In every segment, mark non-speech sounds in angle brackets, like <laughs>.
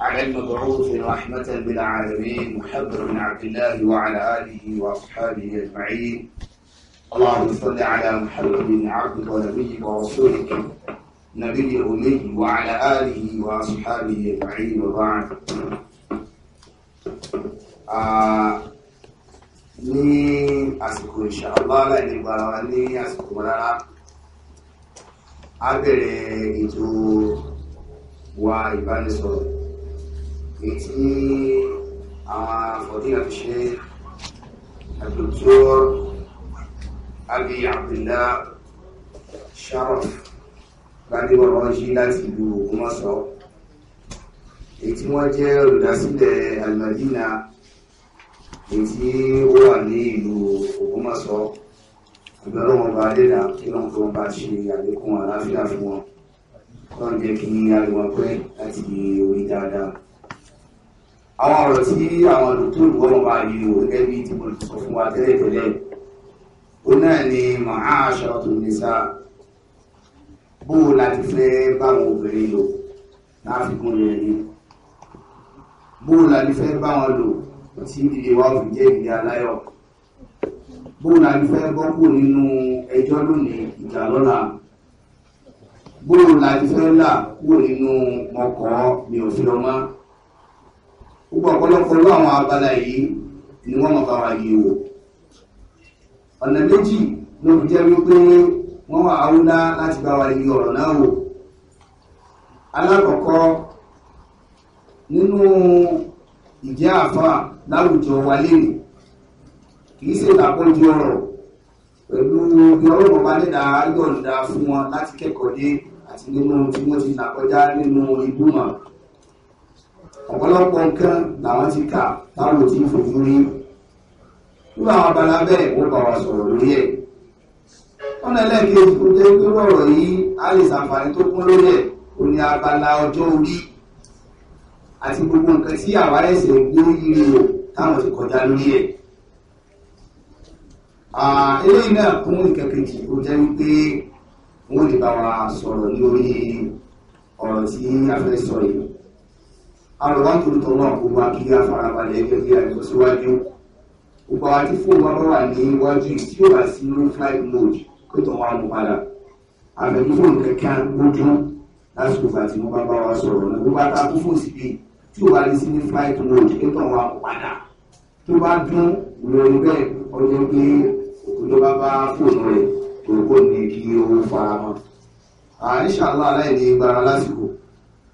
على المبعوث رحمة بالعالمين محمد بن عبد الله وعلى آله وأصحابه أجمعين اللهم صل على محمد بن عبد ونبيك ورسولك نبي الأمي وعلى آله وأصحابه أجمعين وبعد آه، ní àsìkò gbára wa ní àsìkò rárá a bẹ̀rẹ̀ ètò wa ìbánisọ̀rọ̀ èyí tí àwọn àfọ̀díyàn fi ṣe الدكتور أبي عبد الله شرف gbadé ọ̀rọ̀ yí láti ìlú Ògbómọ̀ṣọ́ èyí tí wọ́n jẹ́ olùdásílẹ̀ Al-Madina èyí tí ó wà ní ìlú Ògbómọ̀ṣọ́ ìgbẹ́rọ̀ wọn bá lẹ́la kí wọ́n tó bá ṣe àlékún àlàáfíà fún wọn kọ́ ń jẹ́ kí a lè láti orí dáadáa àwọn ọ̀rọ̀ tí àwọn olùtòrò wọ́n máa yí o gẹ́gẹ́ bí tí mo sọ fún wa tẹ́lẹ̀ tẹ́lẹ̀ ó náà ni màá aṣọ tó ní sá bó o láti fẹ́ báwọn obìnrin lò láfikún rẹ̀ ni bó o láti fẹ́ báwọn lò tí ìdílé wa fi jẹ́ ìdílé aláyọ̀ bó láti fẹ́ bọ́kù nínú ẹjọ́ lónìí ìjà lọ́la bó láti fẹ́ là kúrò nínú ọkọ̀ mi ò fi ọmọ púpọ̀ ọ̀pọ̀lọpọ̀ ló àwọn abala yìí ni wọ́n mọ̀ fara yìí wò ọ̀nà méjì ló fi jẹ́ wípé wọ́n wà áwúdá láti bá wa yí ọ̀rọ̀ náà wò alákọ̀ọ́kọ́ nínú ìjẹ́ àfà láwùjọ wa lénìí kìí ṣe ìdàpọ̀jù ọ̀rọ̀ pẹ̀lú ìrọ̀rùn bá nídà yọ̀ǹda fún wọn láti kẹ́kọ̀ọ́ dé àti nínú tí wọ́n ti là kọjá nínú ìgbìmọ̀ ọ̀pọ̀lọpọ̀ nǹkan làwọn ti kà táwọn ti ń fojú rí nígbà àwọn abala bẹ́ẹ̀ wọ́n bá wa sọ̀rọ̀ lórí ẹ̀ wọ́n lẹ́ lẹ́ẹ̀kejì tó jẹ́ pé ọ̀rọ̀ yìí á lè ṣàǹfààní tó kún lórí ẹ̀ ò ní abala ọjọ́ orí àti gbogbo nǹkan tí àwárẹ̀sẹ̀ gbé yiri wò táwọn ti kọjá lórí ẹ̀ eléyìí náà kún ìkẹ́kejì tó jẹ́ wípé wọ́n lè bá wa sọ̀rọ̀ lórí ọ̀rọ̀ tí a fẹ́ sọ yìí àrùbá tó tọ̀ náà kò wá kí afarabalẹ̀ ẹgbẹ́ bí àìsàn síwájú gbogbo àwọn tí fóònù wa bá wà ní iwájú tí ó wà sí ní flight mode kó tó wọn mú padà àbẹ̀mú fóònù kẹ̀kẹ́ lójú lásìkò àti mo bá bá wa sọ̀rọ̀ náà gbogbo àti àkófò síbi tí ó wà ní sí ní flight mode kó tó wọn mú padà tó bá dún ìròyìn bẹ́ẹ̀ ọjọ́ pé òkúdó bá bá fóònù rẹ̀ kò kó ní kí ó fara mọ́. inshallah aláìní gbára lásìkò.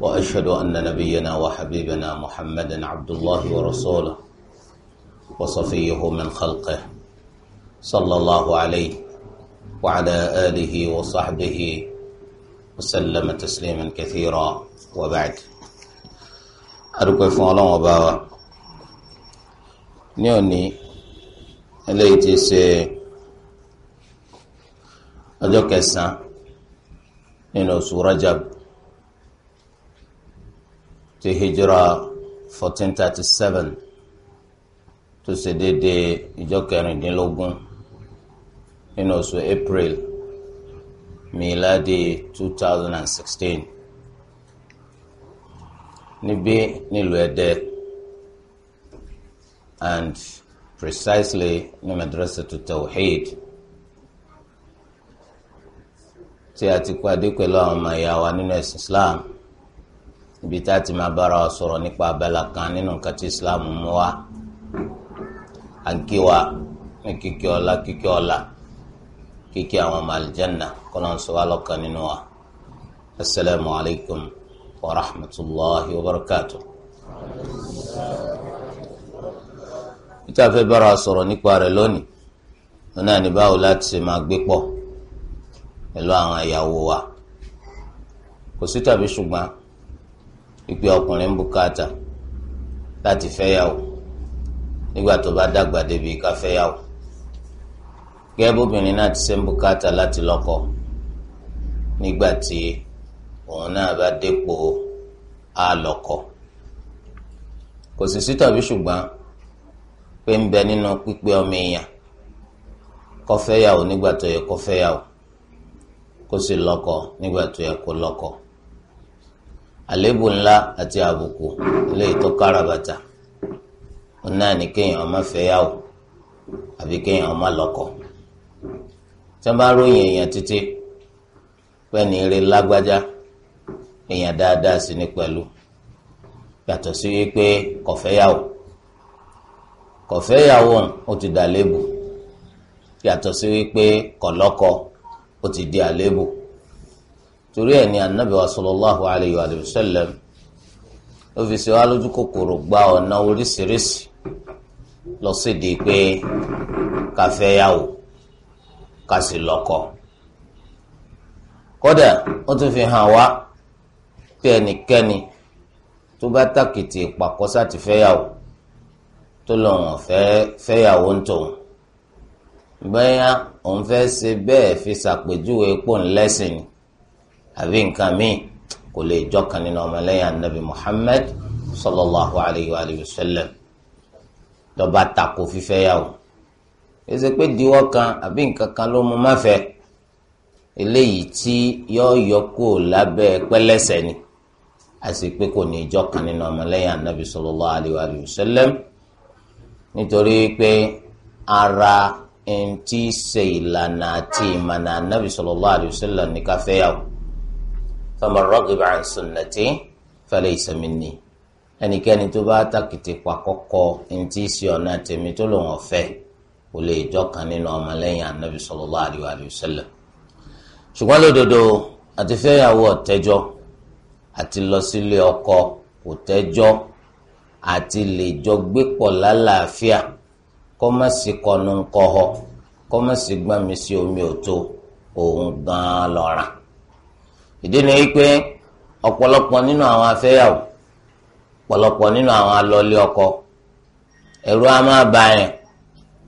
وأشهد أن نبينا وحبيبنا محمدا عبد الله ورسوله وصفيه من خلقه صلى الله عليه وعلى آله وصحبه وسلم تسليما كثيرا وبعد أرجو فون الله نيوني إليتي سي أجو كسان nínú سوره ti hijira 1437 tó ṣe déédé ìjọ kẹrìndínlógún nínú oṣù April miladi 2016 níbí nílùú Ẹdẹ and precisely ní madrasatu tawhid tí a ti pàdé pẹ̀lú àwọn ọmọ ìyá wa nínú ẹ̀sìn Islam ibi tá a ti máa bára wa sọ̀rọ̀ nípa abala kan nínú nǹkan tí islam mú wa à ń kí wa ní kíkí ọlá kíkí ọlá kíkí àwọn ọmọ alìjẹ́nà kọ́nà ń sọ wá lọ́kàn nínú wa assalamu alaikum wa rahmatulahi wa barakatu. níta fẹ́ bára wa sọ̀rọ̀ nípa rẹ̀ lónìí wọn náà ní báwo láti ṣe máa gbé pọ̀ pẹ̀lú àwọn ìyàwó wa kò sí tàbí ṣùgbọ́n ìpè ọkùnrin ń bùkátà láti fẹ́yàwó nígbà tó bá dàgbà débi ká fẹ́yàwó gẹ́gẹ́ bóbìnrin náà ti ṣe ń bùkátà láti lọ́kọ nígbà tí òun náà bá dépò àlọ́kọ kò sì sí tàbí ṣùgbọ́n pé ń bẹ nínú pípé ọmọ èèyàn kó fẹ́yàwó nígbà tó yẹ kó fẹ́yàwó kó sì lọ́kọ nígbà tó yẹ kó lọ́kọ àléébù ńlá àti àbùkù eléyìí tó kára bàtà òun náà ní kéèyàn má fẹ́yàwó àbí kéèyàn má lọ́kọ tí wọ́n bá ròyìn èèyàn títí pẹ́ẹ́nì eré lágbájá èèyàn dáadáa sí ní pẹ̀lú yàtọ̀ sí wípé kọ̀fẹ́yàwó kọ̀fẹ́yàwó ó ti dà léèbù yàtọ̀ sí wípé kọ̀lọ́kọ ó ti di àléébù. torí ẹ̀ ní anabi wa sallallahu alayhi wa sallam ó fi ṣe wá lójú kòkòrò gba ọ̀nà oríṣiríṣi lọ sí di pé ká ká sì lọ́kọ kódà ó tún fi hàn wá pé ẹnikẹ́ni tó bá tàkìtì ìpàkọ́sá ti fẹ́yàwó tó lọ́wọ́n fẹ́yàwó ń tòun bẹ́yà òun fẹ́ ṣe bẹ́ẹ̀ fi ṣàpèjúwe pò àbí nǹkan míì kò lè jọkan nínú ọmọlẹ́yìn anabi muhammed sallallahu alayhi wa sallam dọba tako fífẹ́ yàwó èsì pé diwọ́ kan àbí nǹkan kan ló mú má fẹ́ eléyìí tí yóò yọ kó lábẹ́ pẹ́lẹ́sẹ̀ ni àti pé kò ní jọkan nínú ọmọlẹ́yìn anabi sallallahu alayhi wa sallam nítorí pé ara ẹni tí ṣe ìlànà àti ìmọ̀nà anabi sallallahu alayhi wa sallam ní ká yàwó faman ragiba an sunnati falaysa minni ẹnikẹ́ni tó bá tàkìtì pakọ́kọ́ ntí sí ọ̀nà tèmi tó lòun ọ̀fẹ́ kò lè jọ́kan nínú ọmọlẹ́yìn anabi sallallahu alaihi wa sallam ṣùgbọ́n lódodo àti fẹ́yàwó ọ̀tẹ́jọ́ àti lọ sílé ọkọ kò tẹ́jọ́ àti lè jọ gbé pọ̀ lálàáfíà kọ́ má kọnu ńkọ́ họ kọ́ má sí gbàmí òun gan-an lọ́ràn. ìdí ni wípé ọ̀pọ̀lọpọ̀ nínú àwọn afẹ́yàwó ọ̀pọ̀lọpọ̀ nínú àwọn alọ́lé ọkọ ẹ̀rù á máa bá yẹn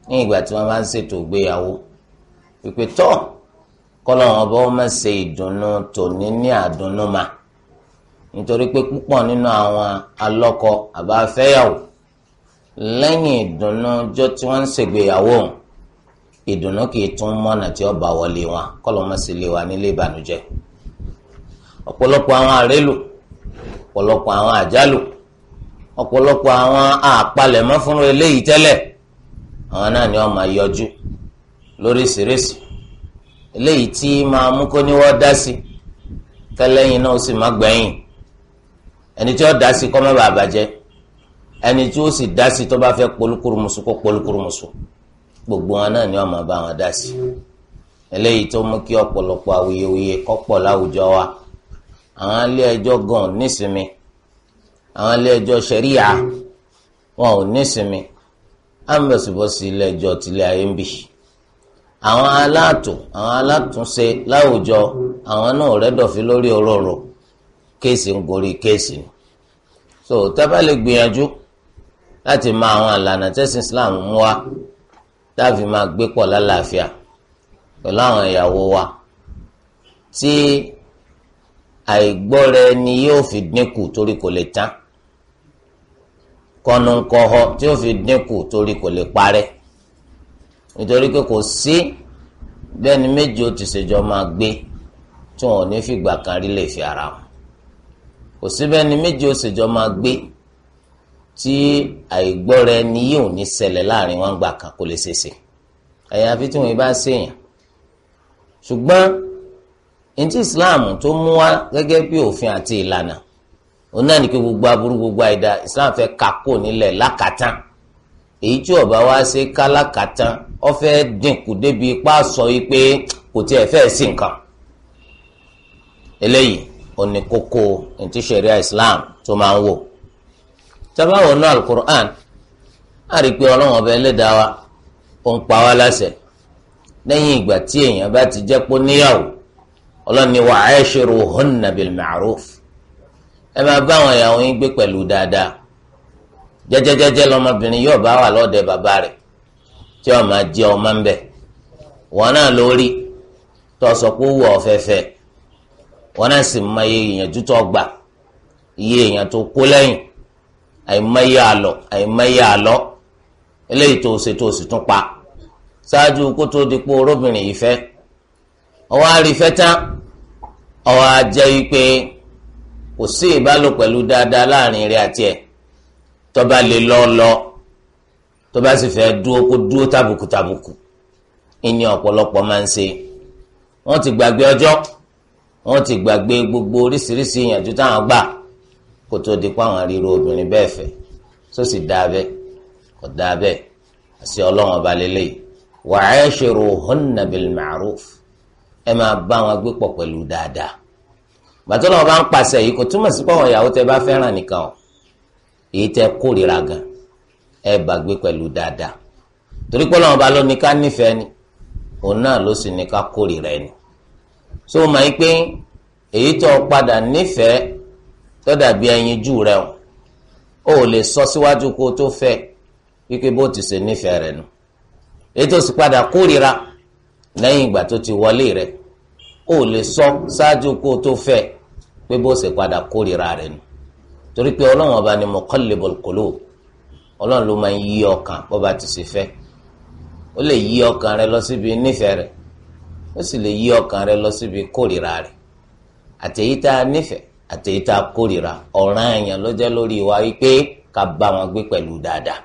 ní ìgbà tí wọ́n bá ń ṣètò ìgbéyàwó ìpè tọ́ kọ́lọ́ wọn bọ́ máa ṣe ìdùnnú tòní ní àdùnnú ma nítorí pé púpọ̀ nínú àwọn alọ́kọ àbá afẹ́yàwó lẹ́yìn ìdùnnú ọjọ́ tí wọ́n ń ṣègbéyàwó ìdùnnú kì í tún mọ́nà tí ó bá wọlé wọn kọ́lọ́ wọn sì lè wà nílé ìbànújẹ́. ọ̀pọ̀lọpọ̀ àwọn àrélò ọ̀pọ̀lọpọ̀ àwọn àjálù ọ̀pọ̀lọpọ̀ àwọn àpalẹ̀mọ́ fún eléyìí tẹ́lẹ̀ àwọn náà ni wọ́n máa yọjú lóríṣiríṣi eléyìí tí máa mú kó ní wọ́n dá sí tẹ́lẹ́yìn náà ó sì má gbẹ̀yìn ẹni tí ó dá sí kọ́ mọ́ bàbà jẹ́ ẹni tí ó sì dá sí tó bá fẹ́ polúkúrúmuṣu kó polúkúrúmuṣu gbogbo wọn náà ni wọ́n máa bá wọn dá sí eléyìí tó mú kí ọ̀pọ̀lọpọ̀ awuyewuye kọ́pọ̀ láwùjọ wa àwọn ilé ẹjọ́ gan nísinmi àwọn ilé ẹjọ́ ṣẹ̀ríyà wọn ò nísinmi à ń bọ̀sibọ̀sì ilé ẹjọ́ tilẹ̀ ayé ń bì àwọn aláàtò àwọn alátúnṣe láwùjọ àwọn náà rẹ́dọ̀fí lórí òróró kéèsì ń gorí kéèsì ni so tábà lè gbìyànjú láti mọ àwọn ìlànà tẹ́sìn Islam mú wa táàfin máa gbé pọ̀ lálàáfíà pẹ̀lú àwọn ìyàwó wa tí. Si, àìgbọ́ra ẹni yóò fi dínkù torí kò lè tán kọnùkọ̀họ tí yóò fi dínkù torí kò lè parẹ́ nítorí pé kò sí bẹ́ẹ̀ni méjì ó ti ṣèjọ máa gbé tí wọn ò ní fìgbà kan rí lè fi ara wọn kò sí bẹ́ẹ̀ni méjì ó ṣèjọ máa gbé tí àìgbọ́ra ẹni yóò ní ṣẹlẹ̀ láàrin wọn gbà kan kò lè ṣèṣe àyàfi tí wọn bá ṣèyàn ṣùgbọ́n ntí islam tó mú wá gẹ́gẹ́ bí òfin àti ìlànà òun náà ní kí gbogbo aburú gbogbo àìda islam fẹ́ kakó nílẹ̀ lákàtán èyí tí ọba wa ṣe ká lákàtán ó fẹ́ dínkù débi ipá sọ yìí pé kò tiẹ̀ fẹ́ sí nǹkan eléyìí òní kókó ntí ṣẹ̀ríà islam tó máa ń wò tábàwọn náà alukur'an a ọlọ́wọ́n ọba ẹlẹ́dàá wa ó ń pa wá láṣẹ lẹ́yìn ìgbà tí èèyàn bá ti jẹ́ pé níyàwó ọlọ́ni wa aishiruhunna bil ma'ruf ẹ máa bá àwọn ìyàwó yín gbé pẹ̀lú dáadáa jẹ́jẹ́jẹ́jẹ́ lọmọbìnrin yóò bá wà lọ́dẹ bàbá rẹ̀ tí ó máa jẹ ọmọ ń bẹ̀ wọn náà lórí tó sọ pé ó wù ọ́ fẹ́fẹ́ wọn náà sì mọ iye ìyànjú tó gbà iye èèyàn tó kó lẹ́yìn àìmọye àlọ́ àìmọye àlọ́ eléyìí tó ṣe tó sì tún pa ṣáájú kó tó di pé orobìnrin yìí fẹ́ẹ́ ọwọ́ àrífẹ́ ọwọ́ àjẹ́ wípé kò sí ìbálò pẹ̀lú dáadáa láàrin rẹ̀ àti ẹ̀ tó lè lọ lọ tó sì fẹ́ dúó kó dúó tàbùkù tàbùkù ìní ọ̀pọ̀lọpọ̀ máa ń ṣe wọ́n ti gbàgbé ọjọ́ wọ́n ti gbàgbé gbogbo oríṣiríṣi ìyànjú táwọn gbà kó tó di pa àwọn ríro obìnrin bẹ́ẹ̀ fẹ́ tó sì dáa bẹ́ẹ̀ kò dáa bẹ́ẹ̀ àti ọlọ́run ọba lélẹ́yìí wa aashiruhunna bil ma'ruf ẹ máa bá wọn gbé pọ̀ pẹ̀lú dáadáa bàtọ́ náà bá ń pàṣẹ yìí kò túmọ̀ sí pọ̀wọ̀n ìyàwó tẹ bá fẹ́ràn nìkan o èyí tẹ kórìíra gan ẹ bá gbé pẹ̀lú dáadáa torí pé Ọlọ́run bá ló ní ká nífẹ̀ẹ́ ni òun náà ló sì ní ká kórìíra ẹni so mọ̀ yín pé èyí tó padà nífẹ̀ẹ́ tó dàbí ẹyin jù rẹ o ò lè sọ síwájú kó tó fẹ́ wípé bó ti ṣe nífẹ̀ẹ́ rẹ nu èyí tó sì padà kórìíra. lẹ́yìn ìgbà tó ti wọlé rẹ̀ ó lè sọ ṣáájú kó tó fẹ́ pé bó ṣe padà kórìíra rẹ̀ nù torí pé ọlọ́run ọba ni muqallibul qulub ọlọ́run ló máa ń yí ọkàn bó bá ti ṣe fẹ́ ó lè yí ọkàn rẹ lọ síbi nífẹ̀ẹ́ rẹ̀ ó sì lè yí ọkàn rẹ lọ síbi rẹ̀ nífẹ̀ẹ́ ọ̀ràn èèyàn ló jẹ́ lórí wa wípé ká wọn gbé pẹ̀lú dáadáa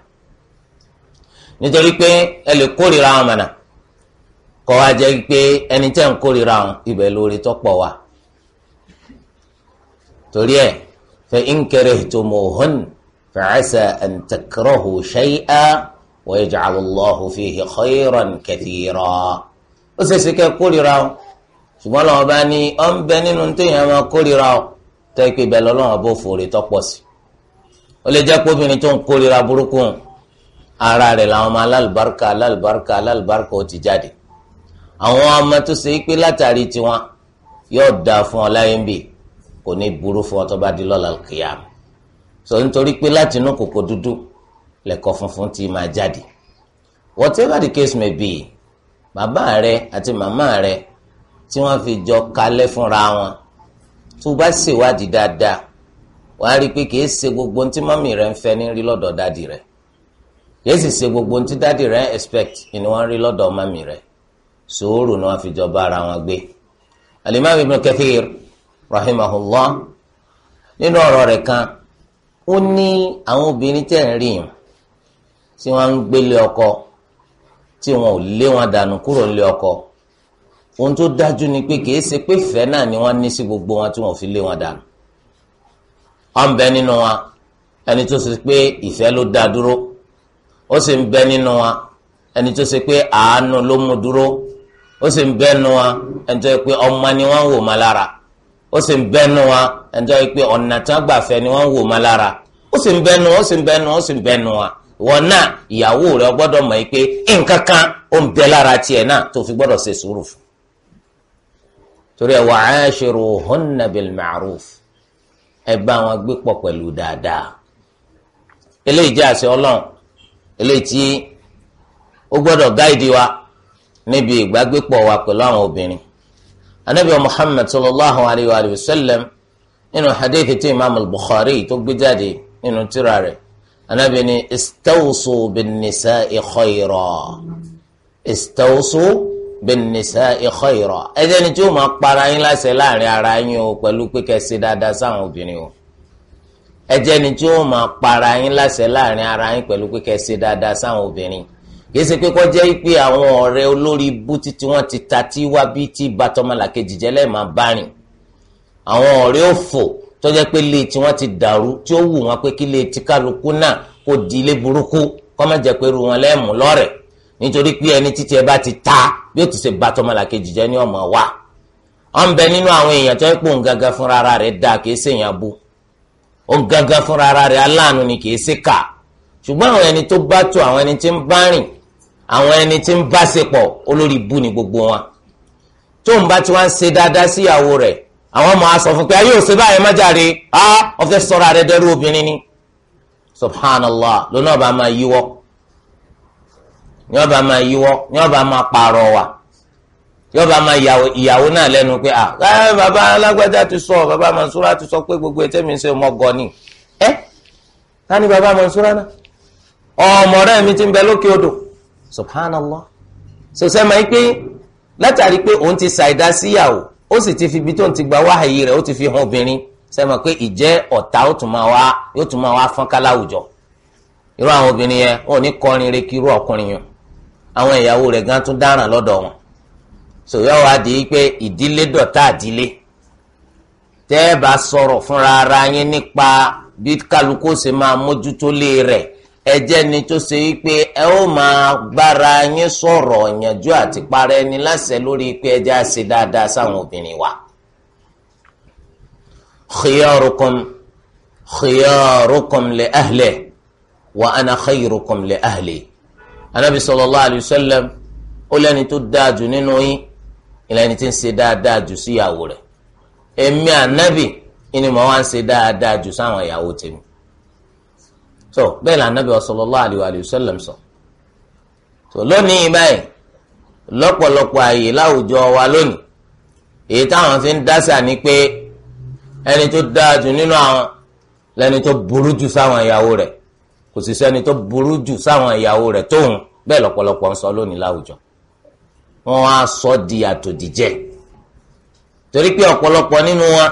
nítorí pé ẹ lè wọn mọ̀nà kọ́ wa jẹ́ pé ẹni tẹ́ ń kórìíra ọ̀hún ibẹ̀ lórí tọ́pọ̀ wa torí ẹ̀ fa in karihtumuhun fa asa an takrahu shay'an wa yaj'alu Allahu fihi khayran kathira ó ṣeéṣe kẹ́ kórìíra ọ̀hún ṣùgbọ́n lọ́wọ́ bá ní ọ́n bẹ nínú téèyàn máa kórìíra ọ̀hún tọ́ ìpè bẹ́ẹ̀ lọ́lọ́wọ́ bó fòrè tọ́pọ̀ sí ó lè jẹ́ pé obìnrin tó ń kórìíra burúkú ara rẹ̀ làwọn ọmọ alálùbáríkà alálùbáríkà alálùbáríkà ó ti jáde àwọn ọmọ tó ṣe pé látàrí tiwọn yóò da fún ọ láyé ń bì kò ní burú fún ọ bá di lọ́la kìyàm so nítorí pé láti inú kòkò dúdú lẹ̀kọ́ funfun ti máa jáde whatever the case may be bàbá rẹ àti màmá rẹ tí wọ́n fi jọ kalẹ̀ fúnra wọn tó bá ṣèwádìí dáadáa wàá rí i pé kìí ṣe gbogbo ohun tí mọ́mì rẹ ń fẹ́ ní rí lọ́dọ̀ dáàdì rẹ kìí sì ṣe gbogbo ohun tí dáàdì rẹ ń expect ni wọ́n rí lọ́dọ̀ mọ́mì rẹ sùúrù ni wọ́n fi jọba ara wọn gbé alimami ibn kathir rahimahullah nínú ọ̀rọ̀ rẹ̀ kan ó ní àwọn obìnrin tẹ̀ ń rí yìí tí wọ́n ń gbélé ọkọ tí wọn ò lé wọn dànù kúrò nílé ọkọ ohun tó dájú ni pé kìí ṣe pé ìfẹ́ náà ni wọ́n ní sí gbogbo wọn tí wọn fi lé wọn dànù ọ̀n bẹ nínú wa ẹni tó ṣe pé ìfẹ́ ló dá dúró ó sì ń bẹ nínú wa ẹni tó ṣe pé àánú ló mú dúró ó sì ń bẹ́nu wa ẹnjọ́ pé ọmọ ni wọ́n ń wò má lára ó sì ń wa pé ọ̀nà ni wọ́n ń wò má lára ó sì ń ó sì ń ó sì ń wa wọn náà ìyàwó rẹ gbọ́dọ̀ mọ̀ pé nǹkan kan ó ń bẹ lára náà tó fi gbọ́dọ̀ ṣe sùúrù fún torí ẹ wà á ṣerò hunna bil ma'ruf ẹ bá wọn gbé níbi ìgbàgbépọ̀ wa pẹ̀lú àwọn obìnrin anabi muhammad sallallahu alayhi wa sallam nínú hadith tí imam al-bukhari tó gbé jáde nínú tírà rẹ̀ anabi ni istawusu bin nisa'i khayra istawusu bin nisa'i khayra ẹjẹ ni tí ó máa para yín láṣẹ láàrin ara yín o pẹ̀lú pé kẹsí dáadáa sáwọn obìnrin o ẹjẹ ni tí ó máa para yín láṣẹ láàrin ara yín pẹ̀lú pé kẹsí dáadáa sáwọn obìnrin o kìí ṣe pé kọ́ jẹ́ pé àwọn ọ̀rẹ́ olórí ibú títí wọ́n ti ta tí wá bí tí batọ́mọlàkejì jẹ́lẹ̀ máa bá rìn àwọn ọ̀rẹ́ òfò tó jẹ́ pé lè tí wọ́n ti dàrú tí ó wù wọ́n pé kí lè tí kálukú náà kò di ilé burúkú kọ́ má jẹ́ pé ru wọn lẹ́mú lọ́rẹ̀ nítorí pé ẹni títí ẹ bá ti ta bí ó ti ṣe batọ́mọlàkejì jẹ́ ní ọmọ wa ọ ń bẹ nínú àwọn èèyàn tó ń pò gangan fúnra rẹ̀ dáa kìí ṣe èèyàn bu ó gangan fúnra rẹ̀ aláàánú ni kìí ṣe kà ṣùgbọ́n àwọn ẹni tó bá tó àwọn ẹni tí ń bá rìn àwọn ẹni tí ń bá ṣe pọ̀ olórí ibú ni gbogbo wọn tó ń bá tí wọ́n ń ṣe dáadáa síyàwó rẹ̀ àwọn ọmọ asọ fún pé ayé òsè báyìí má jáde á ah, ọfẹ sọ̀rọ̀ àrẹ dẹrú obìnrin ni subhanallah lónà ọba máa yíwọ́ ní ọba máa yíwọ́ ní ọba máa pààrọ̀ wà ní ọba máa ìyàwó náà lẹ́nu pé à ah, ẹ bàbá alágbájá ti sọ bàbá Mansura ti sọ pé gbogbo ẹtẹ mi ṣe ọmọ gọ ni ẹ ká ní bàbá Mansura náà ọmọ rẹ mi ti ń bẹ lókè odò. subhanallah so máa ń pé látàrí pé òun ti ṣàìdá síyàwó ó si ti fi ibi tó ń ti gba wáhàyí rẹ̀ ó ti fi hàn obìnrin sẹ́mọ̀ pé ìjẹ́ ọ̀tá ó tún máa wá yóò tún máa wá fọ́nká láwùjọ irú àwọn obìnrin yẹn wọn ò ní kọrin re kí irú ọkùnrin yẹn àwọn ìyàwó rẹ̀ gan tún dáràn lọ́dọ̀ wọn sòyọ́ wa di pé ìdílé dọ̀tá àdílé tẹ́ ẹ bá sọ̀rọ̀ fúnra ara yín nípa bí kálukú ṣe máa mójútó lé rẹ̀ ẹjẹ́ ni tó ṣe wípé ẹ ó máa bára yín sọ̀rọ̀ yanjú àti parẹ́ ni láṣẹ lórí pé ẹjẹ́ á ṣe dáadáa sáwọn obìnrin wa. khiyarukum khiyarukum li ahli wa ana khayrukum li ahli. anábì sallallahu alayhi ó lẹ́ni tó dáa jù nínú yín ìlẹ́ni tí ń ṣe dáadáa jù síyàwó rẹ̀ èmi ànábì ni wá ń ṣe dáadáa jù sáwọn ìyàwó tèmi so bẹ́ẹ̀ lànà bí sallallahu alaihi wa sallam sọ so lónìí báyìí lọ́pọ̀lọpọ̀ ààyè láwùjọ wa lónìí èyí táwọn fi ń dásà ni pé ẹni tó dáa jù nínú àwọn lẹni tó burú jù sáwọn ìyàwó rẹ̀ kò sì sẹ́ni tó burú jù sáwọn ìyàwó rẹ̀ tóun bẹ́ẹ̀ lọ́pọ̀lọpọ̀ ń sọ lónìí láwùjọ wọn á sọ di àtòdìjẹ torí pé ọ̀pọ̀lọpọ̀ nínú wa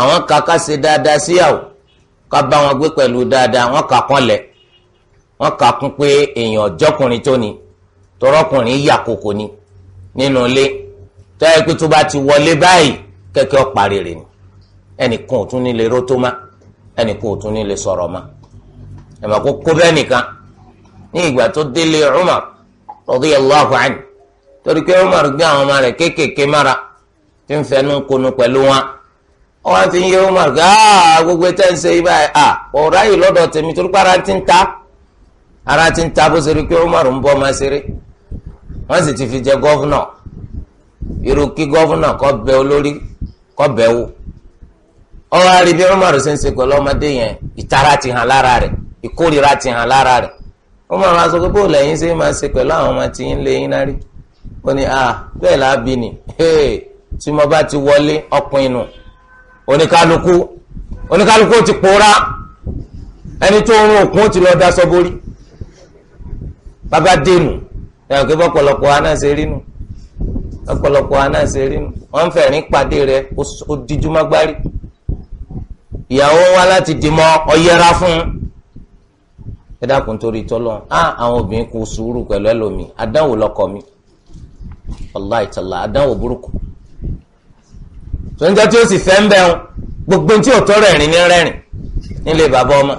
àwọn kàkà ṣe dáadáa síyàwó ká bá wọn gbé pẹ̀lú dáadáa wọ́n kà kán lẹ̀ wọ́n kà kún pé èèyàn ọjọ́kùnrin tó ni tọrọkùnrin yà kòkò ni nínú ilé tọ́yẹ pé tó bá ti wọlé báyìí kẹ́kẹ́ ọ̀parí rẹ̀ ni ẹnìkan ò ní lè rótó má ẹnìkan ò ní lè sọ̀rọ̀ má ẹ̀mọ̀ kó kó bẹ́ẹ̀ nìkan ní ìgbà tó délé Umar radiyallahu anhu torí pé Umar gbé àwọn ọmọ rẹ̀ kéékèèké mára tí ń fẹnu konu pẹ̀lú wọn. wọ́n wá yẹ Umar pé aa ah, gbogbo ń ṣe ibà à ah, lọ́dọ̀ torí pé ara ti ń ta ara ti ń ta bó ṣe rí pé Umar ń bọ́ wọ́n sì ti fi jẹ gọ́vnọ̀ irú kí gọ́vnọ̀ kọ́ bẹ olórí kọ́ bẹ̀ wò ọ wá ṣe ń ṣe pẹ̀lú ọmọdé yẹn ìtara ti hàn lára rẹ̀ Umar sọ pé bó oníkálukú oníkálukú ti pòórá ẹni tó ń rún òkun ti lọ dá sọ́bórí bàbá dénú ẹ̀rùn kí bọ́pọ̀lọpọ̀ aná ṣe rí nu ọ̀pọ̀lọpọ̀ aná ṣe rí nu wọ́n ń fẹ̀rín pàdé rẹ̀ ó díjú mágbárí ìyàwó wá láti dìmọ́ ọyẹra fún ẹ dákun torí tọ́lọ́ á àwọn obìnrin kò sùúrù pẹ̀lú ẹlòmíì àdánwò lọkọ mi ọláìtàlá àdánwò burúkú sọ́njọ́ tí ó sì fẹ́ ń bẹ̀ wọn gbogbo tí ò tọ́ rẹ̀rìn ní rẹ̀rìn nílé bàbá ọmọ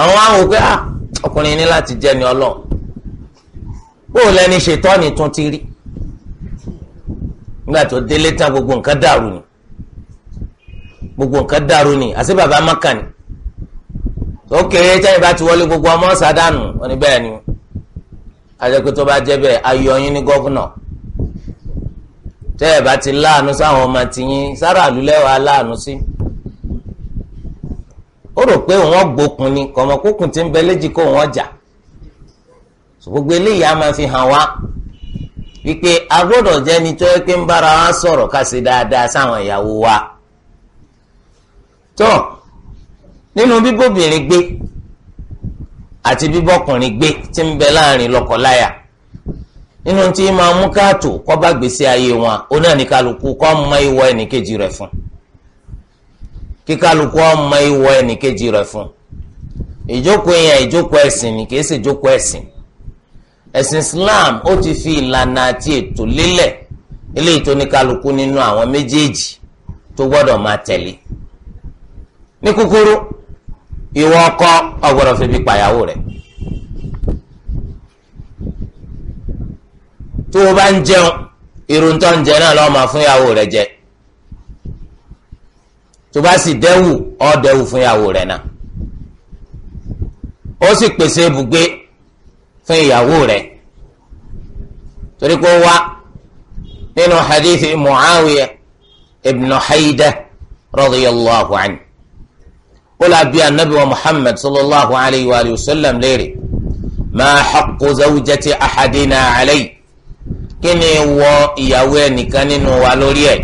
àwọn àwọn pé ah, ọkùnrin ní láti jẹ́ ni ọlọ́run bó lẹni ṣètọ́ni tún ti rí nígbà tó délé tán gbogbo nǹkan dàrú ni gbogbo nǹkan dàrú ni àti bàbá mọ́kàn ni ó kéré tẹ́yìn bá ti wọlé gbogbo ọmọ ọ̀sádànù wọn ni bẹ́ẹ̀ ni ajẹ́pẹ́ tó bá jẹ́ bẹ́ẹ̀ ayọ̀ ní gọ́vùnà tẹ́ ẹ̀ bá ti láàánú sáwọn ọmọ tiyín sára àlùlẹ́wà láàánú sí ó rò pé òun gbókun ni kọ̀mọ̀kókun ti ń bẹ léjì kó òun ọjà. gbogbo eléyìí a máa fi hàn wá wípé a gbọ́dọ̀ jẹ́ ni tó yẹ pé ń bára wa sọ̀rọ̀ ká ṣe dáadáa sáwọn ìyàwó wa tó nínú bíbóbìnrin gbé àti bíbọ́kùnrin gbé ti ń bẹ láàrin lọ́kọláya nínú tí máa mú káàtó kọ́ bá gbèsè ayé wọn òun náà ní kálukú kọ́ mọ ìwọ ẹnìkejì rẹ̀ fún kí kálukú ọmọ ìwọ ẹnìkejì rẹ̀ fún ìjókòó yẹn ìjókòó ẹ̀sìn ni kìí Islam ó ti fi ìlànà àti ètò lélẹ̀ eléyìí tó ní nínú àwọn méjèèjì tó gbọ́dọ̀ máa tẹ̀lé ní kúkúrú ìwọ ọkọ ọgbọ́dọ̀ fi bí pàyàwó tó o bá ń jẹun irun tó ń jẹ náà lọ́ọ́ máa fún ìyàwó rẹ jẹ tó bá sì dẹ́wù ọ́ dẹ́wù fún ìyàwó rẹ náà ó sì pèsè ibùgbé fún ìyàwó rẹ torí pé ó wá nínú hadithi muawiya ibn haida radiyallahu anhu ó la bi anabi wa muhammad sallallahu alayhi wa sallam léèrè ma haqqu zawjati ahadina kí ni wọ ìyàwó ẹnìkan nínú wa lórí ẹ̀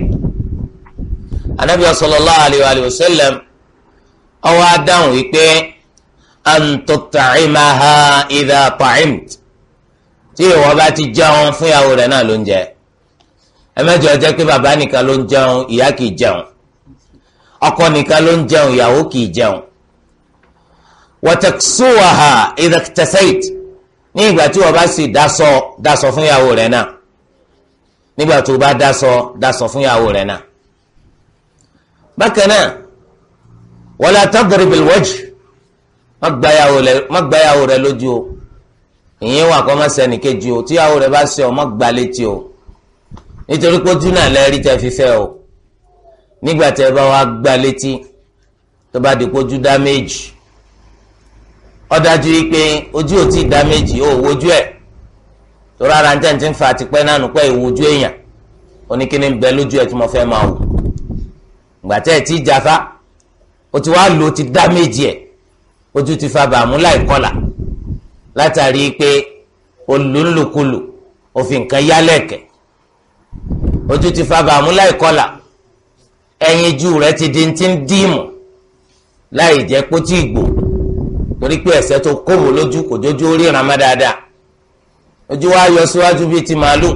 anabi sallallahu alayhi wa sallam ó wá dáhùn wípé antutaimaha idha taimt tí ìwọ bá ti jẹun fún ìyàwó rẹ náà ló ń jẹ ẹ mẹjọ jẹ pé bàbá nìkan ló ń jẹun ìyá kì í jẹun ọkọ nìkan ló ń jẹun ìyàwó kì í jẹun wọtẹksuwaha idha ní ìgbà tí wọn bá sì dasọ dasọ fún ìyàwó rẹ náà nígbà tó bá dasọ dasọ fún ìyàwó rẹ̀ náà bákan náà wala tadrib alwajh má gbáyàwó rẹ̀ lójú o ìyẹn wà kọ́ má sẹ́ni kejì o tíyàwó rẹ̀ bá ṣe ọ má gbá létí o nítorí pé ojú náà lẹ́rí tẹ́ fi fẹ́ o nígbà tẹ́ bá wá gbá létí tó bá di kojú dá méjì ó dájú pé ojú ò tí dá méjì ó wojú ẹ̀ torí ara ń tẹ̀ǹtì ń fa tipẹ́ náà nù pé èèyàn oníkíní ń bẹ lójú ẹ̀ tí mo fẹ́ máa wò ẹ̀ tí jafa o ti wá lò ti dá méjì ẹ̀ ti fa bàmú láì kọlà látàrí pé olùlùkulù òfin kan ti fa bàmú láì kọlà ẹyin ju rẹ ti di ti ń dìímù láì jẹ́ pé ó torí pé ẹ̀ṣẹ̀ tó lójú ojú wa yọ síwájú bíi ti màálù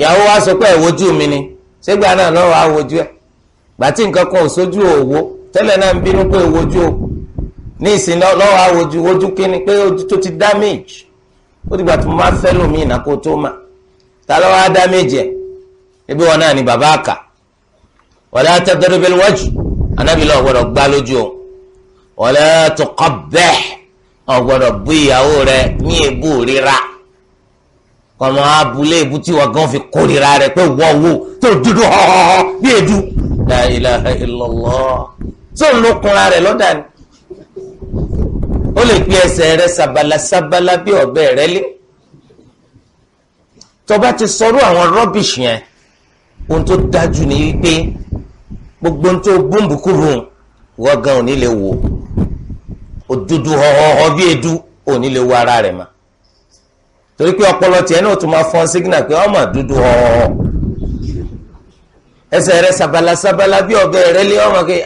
ìyàwó wa sọ pé ìwojú mi ni ṣégbà náà lọ́wọ́ àwojú ẹ gbàtí nǹkan kan ò sójú òwò tẹ́lẹ̀ náà ń bínú pé o ní ìsìn lọ́wọ́ ojú kíni pé ojú tó ti damage ó dìgbà tó máa fẹ́ lómi tó mà ta lọ́wọ́ á ẹ̀ ebi wọn náà ni bàbá àkà anábì gbá lójú o bú kọmọ abúlé ìbútí wà gan fi kórìíra rẹ pé wọ́wọ́ tó dúdú họ́họ́họ́ bí èdú la ilaha illallah tó ń lo kunra rẹ lọ́dà ni ó lè pe ẹsẹ̀ rẹ sabalaṣabala bí ọ̀bẹ rẹ lé tọba ti sọ̀rọ̀ àwọn rọ́bìṣì yẹn ohun tó dájú ni wípé gbogbo tó búmbùkúrú wọ́n gan ò ní lè wò ó dúdú họ́họ́họ́ bí èdú ò ní lè wo ara rẹ̀ mọ́ torí pé ọpọlọ tiẹ̀ náà tún máa fọn sígínà pé ọmọ dúdú ọ̀ọ́ ẹsẹ̀ rẹ sabala sabala bí ọ̀bẹ rẹ lé ọmọ kí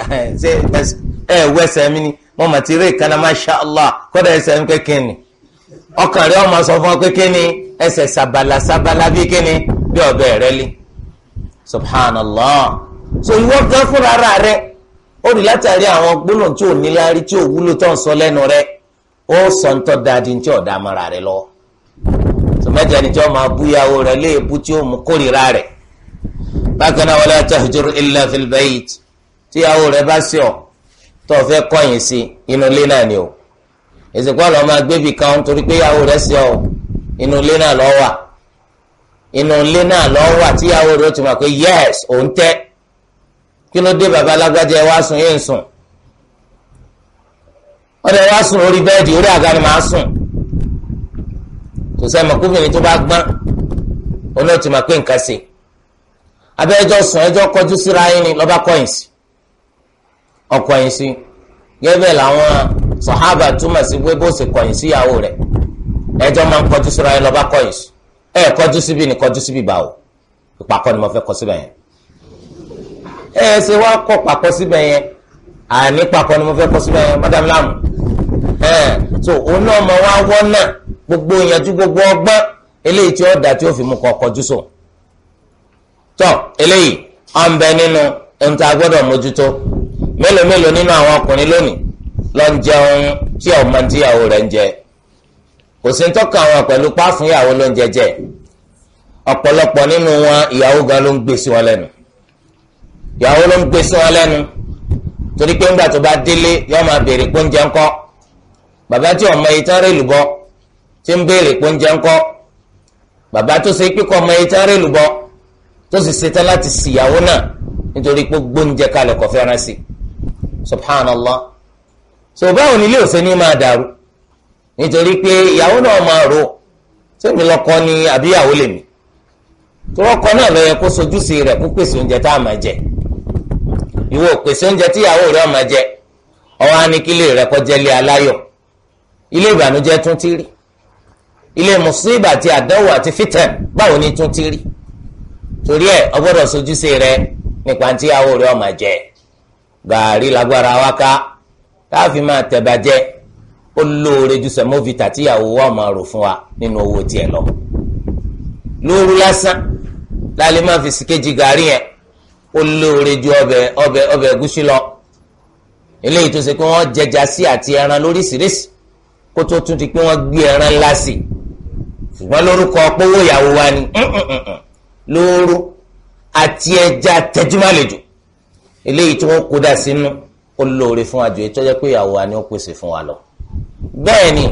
ẹ wẹsẹ̀ mi ni wọ́n mà ti rí ìkànnà masha allah kọ́dà ẹsẹ̀ mi kékeré ni ọkàn rẹ ọmọ sọ fún ọ kékeré ni ẹsẹ̀ sabala sabala bí kíni bí ọ̀bẹ rẹ lé subhanallah so ìwọ gan fúnra ara rẹ ó rí látàrí àwọn gbólóhùn tí ò níláárí tí ò wúlò tó ń sọ lẹ́nu rẹ ó sọ ń tọ́ da di ní tí mọ́ra rẹ lọ́wọ́ sọmọdé ẹni tí wọn máa bú ìyàwó rẹ̀ léèbú tí ó mú kórìíra rẹ̀ bákan náà wala tahjur illa fil bayt tí ìyàwó rẹ̀ bá sí ọ tó fẹ́ kọ̀yìn sí inú ilé náà ni o ìsìnkú ọlọ máa gbébì kan torí pé ìyàwó rẹ̀ sí ọ inú ilé náà lọ wà inú ilé náà lọ wà tí ìyàwó rẹ̀ ó ti pé yẹs òun tẹ kí ló dé bàbá alágbájá ẹ wá sùn yéé sùn ọdẹ wá sùn orí bẹ́ẹ̀dì orí àga ni màá sùn kò sẹ́ mọ̀ kóbìnrin tó bá gbọ́n òun náà ti mọ̀ pé nǹkan ṣe abẹ́ ẹjọ́ sùn ẹjọ́ kọjú síra yín ni lọ́ba kọ̀yìn sí ọkọ̀yìn sí gẹ́gẹ́ làwọn sọ̀hábà túmọ̀ sí pé bó ṣe kọ̀yìn síyàwó rẹ̀ ẹjọ́ máa ń kọjú síra yín lọ́ba kọ̀yìn sí ẹ kọjú síbi ni kọjú síbi báwo ìpàkọ́ ni mo fẹ́ kọ síbẹ̀ yẹn ẹ ṣe wá kọ pàkọ́ síbẹ̀ yẹn àní pàkọ́ ni mo fẹ́ kọ síbẹ̀ yẹn madam lamu ẹ so òun náà mọ wá wọ́n náà gbogbo ìyànjú gbogbo ọgbọ́n eléyìí tí ó dà tí ó fi mú kọ kọjú sùn tọ eléyìí ọ ń bẹ nínú ohun tá a gbọ́dọ̀ mójútó mélòó mélòó nínú àwọn ọkùnrin lónìí ló ń jẹun tí ọmọ tíyàwó rẹ̀ ń jẹ kò sí ń tọ́ka wọn pẹ̀lú páfún ìyàwó ló ń jẹjẹ ọ̀pọ̀lọpọ̀ nínú wọn ìyàwó gan ló ń gbé sí wọn lẹ́nu ìyàwó ló ń gbé sí wọn lẹ́nu torí pé ńgbà tó bá délé yóò máa béèrè pé oúnjẹ ńkọ́ bàbá tí ọmọ yìí tán rèlùbọ́ tí ń béèrè pé oúnjẹ ń kọ́ bàbá tó ṣe pípọ̀ ọmọ ẹ̀yẹ tán rèlú bọ́ tó sì ṣetán láti ṣìyàwó náà nítorí pé gbóúnjẹ kalẹ̀ kọ̀ fẹ́ràn sí subhanallah so báwo ni ilé òsè ní máa dàrú nítorí pé ìyàwó náà máa rò sẹ́mi lọ́kọ ni àbíyàwó lèmi tó rọ́kọ náà lọ yẹ kó sojúṣe rẹ̀ kó pèsè oúnjẹ tá a máa jẹ ìwọ pèsè oúnjẹ tí ìyàwó rẹ̀ máa jẹ ọwọ́ á ní kílé rẹ̀ kọjá ilé aláyọ̀ ilé ìbànújẹ́ tún ti rí ilé mùsíbà àti àdánwò àti fìtàn báwo ni tún ti rí torí ẹ ọgbọ́dọ̀ sojúṣe rẹ nípa tí ìyàwó rẹ ọmọ jẹ gàárì lágbára wa ká káàfin máa tẹ̀bàjẹ́ ó lóore ju sẹ̀móvita tí ìyàwó wa máa rò fún wa nínú owó tiẹ̀ lọ lóru lásán lálẹ́ máa fi sìkejì gàárì yẹn ó lóore ju ọbẹ̀ ọbẹ̀ ọbẹ̀ ẹ̀gúsí lọ eléyìí tó ṣe pé wọ́n jẹja sí àti ẹran lóríṣiríṣi kó tó tún ti pé wọ́n gbé ẹran ńlá sí i ṣùgbọ́n lórúkọ pówó ìyàwó wa ni mm, mm, mm, lóoru àti ẹja tẹjúmọ́lẹ̀jù eléyìí tí wọ́n kó dà sínú ó lóore fún àjò ètò ọjọ́ pé ìyàwó wa ni ó pèsè fún wa lọ bẹ́ẹ̀ ni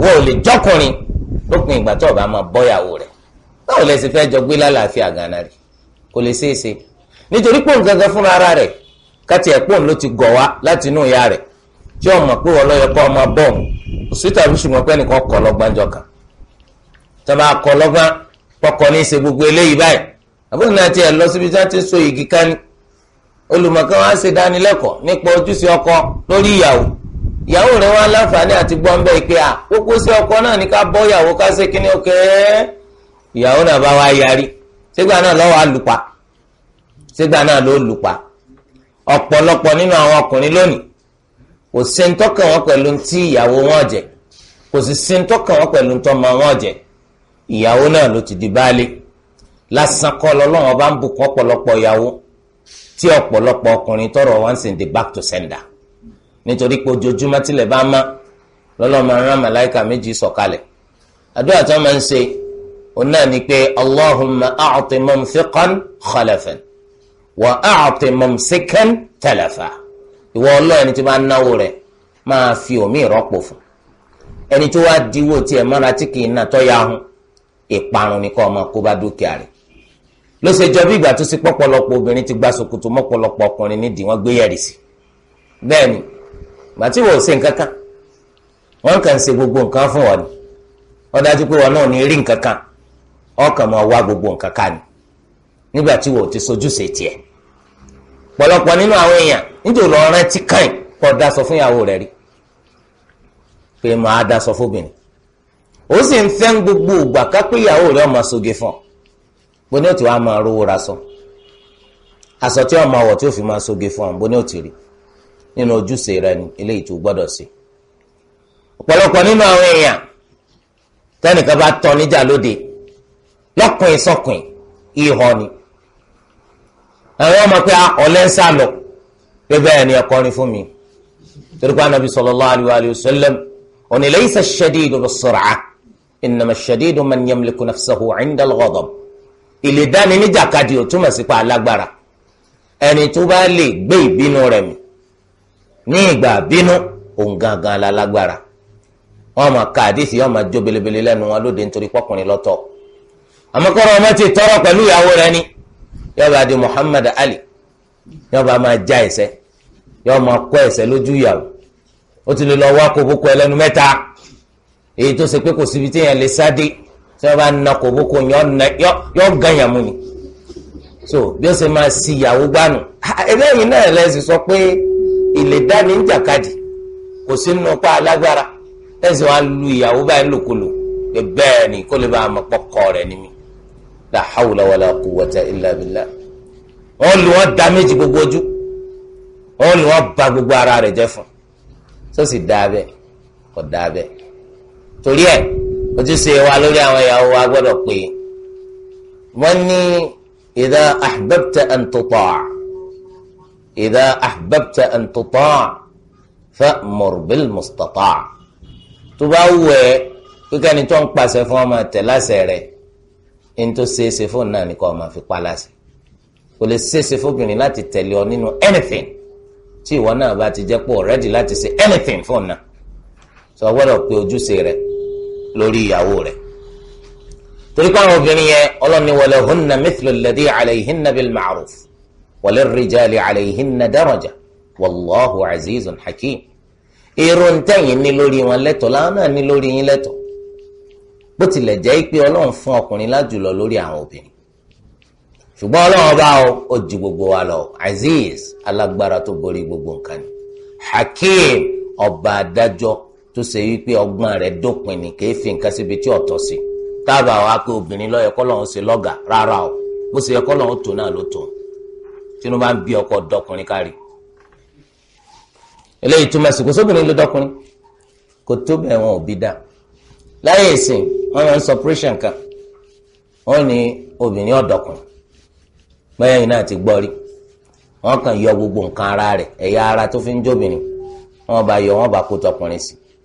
wọ́n ò lè jọ́kùnrin lópin ìgbà tó o bá máa bọ́ ìyàwó rẹ̀ báwo lẹ sì fẹ́ jọ gbé lálàáfíà gánà rẹ̀ kò lè ṣeé nítorí pòun gangan fúnra ara rẹ̀ káti ẹ̀ ló ti gọ̀ wá láti inú ìyá rẹ̀ tí ọmọ pé wọ́n ọmọ bọ́ọ̀mù òṣìṣẹ́ tàbí ṣùgbọ́n pẹ́ nìkan kọ̀ lọ́gbàjọ kan tọba kọ́ lọ́gbọ́n kọ́kọ́ ní í gbogbo eléyìí báyìí àbúrò náà tiẹ̀ lọ síbi tí wọ́n ti so igi ṣe nípa ojúṣe ọkọ lórí ìyàwó ìyàwó rẹ̀ wá láǹfààní àti gbọ́nbẹ́ a à kókó ọkọ naanị ka ká bọ́ ìyàwó ká ṣe kíní òkè ìyàwó náà bá wá yarí sígbà náà lọ́wọ́ àlùpà sígbà náà ló lùpà ọ̀pọ̀lọpọ̀ nínú àwọn ọkùnrin lónìí kò sí wọn pẹ̀lú ìyàwó wọn jẹ ìyàwó náà ló ti di baálé lásán kọ́ lọ́lọ́run ọba ń bùkún ọ̀pọ̀lọpọ̀ ìyàwó tí ọ̀pọ̀lọpọ̀ ọkùnrin tọrọ wọn sì ń di back to sender nítorí pé ojoojúmọ́ tilẹ̀ bá má lọ́lọ́run máa ń rán màláìka méjì sọ̀kalẹ̀ àdúrà tó máa ń ṣe òun náà ni pé allahumma a'ti mumfiqan khalafan wa a'ti mumsikan talafa ìwọ ọlọ́ọ̀ni tí máa náwó rẹ̀ máa fi òmíì rọ́pò fún ẹni tó wá diwó tiẹ̀ mọ́ra tí kì í nà tọ́ ya ìparun ni kọ́ ọmọ kó bá dúkìá rẹ̀ ló ṣe jọ bí ìgbà tó pọ́pọ̀lọpọ̀ obìnrin ti gba ṣòkòtò mọ́pọ̀lọpọ̀ ọkùnrin nídìí gbé yẹ̀rì sí bẹ́ẹ̀ ni ìgbà tí wọ́n ṣe nǹkan kan gbogbo nǹkan fún wọn ni dájú pé wọn náà ní rí nǹkan kan ọkàn wá gbogbo nǹkan ni nígbà tí wọ́n tiẹ̀ pọ̀lọpọ̀ nínú àwọn èèyàn nítorí kọ́ fún ìyàwó rẹ̀ rí pé máa fóbìnrin ó sì ń fẹ́ gbogbo ìgbà kápẹ́ rẹ̀ ọmọ soge fún bó ní òtí wàá máa rówó tí ọmọ ọwọ tí ó fi máa soge fún bó ní òtí rí nínú ojúṣe rẹ ni eléyìí tó gbọ́dọ̀ sí ọ̀pọ̀lọpọ̀ nínú àwọn èèyàn tẹnìkan bá tán níjà lóde lọkùn ìsọkùn ìhọ ni àwọn ọmọ pé ah, ọlẹ ń sá lọ pé bẹ́ẹ̀ ni ọkọrin fún mi torí pé anabi sallallahu alaihi innama shadidu man yamliku nafsahu inda al-ghadab ìlédání níjàkadì ò túmọ̀ sí pa alágbára ẹni tó bá lè gbé ìbínú rẹ̀ mì ní ìgbà bínú òun gangan lálágbára wọn máa ka àdìsí wọn máa jó belebele lẹ́nu wọn lóde nítorí pọkùnrin lọ́tọ̀ àmọ́kọ́rọ́ ọmọ ti tọrọ pẹ̀lú ìyàwó rẹ̀ ni yọba di Muhammad Ali yọba máa já ẹsẹ̀ yọba máa kọ ẹsẹ̀ lójú ìyàwó ó ti lè lọ wá kókókó ẹlẹ́nu mẹ́ta èyí tó ṣe pé kò síbi tí èèyàn lè sáde tí wọ́n bá na kò bókò yọ gànyàn mu ni so bí ó ṣe máa si ìyàwó gbánu ẹlẹ́yìn náà lẹ́sìn sọ pé ilé dání ń jàkadì kò sí nínú pa alágbára ẹ̀sìn wa lu ìyàwó báyìí lòkulò pé bẹ́ẹ̀ ni kó lè bá a mọ̀ pọ́kọ rẹ̀ ni mi la hawla wala quwwata illa billah wọ́n lu wọn da méjì gbogbo ojú wọ́n lu wọn ba gbogbo ara rẹ̀ jẹ́ fún sọ́sì dáa bẹ́ẹ̀ kò dáa torí ẹ̀ ojúṣe wa lórí àwọn ìyàwó wa gbọ́dọ̀ pé wọ́n ní idha ahbabta an tuta' idha ahbabta an tuta' fa'mur bil mustata' tó bá wù ẹ́ kíkẹ́ ni tó ń pàṣẹ fún ọmọ tẹ̀ láṣẹ rẹ̀ ní tó ṣeéṣe fún náà nìkan ọmọ fi pa láṣẹ kò lè ṣeéṣe fóbìnrin láti tẹ̀lé ọ nínú anything tí ìwọ náà bá ti jẹ́ pọ̀ ready láti ṣe anything fún náà sọ gbọ́dọ̀ pé ojúṣe rẹ̀ lórí ìyàwó rẹ̀ torí pé àwọn obìnrin yẹn ọlọ́ni walahunna mithlu alladhi alayhinna bil ma'ruf walirrijali alayhinna daraja wallahu azizun hakim èrò ntẹ̀yìn ní lórí wọn lẹ́tọ̀ láwọn náà ní lórí yín lẹ́tọ̀ bó tilẹ̀ jẹ́ pé ọlọ́run fún ọkùnrin lájùlọ lórí àwọn obìnrin ṣùgbọ́n ọlọ́run ọba ó ju gbogbo wa lọ aziz alágbára tó borí gbogbo nǹkan ni hakim ọba adájọ́ tó ṣe wípé ọgbọ́n rẹ̀ dópin ní kì fi nǹkan síbi tí ọ̀tọ̀ sí táàbà wa pé obìnrin lọ́yẹ kọ́ lọ́hún ṣe lọ́gà rárá o bó ṣe yẹ kọ́ lọ́hún tó náà ló tó tínú bá ọkọ dọkùnrin kárì eléyìí túmọ̀ sí kò sóbìnrin ló kò tó wọn ò bí dá wọn yàn wọn obìnrin ọ̀dọ́kùnrin ti gbọ́ rí wọn kàn yọ gbogbo ara rẹ̀ ẹ̀yà ara tó fi ń jóbìnrin wọn bá wọn bá kó tọkùnrin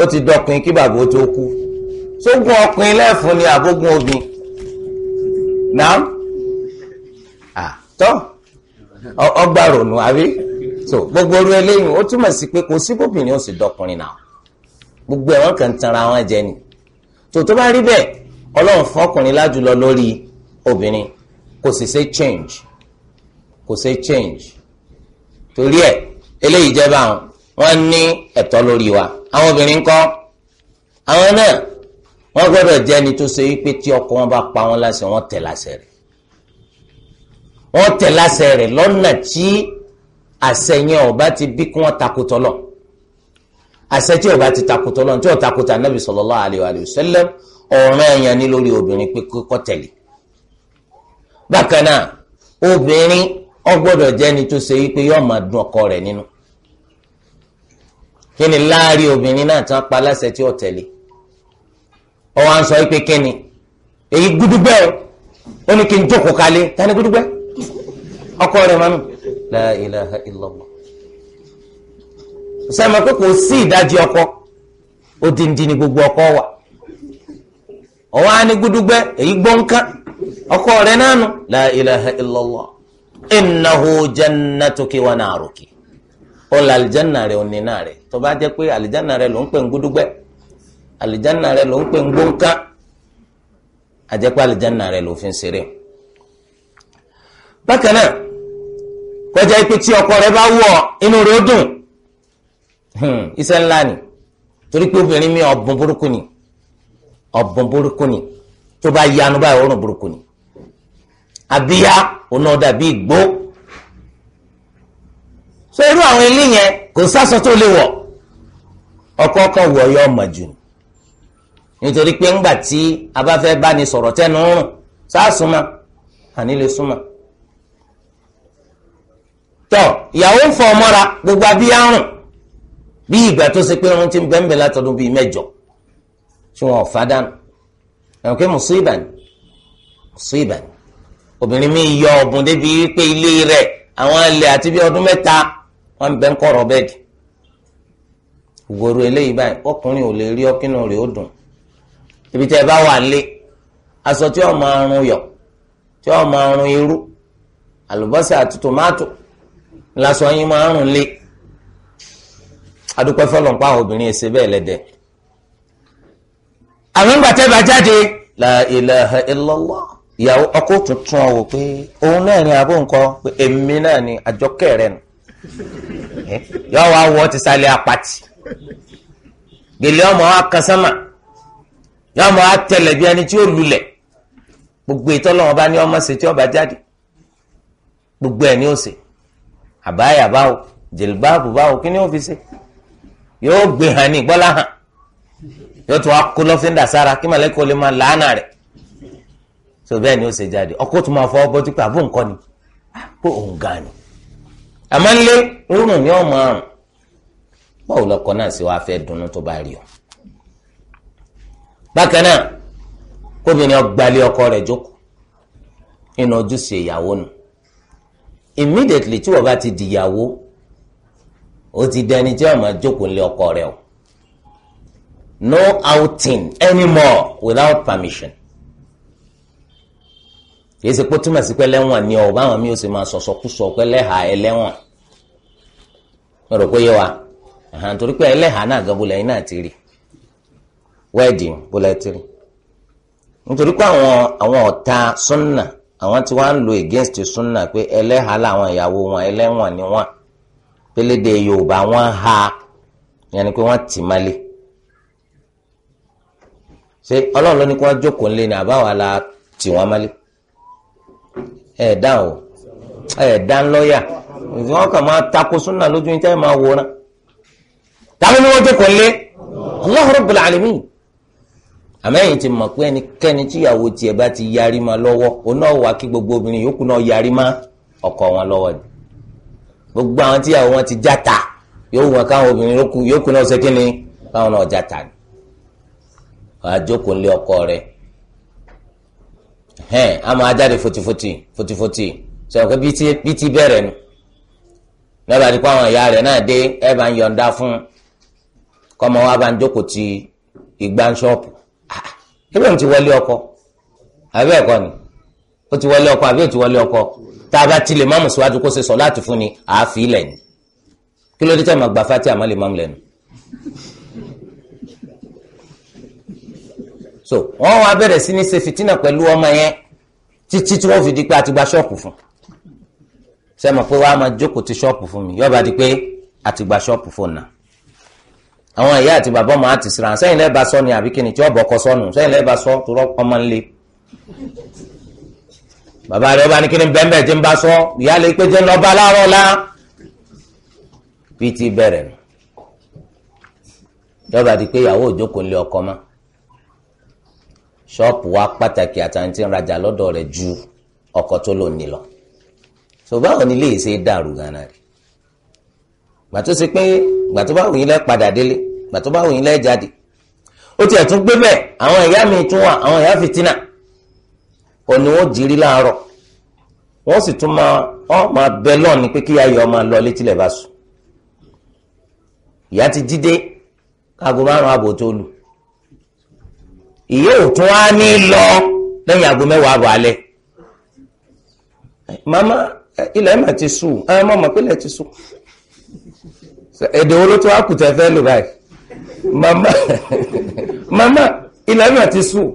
ó ti dọkùn kí bàbá ó tó kú sógun ọkùnrin lẹ́fun ni àbógun obìn náà tọ́ ọgbà rònú àbí so gbogbo orú eléyìí ó túmọ̀ sí pé kò síbòbìnrin ó sì dọkùnrin náà gbogbo ẹ̀wọ̀n kan tanra wọn jẹ ni tó tó bá rí bẹ́ẹ̀ ọlọ́run fún ọkùnrin lórí obìnrin kò sì ṣe change kò ṣe change torí ẹ̀ eléyìí jẹ́ báwọn wọ́n ní ẹ̀tọ́ lórí wa àwọn obìnrin kọ́ àwọn náà wọ́n gbọ́dọ̀ jẹ́ ẹni tó ṣe wípé tí ọkọ wọn bá pa wọn láṣẹ wọ́n tẹ̀ láṣẹ rẹ̀ wọ́n tẹ̀ láṣẹ rẹ̀ lọ́nà tí àṣẹ yẹn ọba ti bí kí wọ́n takotọ́ lọ àṣẹ tí ọba ti takotọ́ lọ tí ó takotọ́ anábì sallallahu alaihi wa sallam ọ̀ràn ẹ̀yàn ní lórí obìnrin pé kọ́ tẹ̀lé bákan náà obìnrin ó gbọ́dọ̀ jẹ́ ẹni tó ṣe wípé yóò máa dùn ọkọ rẹ̀ nínú kí ni láàrin obìnrin náà tí wọ́n pa láṣẹ tí ó tẹ̀lé ọ wá ń sọ pé kí ni èyí gúdúgbẹ́ ó ní kí n jókòó kalẹ̀ tani gúdúgbẹ́ ọkọ rẹ̀ mọ́nù la ilaha illallah sẹ́mi pé kò sí ìdajì ọkọ odindi ni gbogbo ọkọ wà ọwọ́ ní gúdúgbẹ́ èyí gbọ́nkán ọkọ rẹ̀ náà nù la ọ̀la àlìjánà rẹ̀ ònínà rẹ̀ tó bá jẹ́ pé àlìjánà rẹ̀ ló ń pè ń gúdúgbẹ́ àlìjánà rẹ̀ ló ń pè ń gbóǹká àjẹpẹ́ àlìjánà rẹ̀ ló fi ń ṣeré. bákan náà kọjá ipe tí ọkọ rẹ bá wọ inú rẹ ó dùn hmm, iṣẹ́ ńlá ni torí pé obìnrin mi ọ̀bùn burúkú ni ọ̀bùn burúkú ni tó bá yanu báyìí òórùn burúkú ni àbíyá òun náà dàbí ìgbó so irú àwọn ilé yẹn kò sásọ tó lè wọ̀ ọkọ ọkọ wọ yọ ọmọ jù nítorí pé ńgbà tí a bá fẹ́ bá ní sọ̀rọ̀ tẹnu rùn sáàsúnmọ́ àní lè súnmọ́ tọ ìyàwó ń fọ ọmọra gbogbo abíyárùn bí ìgbà tó ṣe pé irun ti ń bẹ́ńbẹ́ látọdún bíi mẹ́jọ tí wọn ò fádánù ẹ̀wọ̀n pé mùsíbà ni mùsíbà ni obìnrin mi yọ ọ̀bùn débi pé ilé rẹ̀ àwọn ilẹ̀ àti bí ọdún mẹ́ta wọ́n bẹ́ ń kọ̀rọ̀ bẹ́ẹ̀dì ìgboro eléyìí báyìí ọkùnrin ò lè rí ọkínú rẹ̀ ó dùn ibi tẹ́ ẹ bá wà lé aṣọ tí ó máa run yọ̀ tí ó máa run irú àlùbọ́sà àti tòmátò lásọ yín máa rùn lé adúpẹ́ fọlọ́npá obìnrin ẹ̀sẹ̀ bẹ́ẹ̀ lẹ́dẹ̀ àwọn ìgbà tẹ́ bá jáde la ilaha illallah ìyàwó ọkọ̀ tuntun ọ̀wọ̀ pé òun náà ni àbó nǹkan pé èmi náà ni àjọkẹ́ rẹ̀ nù Eh? yọ wá wọ ti sálẹ̀ apàtì gèlè ọmọ wa kan sánmà yọ ọmọ wa tẹlẹ bí ẹni tí ó lulẹ gbogbo ìtọ́lọ́wọ́n ọba ní ọmọ tí ọba jáde gbogbo ẹ̀ ní òsè àbáyà báwo jìlbáàbù báwo kí ni ó fi ṣe yóò gbé hàn ní gbọ́lá hàn yóò tún wá kó lọ́fíńdà sára kí màlẹ́kọ̀ọ́ ni ó ṣe jáde ọkọ̀ tó máa fọ ni pé òun gan ni àmọ́ nlé rúrùn ní ọmọ àrùn báwo lọkọ náà sì wáá fẹ́ dunnú tó bá rí ọ. bákan náà kóbìnrin ọgbàlẹ̀ ọkọ rẹ̀ jókòó nínú ojúṣe ìyàwó nù immediately tí wọ́n bá ti dìyàwó ó ti dẹni tí ọmọ jókòó nílé ọkọ rẹ̀ o no outing anymore without permission kìí ṣe pé sí pé ni mi o sì máa sọ̀sọ̀ kú sọ ẹlẹ́wọ̀n mo pé yé wa àhàn torí pé ẹlẹ́hà náà gan bolẹ̀ ti rí wẹ́ẹ̀dìn bolẹ̀ ti rí nítorí pé àwọn àwọn ọ̀tá àwọn tí wọ́n ń lo against pé wọn ha yẹn pé wọ́n ti kí wọ́n jókòó la ti wọ́n ẹ̀ẹ̀dá o ẹ̀ẹ̀dá lọ́yà wọ́n kàn máa tako súnà lójú ní tẹ́lẹ̀ máa tàbí ni wọ́n tó kọ̀ lé Allah àmẹ́yìn ti mọ̀ pé ẹnikẹ́ni tíyàwó bá ti yarí ma lọ́wọ́ o náà wà kí gbogbo obìnrin yòókù náà yarí ma ọkọ wọn lọ́wọ́ ni gbogbo àwọn wọn ti játa yóò wọn káwọn obìnrin náà ṣe kí ni káwọn náà játa ni lé ọkọ hẹ́n a máa jáde fotifoti fotifoti sọ̀rọ̀ pé bí ti bẹ̀rẹ̀ nu lọ́ba àdìpọ àwọn ìyá rẹ̀ náà dé ẹ bá ń yọ̀ǹda fún kọ́mọ wa bá ń jókòó ti ìgbà ṣọ́ọ̀pù ibrahim ti wọlé ọkọ àbí ẹ̀kọ́ ni ó ti wọlé ọkọ àbí ó ti wọlé ọkọ tá a bá tilẹ̀ mọ́mù síwájú kó ṣe sọ láti fún ni àáfíì lẹ́nu kí ló dé tẹ́ máa gbà fátì àmọ́ mọ́mù lẹ́nu so wọ́n wá bẹ̀rẹ̀ sí ní ṣe fìtínà pẹ̀lú ọmọ yẹn títí tí wọ́n fi di pé a ti gba ṣọ́ọ̀pù fún ṣe mọ̀ pé wàá máa jókòó ti ṣọ́ọ̀pù fún mi yọba di pé a ti gba ṣọ́ọ̀pù fún náà àwọn ìyá àti bàbá ọmọ àti sira sẹ́yìn lẹ́ẹ̀bá sọ ni àbí kíni tí ọ̀bọ̀ kọ sọnù sẹ́yìn lẹ́ẹ̀bá sọ torọ́ ọmọ ńlẹ̀ bàbá rẹ̀ ọba ní kíni bẹ́ẹ̀nbẹ́ẹ̀ tí ń bá sọ ìyá lè pé jẹ́ lọ́ba láàárọ̀ la bíi ti bẹ̀rẹ̀ yọba di pé ìyàwó òjókòó ńlẹ̀ ọkọ máa ṣọ́ọ̀pù wa pàtàkì àtàwọn tí ń rajà lọ́dọ̀ rẹ̀ ju ọkọ̀ tó lò ní lọ so báwo ni ilé ìṣe dàrú ganan rẹ̀ gbà tó ṣe pé gbà tó bá wù yín lẹ́ padà délé gbà tó bá wù yín lẹ́ jáde ó tiẹ̀ tún gbé bẹ́ẹ̀ àwọn ìyá mi tún wà àwọn ìyá fìtínà òní wọn jírí láàárọ̀ wọ́n sì tún máa ọ́ máa bẹ lọ́ọ̀ ni pé kí ayọ̀ máa lọ létí lẹ̀ bá sùn ìyá ti jíde kágo márùn-ún àbò tó lù ìyẹ́ òtún wá ní lọ lẹ́yìn aago mẹ́wàá alẹ́ mama ilẹ̀ ti sùn ti sùn ló tún wá kùtẹ́ fẹ́ báyìí mama <laughs> mama ti sùn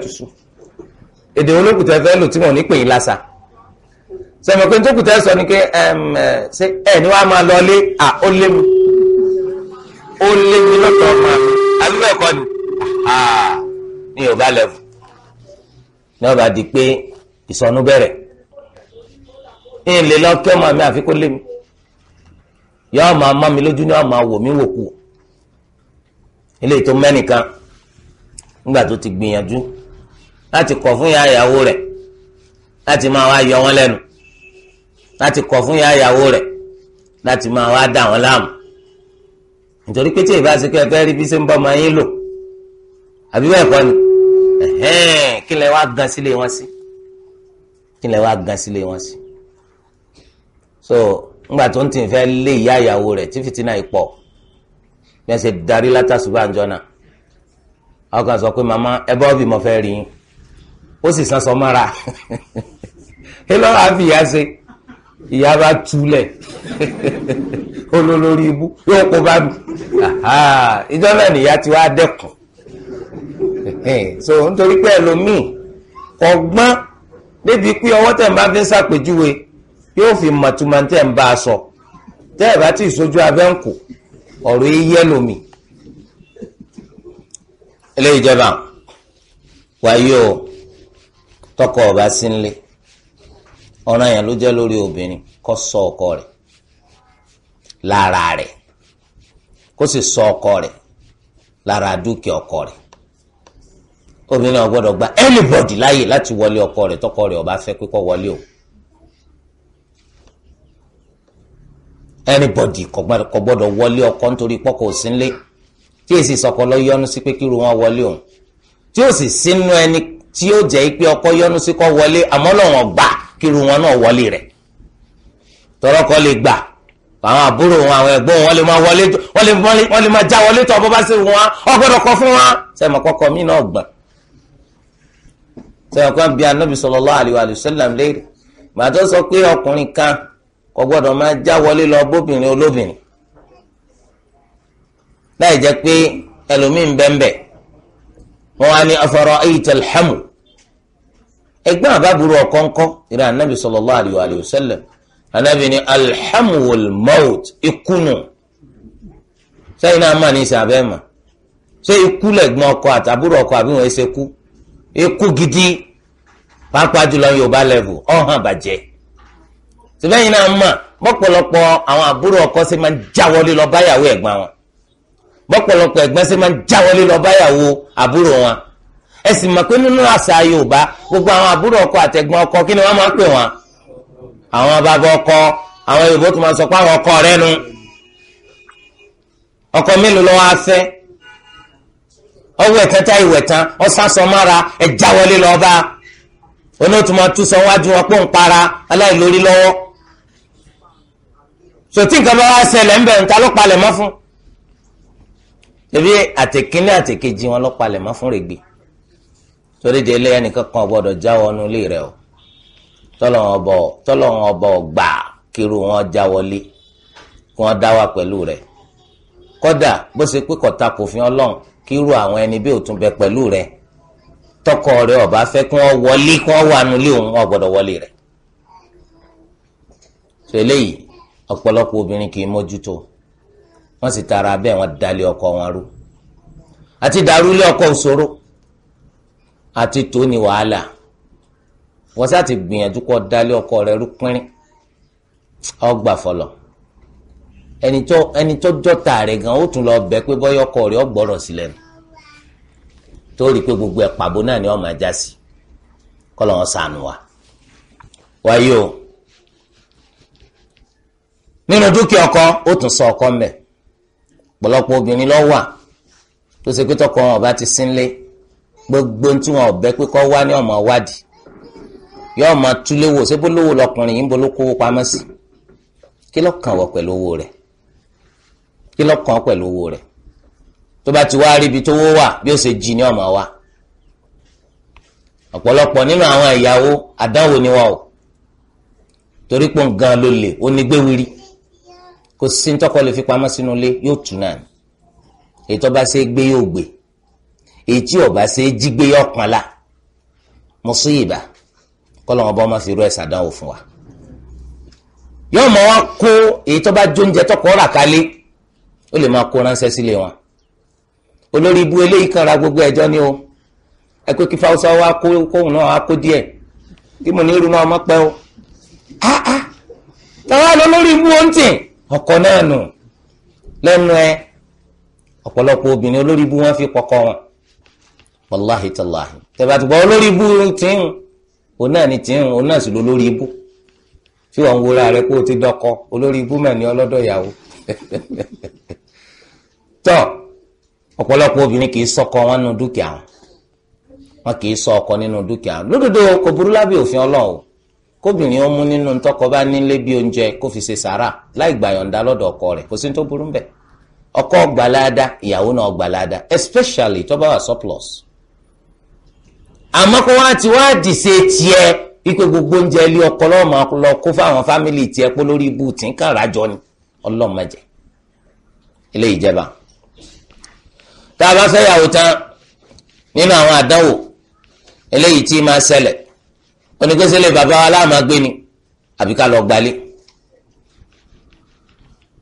ti sùn ló kùtẹ́ fẹ́ tí wọ́n ní lásà tó kùtẹ́ sọ ni pé wàá máa lọ lé à ó lé mi ó ní yorùbá lẹ́vù ní ọba di pé ìsọnù bẹ̀rẹ̀ ní ilé lọ́kẹ́ ọmọ mi àfikún lé mi yọ ọmọ ọmọ mi lójú ní ọmọ wò mí wò kú ilé tó mẹ́nìkan nígbà tó ti gbìyànjú láti kọ̀ fún ìyá ìyàwó rẹ̀ láti máa wá yọ wọ́n lẹ́nu láti kọ̀ fún ìyá ìyàwó rẹ̀ láti máa wá dà wọ́n láàmú nítorí pé tí ìbá fẹ́ rí bí ṣe ń bọ́ ọmọ yín lò àbí bẹ́ẹ̀ kọ́ ni kí lẹ wá gan sílé wọn sí kí lẹ wá gan sílé wọn sí so ńgbà tó ń tì fẹ́ lé ìyá ìyàwó rẹ̀ tí fìtínà yìí pọ̀ bí wọ́n ṣe darí látàṣùgbà àjọ náà àwọn kan sọ pé màmá ẹ bọ́ bí mo fẹ́ rí yín ó sì san sọ mọ́ra ẹ lọ́wọ́ àfi ìyá ṣe ìyá bá túlẹ̀ <laughs> olólórí ibú yóò kó bá mi ìjọba nìyá ti wá dẹ́kun so nítorí pé ẹlòmíì ọgbọ́n débi pé ọwọ́ tẹ̀ ń bá fi ń ṣàpèjúwe yóò fi mọ̀túmọ̀ tẹ̀ ń bá a sọ tẹ́ ẹ̀ bá ti ìṣojú abẹ́ ń kù ọ̀rọ̀ eyé ẹlòmíì ilé ìjọba wáyé o tọkọ ọba sí ń lé ọ̀ràn yẹn ló jẹ́ lórí obìnrin kó sọ ọkọ rẹ̀ lára rẹ̀ kó sì sọ ọkọ rẹ̀ lára dúkìá ọkọ rẹ̀ obìnrin náà gba anybody láàyè láti wọlé ọkọ rẹ̀ tọkọ rẹ̀ ó bá fẹ́ pé kó wọlé o anybody kò gbọ́dọ̀ wọlé ọkọ nítorí pọkọ òsínlé tí èsì sọkọ lọ yọnu sí pé kíru wọn wọlé òun tí ó sì sínú ẹni tí ó jẹ́ pé ọkọ yọnu sí kó wọlé àmọ́ lọ́wọ́n gbà kíru wọn náà wọlé rẹ̀ tọrọkọ lè gbà àwọn àbúrò wọn àwọn ẹ̀gbọ́n wọn lè máa wọlé wọn lè máa já wọlé tó ọbọ bá sí wọn ọgbọ́dọ̀ kọ fún wọn sẹmọ mi náà gbà sẹ́wọ̀n kan bí anábì sallallahu alaihi wasallam léèrè màtó sọ pé ọkùnrin kan kò gbọ́dọ̀ máa já wọlé lọ bóbìnrin olóbìnrin láì jẹ́ pé ẹlòmíín bẹ́ńbẹ́ wọn wá ní afara'ayta al-hamu ẹgbẹ́ àbábúrò ọ̀kọ́ńkọ́ ìrẹ́ anábì sallallahu alaihi wasallam anábì ní alhamu maut ikunu sẹ́yìn náà má ní ìsàbẹ́ ṣé ikú lẹ̀gbọ́n ọkọ àtàbúrò ọkọ àbí wọn ṣe kú. ikú gidi pàápàá jùlọ yorùbá level ọ̀hàn bàjẹ́ sìbẹ́yìn náà mọ̀ bọ́pọ̀lọpọ̀ àwọn àbúrò ọkọ ṣe máa ń jáwọlé lọ báyàwó ẹ̀gbọ́n wọn bọ́pọ̀lọpọ̀ ẹ̀gbọ́n ṣe máa ń jáwọlé lọ báyàwó àbúrò wọn ẹ sì mọ̀ pé nínú àṣà yorùbá gbogbo àwọn àbúrò ọkọ àtẹ̀gbọ́n ọkọ kí ni wọ́n máa ń pè wọn àwọn bàbá ọkọ àwọn yorùbá tó máa sọ pé àwọn ọkọ rẹ nu ọkọ mélòó lọ́wọ́ ọwọ́ ẹ̀kan tá ìwẹ̀ tán ọ̀sán sọ mára ẹ̀já wọlé lọ bá onótùú máa tú sọ wájú wọn pọ̀ ń para aláìlórí lọ́wọ́ sòtí nǹkan bá wá ṣẹlẹ̀ ń bẹ̀ ń ta ló palẹ̀ mọ́ fún ebi àtẹ̀kíní àtẹ̀kejì wọn ló palẹ̀ mọ́ fún règbè torí de ilé ẹnìkan kan gbọ́dọ̀ jáwọ́ nu ilé rẹ̀ o tọ́lọ́wọ́n ọbọ̀ gbà kiri wọn jáwọlé kí wọ́n dá wà pẹ̀lú rẹ̀ kódà bó ṣe pé kọ̀tà kò fi ọlọ́run kírú àwọn ẹni bí òtún bẹ pẹ̀lú rẹ tọkọ rẹ ọba fẹ́ kí wọ́n wọlé kí wọ́n wà nulẹ òun ọgbọ́dọ̀ wọlé rẹ tó eléyìí ọ̀pọ̀lọpọ̀ obìnrin kì í mójútó wọ́n sì tara bẹ́ẹ̀ wọ́n dalẹ̀ ọkọ wọn rú àti dàrúlé ọkọ òṣòro àti tó ní wàhálà wọ́n sá ti gbìyànjú kó dalẹ̀ ọkọ rẹ rú pínrín ọgbà fọlọ ẹni tó ẹni tó jọ́ta rẹ̀ gan ó tún lọ bẹ̀ pé bọ́yọ̀ ọkọ rẹ̀ ọgbọ́rọ̀ sílẹ̀ tó rí pé gbogbo ẹ̀ pàbó náà ni ọmọ ajá sí kọ́lọ̀ wọn sànù wa. wáyé o nínú dúkìá ọkọ ó tún sọ ọkọ mbẹ pọ̀lọpọ̀ obìnrin lọ wà tó ṣe pé tọkọ wọn ọba ti sínlé gbogbo tí wọn ọbẹ pé kọ wá ní ọmọ wádìí yóò máa túléwò ṣé bó lówó lọkùnrin yìí ń bolókówó pamọ́ sí kí lọ́kàn wọ̀ pẹ̀lú owó rẹ̀ kí ló kàn pẹ̀lú owó rẹ̀ tó bá ti wá rí ibi tó wó wà bí ó ṣe jí ní ọmọ wa ọ̀pọ̀lọpọ̀ nínú àwọn ìyàwó àdánwò ni wọn o torí pọ̀ gan ló lè ó ní gbéwìrì kò sí ní tọ́kọ lè fi pamọ́ sínú ilé yóò tù náà ni èyí tó bá ṣe gbé yóò gbé èyí tí ó ṣe jí gbé yóò pọ́n la mùsíbà kọ́lọ́wọ́n bá ọmọ fi rú ẹ̀sà dánwò fún wa yóò mọ̀ wá kó èyí tó bá jóúnjẹ tọkọ rà kálé ó lè máa kó ránṣẹ́ sílé wọn olórí ibu eléyìí kan ra gbogbo ẹjọ́ ni o ẹ pé kí fáwọsá wa kó kóhùn náà á kó díẹ̀ kí mo ní irú náà mọ́ pẹ́ o áá ah, ah. táwa lọ lórí ibu oúnjẹ ọkọ náà nù lẹ́nu ẹ ọ̀pọ̀lọpọ̀ obìnrin olórí ibu wọn fi pọkọ wọn wàláhì tàláhì tẹ̀bàtìgbọ́ olórí ibu tìǹ òun náà ni tìǹ òun náà sì lọ lórí ibu tí wọ́n ń wúra rẹ̀ kó o ti dọ́kọ olórí ibú mẹ́ni ọlọ́dọ̀ ìyàwó <laughs> tọ́ ọ̀pọ̀lọpọ̀ obìnrin kì í sọkọ wọn nínú dúkìá wọn kì í sọ ọkọ nínú dúkìá lódodo kò burú lábẹ́ òfin ọlọ́run kóbìnrin ó mú nínú tọkọ bá nílé bí oúnjẹ kó fi ṣe sàárà láì gbàyọ̀ǹda lọ́dọ̀ ọkọ rẹ̀ kò sí tó burú ńbẹ̀ ọkọ gbàláàdá ìyàwó náà gbàláàdá especially tó bá wà surplus àmọ́ kó wá ti wá dìse tiẹ̀ wípé gbogbo oúnjẹ ilé ọkọ lọ́mọ lọ kó fáwọn fámìlì tiẹ̀ pé lórí ibù tí ń ni ọlọ́mọdé ilé ìjẹba tá a bá fẹ́ yàwó tán nínú àwọn àdánwò eléyìí tí máa ṣẹlẹ̀ onígbésílẹ̀ bàbá wa láàmà gbé ni àbí ká lọ gbalé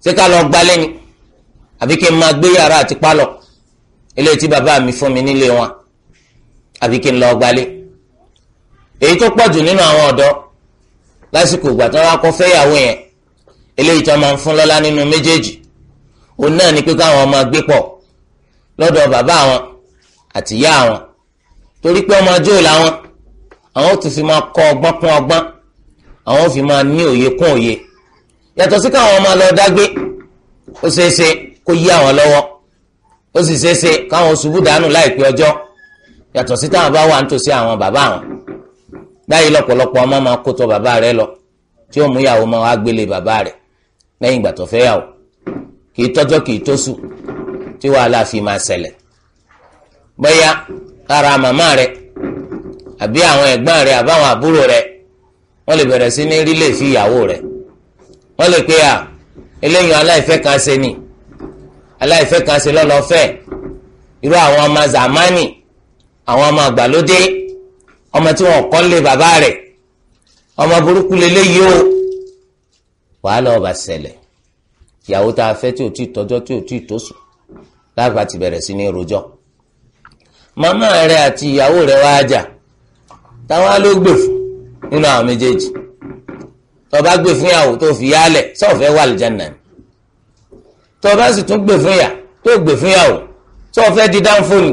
ṣé ká lọ gbalé ni àbí kí n máa gbé yàrá àti pálọ̀ eléyìí tí bàbá mi fún mi nílé wọn àbí kí n lọ gbalé èyí tó pọ̀ jù nínú àwọn ọ̀dọ́ lásìkò ìgbà tí wọ́n kọ́ fẹ́yàwó yẹn eléyìí tó máa ń fún lọ́lá nínú méjèèjì òun náà ni pé káwọn máa gbé pọ̀ lọ́dọ̀ bàbá àwọn àtìyá àwọn torí pé ọmọ ọjọ́ làwọn àwọn ò tún fi máa kọ́ ọgbọ́n kún ọgbọ́n àwọn ò fi máa ní òye kún òye yàtọ̀ sí káwọn ọmọ lọ dágbé ó ṣeéṣe kó yí àwọn lọ́wọ́ ó sì ṣeéṣe káwọn ṣubú dànù láìpẹ́ ọjọ́ yàtọ̀ sí táwọn bá wà nítòsí àwọn bàbá àwọn báyìí lọ́pọ̀lọpọ̀ ọmọ máa kó tọ bàbá rẹ̀ lọ tí ó mú máa wá gbélé bàbá rẹ̀ lẹ́yìn ìgbà tó fẹ́ yàwó kì í tọ́jọ́ kì í tó sùn tí wàhálà fi máa ṣẹlẹ̀ bóyá lára màmá rẹ àbí àwọn ẹ̀gbọ́n rẹ àbáwọn àbúrò rẹ wọ́n lè bẹ̀rẹ̀ sí ní rílè sí ìyàwó rẹ wọ́n lè pe à eléyìí aláìfẹ́ kan ṣe ni aláìfẹ́ kan ṣe lọ́lọ́fẹ́ irú àwọn ọmọ zamani àwọn ọmọ àgbàlódé ọmọ tí wọn kọ́ lé bàbá rẹ̀ ọmọ burúkú leléyìí o wàhálà ọba ṣẹlẹ̀ ìyàwó tá a fẹ́ tí ò tí tọ́jọ́ tí ò tí tó sùn láàbà ti bẹ̀rẹ̀ sí ní rojọ́ màmá rẹ àti ìyàwó rẹ wá jà táwa ló gbè fún nínú àwọn méjèèjì tó bá gbè fún ìyàwó tó fi yálẹ̀ sọ̀fẹ́ wà lìjànà tó bá sì tún gbè fún ìyà tó gbè fún ìyàwó sọ̀fẹ́ di dáńfóònù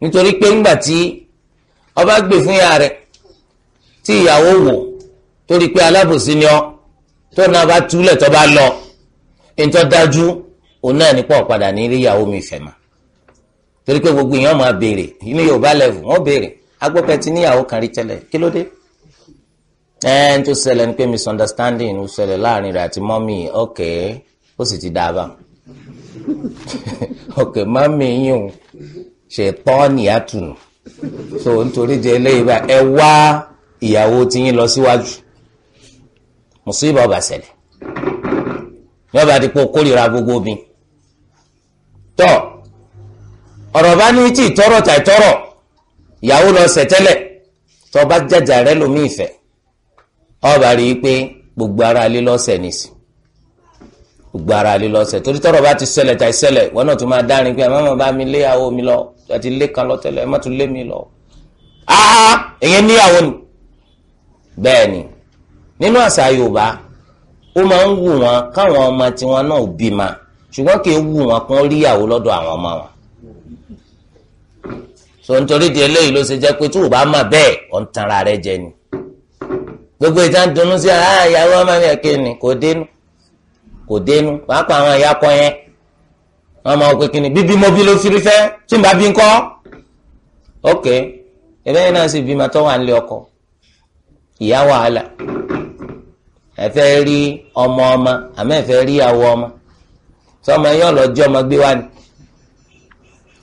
nítorí pé ńgbà tí ọba gbè fún ìyá rẹ tí ìyàwó wò torí pé alábòsí ni ọ tó náà bá túlẹ̀ tó lọ ìtọ́ dájú òun náà ní pọ̀ padà ní iléyàwó mi fẹ̀ mà torí pé gbogbo èèyàn máa béèrè inú yorùbá lẹ́vù wọ́n agbọ́pẹ́ ti níyàwó kan rí tẹ́lẹ̀ kí ló dé ẹn tó misunderstanding ló ṣẹlẹ̀ láàrin rẹ̀ àti mọ́mì ok ó sì ti dáa bá <laughs> ok mọ́mì yìí ṣe tọ́ níyàtùnú so nítorí jẹ eléyìí bá ẹ wá ìyàwó ti yín lọ síwájú mùsùlùmí ọba ní tọ ọ̀rọ̀ bá ní tí ìtọ́rọ̀ tà ìtọ́rọ̀ ìyàwó lọ sẹ̀ tẹ́lẹ̀ tọ́ bá jàjà rẹ lómi ìfẹ́ ọba rí pé gbogbo ara ilé lọ́sẹ̀ nìsí gbogbo ara ilé lọ́sẹ̀ torí tọ́rọ̀ bá ti sẹlẹ̀ tà ìṣẹlẹ̀ wọn náà tún máa dárin pé bá mi mi lọ àti lé kan tún lé mi lọ. níyàwó ni bẹ́ẹ̀ ni nínú àṣà Yorùbá ó máa ń wù wọn káwọn ọmọ ṣùgbọ́n kì í wù wọn kán rí ìyàwó lọ́dọ̀ àwọn ọmọ wọn so nítorí di eléyìí ló ṣe jẹ́ pé tí ò bá mà bẹ́ẹ̀ ọ̀ ń tanra rẹ jẹ ni gbogbo ìjà ń dunnú sí ara ah, ìyàwó ọmọ mi ẹ̀kẹ́ ni kò dénú kò dénú pàápàá àwọn ìyá kan yẹn wọn máa pe kí ni bíbí mo bí ló firi fẹ́ tí n bá bí ń kọ́ ok ẹ̀bẹ́ yìí náà sì bímọ tó wà nílé ọkọ ìyá wàhálà ẹ fẹ́ rí ọmọ ọmọ àmọ́ ẹ fẹ́ rí ìyàwó ọmọ sọmọ yóò lọ jí ọmọ gbé wá ni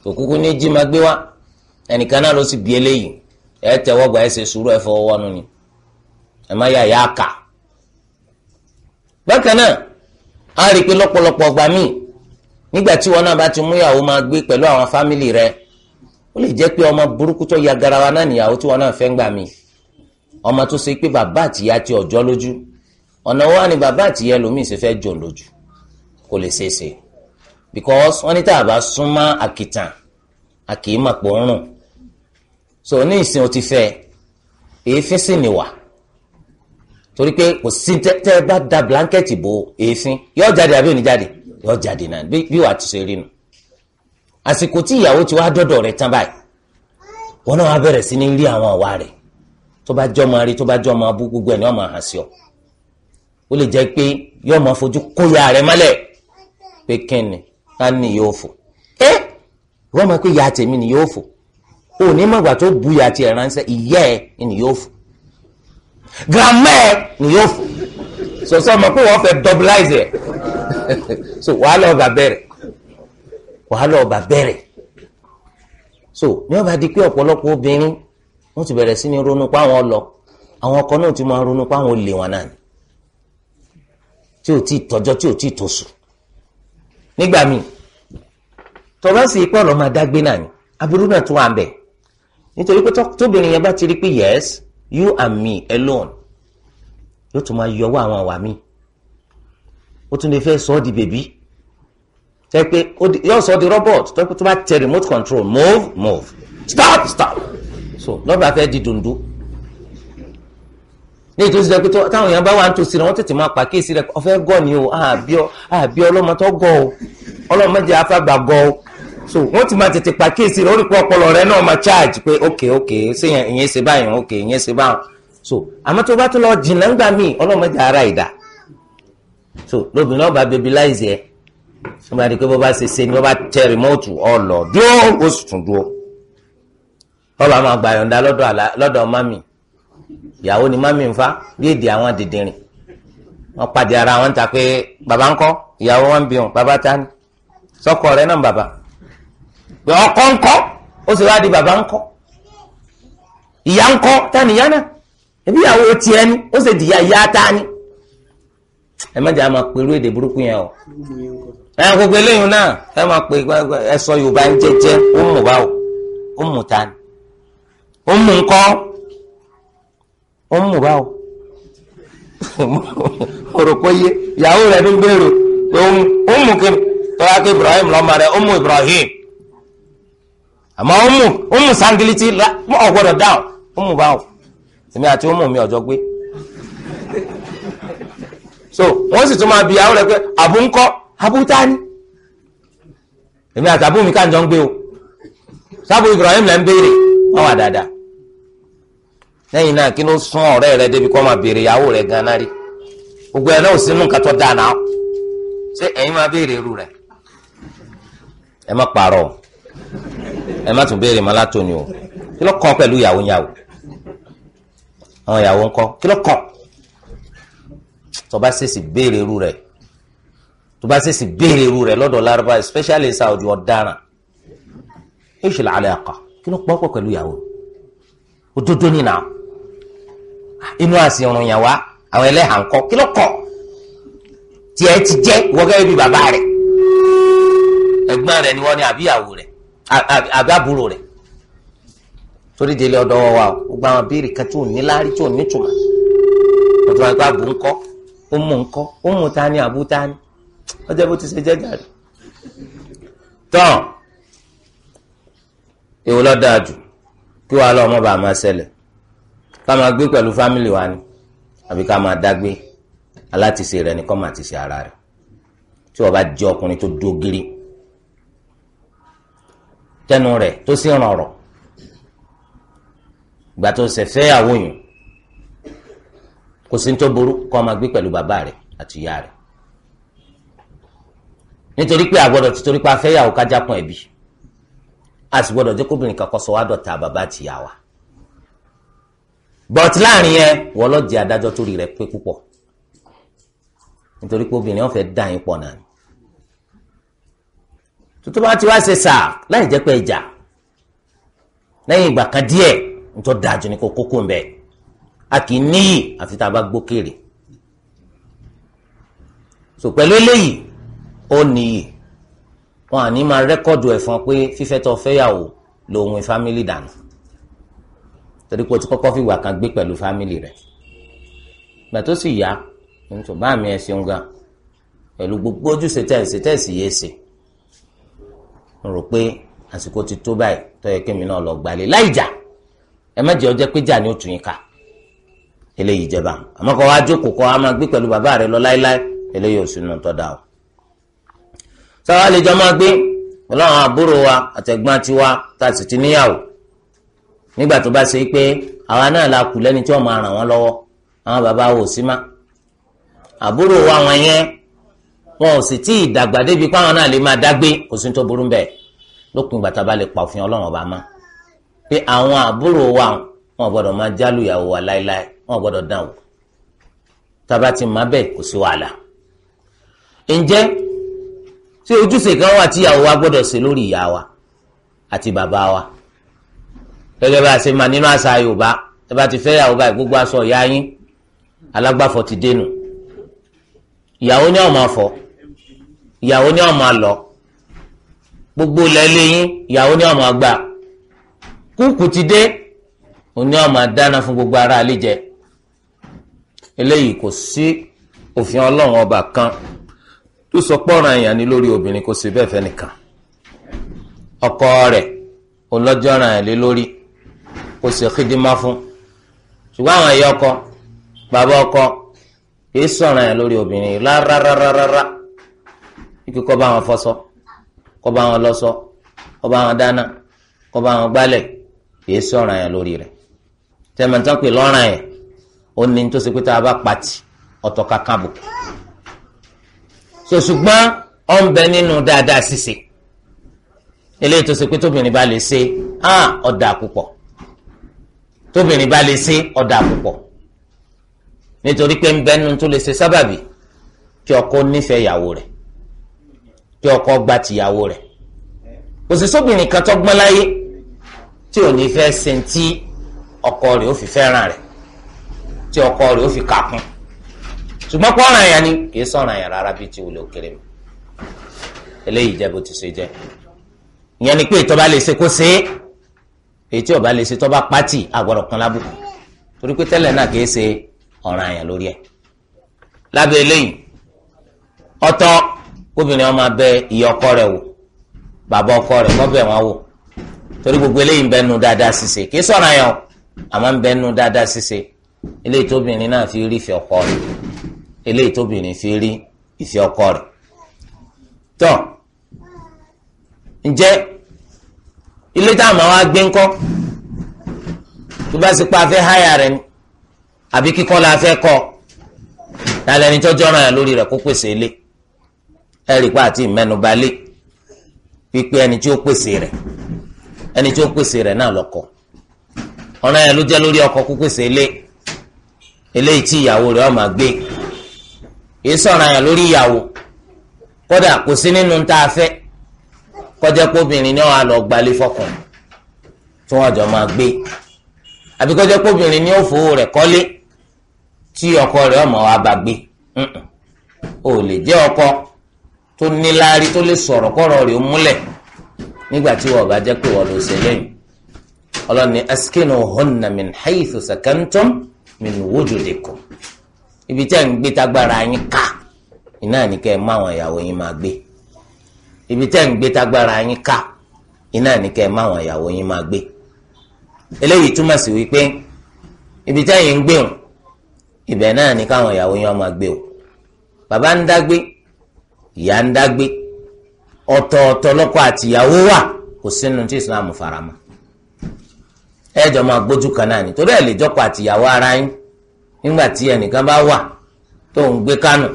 òkúkú ní jí ma gbé wá ẹnìkan náà ló sì bí eléyìí ẹ tẹ́wọ́ gbà ẹ ṣe sùúrù ẹ fọwọ́ wọnú ni ẹ má yà yà kà bákan náà a rí i pé lọ́pọ̀lọpọ̀ ọgbà míì nígbà tí wọn náà bá ti mú ìyàwó máa gbé pẹ̀lú àwọn fámìlì rẹ̀ ó lè jẹ́ pé ọmọ burúkú tó ya garawa náà nìyàwó tí wọn náà fẹ́ ń gbà míì ọmọ tó ṣe pé bàbá àtìyá ti ọjọ́ lójú ọ̀nà wa ni bàbá àtìyá ẹlòmíì ṣe fẹ́ jò lójú kò lè ṣeé ṣe because wọ́n ní tá a bá súnmọ́ àkìtàn a kì í màpò rùn so ní ìsìn o ti fẹ́ èéfín sì nìwà torí pé kò sí tẹ́ ẹ bá da blanket bo èéfín yóò jáde àbí òní jáde yóò jáde náà bí wàá ti ṣe rí nu àsìkò tí ìyàwó ti wá dọ́dọ̀ rẹ̀ tán báyìí wọn náà wá bẹ̀rẹ̀ sí ní rí àwọn àwa rẹ̀ tó bá jọ máa rí tó bá jọ máa bú gbogbo ẹ̀ ní ọmọ àhàsí ọ ó lè jẹ́ pé yóò máa fojú kóyà rẹ̀ mọ́lẹ̀ pé kíni ká ní yóò fò ẹ wọ́n mọ̀ pé ìyá tèmi ni yóò fò ò ní mọ̀gbà tó bu ìyá tiẹ̀ ránṣẹ́ ìyá ẹ ni yóò fò grandma ẹ ni yóò fò sọsọ mọ̀ pé wọ́n fẹ́ doublize ẹ̀ so wàhálà ọba bẹ̀rẹ̀ wàhálà ọba bẹ̀rẹ̀ so ní ọba di pé ọ̀pọ̀lọpọ̀ obìnrin wọ́n ti bẹ̀rẹ̀ sí ní ronú pa àwọn lọ àwọn ọkọ náà ti máa ronú pa àwọn olè wọn náà ni tí ò tí tọjọ́ tí ò tí tòṣù nígbà míì tó bá sì pọ̀ lọ́mọ dágbé náà ni aburú náà tún wà bẹ̀ nítorí pé tóbìnrin yẹn bá ti rí pé yes you and me alone yóò tún máa yọwọ́ àwọn àwà mi ó tún lè fẹ́ sọ ọ́ di bèbí tẹ́ pé yóò sọ ọ́ di robot tó bá tẹ remote control move move stop stop so lọ́ba fẹ́ di dundun ní ètò ìṣẹ́ pé táwọn èèyàn bá wà ń tòsí rẹ̀ wọ́n tètè máa pàkíyèsí rẹ̀ ọ̀fẹ́ gọ̀ ni o àbí ọlọ́mọ tó gọ̀ o ọlọ́mọ jẹ́ afágbà gọ̀ o so wọ́n ti máa tètè pàkíyèsí rẹ̀ orí pọpọlọ rẹ̀ náà máa charge pé ok ok ṣé ìyẹn ṣe báyìí ok ìyẹn ṣe báyìí so àmọ́ tó bá tó lọ jìnnà ńgbà míì ọlọ́mọ jẹ́ ara ìdá so lóbìnrin náà bá babylize ẹ wọ́n bá di pé bó bá ṣe ṣe ni wọ́n bá tẹ rìmọ́ọ̀tù ọlọ́ dúró ó sì tún dúró ọlọ́ àwọn àgbà yọ̀ǹda lọ́dọ̀ mami ìyàwó ni mami nfa bí èdè àwọn dìndìnrìn wọn pàdé ara wọn ta pé bàbá ńkọ́ ìyàwó wọn bí wọn bàbá ta ni sọkọ rẹ náà bàbá pé ọkọ ńkọ́ ó sì wá di bàbá ńkọ́ ìyá ńkọ́ ta ni ìyá náà ẹbí ìyàwó tiẹ̀ ni ó sì di ìyá ta ni ẹ má jẹ àmà pẹ̀lú èdè burúkú yẹn o ẹ gbogbo eléyìí náà ẹ máa pè ẹ sọ Yorùbá ń jẹjẹ ó mú báwo ó mú ta ni ó mú ńkọ́ ó ń mú bá o mo rò pé yé ìyàwó rẹ̀ ló gbèrò ó mú kí tọ́lá pé Ibrahim lọ́mọ rẹ̀ ó mú Ibrahim àmọ́ ó mú ó mú sangiliti ọ̀gbọ́dọ̀ dáhùn ó mú bá o èmi àti ó mú mi ọ̀jọ́ gbé so wọ́n sì tún máa bi ìyàwó rẹ̀ pé àbú ńkọ́ àbú èmi àtàbú mi ká ń jọ ń gbé o sábò Ibrahim lẹ́ ń béèrè wọ́n wà dáadáa lẹ́yìn náà kí ló sún ọ̀rẹ́ rẹ débi kọ́ máa béèrè ìyàwó rẹ gan-an rí gbogbo ẹ̀ náà ò sínú nǹkan tó dáa náà ṣé ẹ̀yin máa béèrè irú rẹ̀ ẹ má pààrọ̀ ẹ má tún béèrè mọ́lá tóni o kí ló kàn pẹ̀lú ìyàwó ìyàwó àwọn ìyàwó ń kí ló kàn tó bá ṣèṣì béèrè irú rẹ̀ tó bá ṣèṣì béèrè irú rẹ̀ lọ́dọ̀ lárúbá especially saudi ọ̀daràn ìṣẹ̀lẹ̀ àlẹ́ àkà kí ló pọ̀ pọ̀ pẹ̀lú ìyàwó òdodo nínà inú àsìrùn yàn wá àwọn ẹlẹ́hàn kọ́ kí ló kọ́ tiẹ̀ ti jẹ́ wọ́gẹ́ bí bàbá rẹ̀ ẹ̀gbọ́n rẹ̀ ni wọ́n ní àbíyàwó rẹ̀ àbábúrò rẹ̀ torí délé ọ̀dọ̀ wa o gbogbo àwọn béèrè kan tí ò ní láárí tí ò ní tùmọ̀ ọ̀dọ̀ wa gba àbò ńkọ́ ó mú ńkọ́ ó mú ta ni àbú ta ni ọjọ́ bó ti ṣe jẹ́jà rẹ̀ tán èwo ló dáa jù kí wàá lọ ọmọ bàá máa ṣẹlẹ̀ ká máa gbé pẹ̀lú fámìlì wa ni àbí ká máa dágbé alátìsí rẹ nìkan máa ti ṣe ara rẹ tí wọ́n bá jẹ́ ọkùnrin tó dógiri tẹnu rẹ̀ tó sì ràn ọ̀rọ̀ ìgbà tó ṣe fẹ́ àwòyàn kò sí tó burú kó máa gbé pẹ̀lú bàbá rẹ̀ àti ìyá rẹ̀ nítorí pé àgbọ̀dọ̀ títorí pé afẹ́yàwó kájápọ̀n ẹ̀bí a sì gbọ́dọ̀ jẹ́ kóbìnrin kankan sọ wá dọ̀tá bàbá àti ìyá wa but láàrin yẹn wọ́n lọ jẹ́ adájọ́ tó rí rẹ pé púpọ̀ nítorí pé obìnrin ọ̀fẹ́ dá yín pọ̀ náà ni tuntun bá ti wá ṣe sà láì jẹ́ pé ẹja lẹ́yìn ìgbà kan díẹ̀ nítorí dájú ni kò kókó ń bẹ̀ a kì í níyì àfi tá a bá gbókèrè so pẹ̀lú eléyìí ó níyì wọn à ní máa rẹ́kọ̀dù ẹ̀fọn pé fífẹ́ tó fẹ́yàwó lòun family dànù torí pé o ti kọ́kọ́ fìgbà kan gbé pẹ̀lú fámìlì rẹ̀ gbà tó sì yá nítorí bá mi ẹ̀ ṣeun gan pẹ̀lú gbogbo ojúṣe tẹ̀sí tẹ̀sí yé ṣe mo rò pé àsìkò ti tó báyìí tó yẹ kémi náà lọ gbalẹ̀ láì jà ẹ má jẹ́ ọjọ́ pé jà ní òtún yín ká eléyìí jẹba àmọ́ kọ́ wá jókòó kọ́ wá máa gbé pẹ̀lú bàbá rẹ̀ lọ láéláé eléyìí ò sínú tó dáa o. sáwá lè jọ máa gbé pẹ̀lú àbúrò wa àtẹ̀gbọ́n tiwa tá a sì ti níyàwó nígbà tó bá ṣe pé àwa náà la kù lẹ́ni tí wọ́n máa ràn wọ́n lọ́wọ́ àwọn bàbá wò sí má àbúrò wa wọn yẹn wọn ò sì tí ì dàgbà débi pé àwọn náà lè máa dágbé kò sí tó burú bẹ́ẹ̀ lópin ìgbà tá a bá lè pa òfin ọlọ́run ọba má pé àwọn àbúrò wa wọn gbọ́dọ̀ máa jálù ìyàwó wa láéláé wọn gbọ́dọ̀ dán wò tába ti má bẹ́ẹ̀ kò sí wàhálà ǹjẹ́ ṣé ojúṣe kan wà tí ìyàwó wa gbọ́dọ̀ ṣe lórí ìyá wa àti bàbá wa gẹ́gẹ́ bá a ṣe máa nínú àṣà yorùbá ẹ bá ti fẹ́ ìyàwó báyìí gbogbo aṣọ ìyá yín alágbàfọ̀ ti dénú ìyàwó ní ọmọ afọ ìyàwó ní ọmọ alọ gbogbo lẹ́lẹ́ yín ìyàwó ní ọmọ àgbà kúkú ti dé òní ọmọ dáná fún gbogbo ara àlejẹ eléyìí kò sí òfin ọlọ́run ọba kan tó sọ pọ́nra èèyàn ní lórí obìnrin kò sí bẹ́ẹ̀ fẹ́ nìkan ọkọ rẹ̀ olọ́jọ́ràn ẹ̀ lé lórí kó ṣe kídímá fún ṣùgbọ́n àwọn ẹ̀yọ́ ọkọ bàbá ọkọ kìí sọ̀rọ̀ yẹn lórí obìnrin rárárárárá ikú kó bá wọn fọṣọ kó bá wọn lọṣọ kó bá wọn dáná kó bá wọn gbálẹ̀ kìí sọ̀rọ̀ yẹn lórí rẹ̀ tẹ̀mẹ̀tàn pè lọ́rọ̀ yẹn ó ní tó ṣe pé tá a bá pàtì ọ̀tọ̀ kankan bò so ṣùgbọ́n ó ń bẹ nínú dáadáa ṣíṣe eléyìí tó ṣe pé tóbìnrin bá lè ṣe ọ̀dà ah, púpọ̀ tóbìnrin bá lè ṣe ọ̀dà púpọ̀ nítorí pé ń bẹnu tó lè ṣe sábàbí kí ọkọ nífẹ̀ẹ́ ìyàwó rẹ̀ kí ọkọ gba tìyàwó rẹ̀ kò sí sóbìnrin kan tọ́gbọ́n láyé tí ò ní fẹ́ ṣe tí ọkọ rẹ̀ ó fi fẹ́ràn rẹ̀ tí ọkọ rẹ̀ ó fi kàkún ṣùgbọ́n pọ́ ọ̀ràn yẹn ni kì í sọ̀ràn yẹn rárá bíi ti wùlé òkèrè mi eléyìí jẹ́ bó ti ṣe jẹ́ ìyẹn ni pé ìtọ́ba lè ṣe kó ṣe é èyí tí ọba lè ṣe tọ́ bá pátì àgbọ̀dọ̀ kan lábùkù torí pé tẹ́lẹ̀ náà kìí ṣe ọ̀ràn àyàn lórí ẹ̀ lábẹ́ eléyìí ọ̀tọ̀ kóbìnrin ọmọ abẹ ìyá ọkọ rẹ̀ wò bàbá ọkọ rẹ̀ kọ́bẹ̀ wọn wò torí gbogbo eléyìí ń bẹnu dáadáa ṣiṣe kìí sọ̀ràn àyàn àmọ́ ń bẹnu dáadáa ṣiṣe eléyìí tóbìnrin náà fi rí ìfẹ́ ọkọ rẹ̀ eléyìí tóbìnrin fi rí ìfẹ́ ọkọ rẹ̀ tọ́ ǹjẹ́ ilé tá a máa wá gbé ńkọ́ tó bá sì pa afẹ́ háyà rẹ̀ ni àbí kíkọ́ la fẹ́ kọ́ lálẹ́ ẹni tó jọ́ràn yà lórí rẹ̀ kó pèsè ilé ẹ̀rí pa àti ìmẹ́nuba lé pípé ẹni tí ó pèsè rẹ̀ ẹni tí ó pèsè rẹ̀ náà lọ́kọ ọ̀ràn yà ló jẹ́ lórí ọkọ kó pèsè ilé eléyìí tí ìyàwó rẹ̀ ó máa gbé èyí sọ̀ràn yà lórí ìyàwó kódà kò sí nínú tá a fẹ́ kọjá pé obìnrin ni ó wà lọ gbalé fọkàn tí wọ́n jọ máa gbé àbí kọjá pé obìnrin ni ó fowó rẹ̀ kọ́lé tí ọkọ rẹ̀ ọmọ wa bá gbé ó lè jẹ́ ọkọ tó níláárí tó lè sọ̀rọ̀ kọ́rọ̀ rẹ̀ ó nígbà tí wọ́n bá jẹ́ pé wọ́n lọ ṣe lẹ́yìn askinu hunna min haythu sakantum min wujudikum ibi tí a ń gbé tagbára yín ká iná ní kẹ́ ẹ ìyàwó yín máa gbé ibi tẹ́ ń gbé tágbára yín ká iná ní kẹ́ ẹ má àwọn ìyàwó yín máa gbé eléyìí túmọ̀ sí wípé ibi tẹ́yìn ń gbé o ibẹ̀ náà ní káwọn ìyàwó yín máa gbé o bàbá ń dágbé ìyá ń dágbé ọ̀tọ̀ọ̀tọ̀ lọ́kọ àtìyàwó wà kò sínú tí Islam faramọ́ ẹjọ́ máa gbójú kan náà nítorí ẹ̀ lè jọ́kọ̀ àtìyàwó ara yín nígbà tí ẹnìkan bá wà tó ń gbé Kánò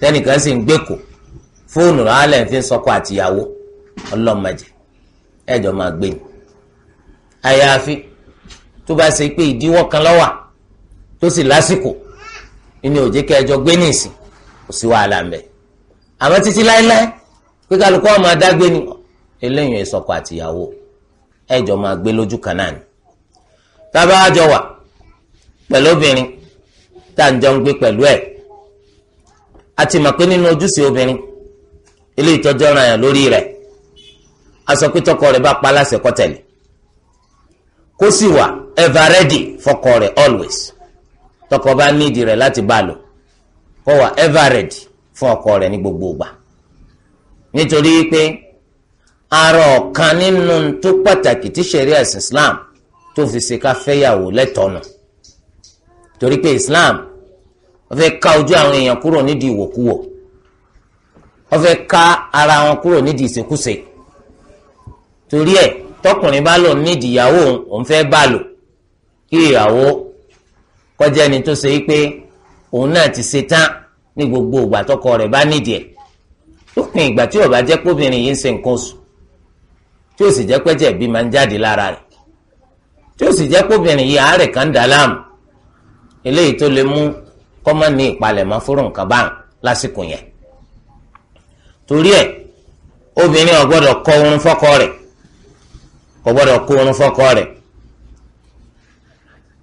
tẹnìkan sì ń gbé Èkó fóònù rálẹ̀ fi ń sọkọ àtìyàwó ọlọ́mọdé ẹ̀jọ̀ máa gbé ni àyàfi tó bá ṣe pé ìdíwọ́ kan lọ́wà tó sì lásìkò inú òjé kẹjọ gbé ní ìsìn kò sí wàhálà mbẹ títí láéláé pé kálukọ́ ọmọ adágbé ni eléyìí ìsọkọ àtìyàwó máa gbé lójú kan náà ni wà obìnrin tá à ń jọ ń gbé eléyìí tọ́jú ọ̀ràn yẹn lórí rẹ̀ aṣọ pé tọkọ rẹ̀ bá pa aláṣẹ kó kó sì wà ever ready fọkọ rẹ̀ always tọkọ bá nídìí rẹ̀ láti bá lò kó wà ever ready fún ọkọ rẹ̀ ní gbogbo ìgbà nítorí pé ara ọ̀kan nínú tó pàtàkì tí ṣẹ̀ríà ẹ̀sìn Islam tó fi ṣe ká fẹ́yàwó lẹ́tọ̀ọ̀nà torí pé Islam fẹ́ ká ojú àwọn èèyàn kúrò nídìí ìwòkúwò wọ́n fẹ́ ká ara wọn kúrò nídìí ìṣekúṣe torí ẹ̀ tọkùnrin bá lò nídìí ìyàwó òun fẹ́ bá lò kí ìyàwó kọjá ẹni tó ṣe pé òun náà ti ṣe tán ní gbogbo ìgbà tọkọ rẹ̀ bá nídìí ẹ̀ lópin ìgbà tí ó bá jẹ́ kóbìnrin yìí ń ṣe nǹkan oṣù tí ó sì jẹ́ pẹ́jẹ̀ bí máa ń jáde lára rẹ̀ tí ó sì jẹ́ kóbìnrin yìí àárẹ̀ kan dà láàmú eléyìí tó lè mú kọ́mọ́ ní ìpalẹ̀mọ́ fúrùn kan báà lásìkò yẹn torí ẹ̀ obìnrin ò gbọ́dọ̀ kọ orun fọ́kọ rẹ̀ kò gbọ́dọ̀ kọ orun fọ́kọ rẹ̀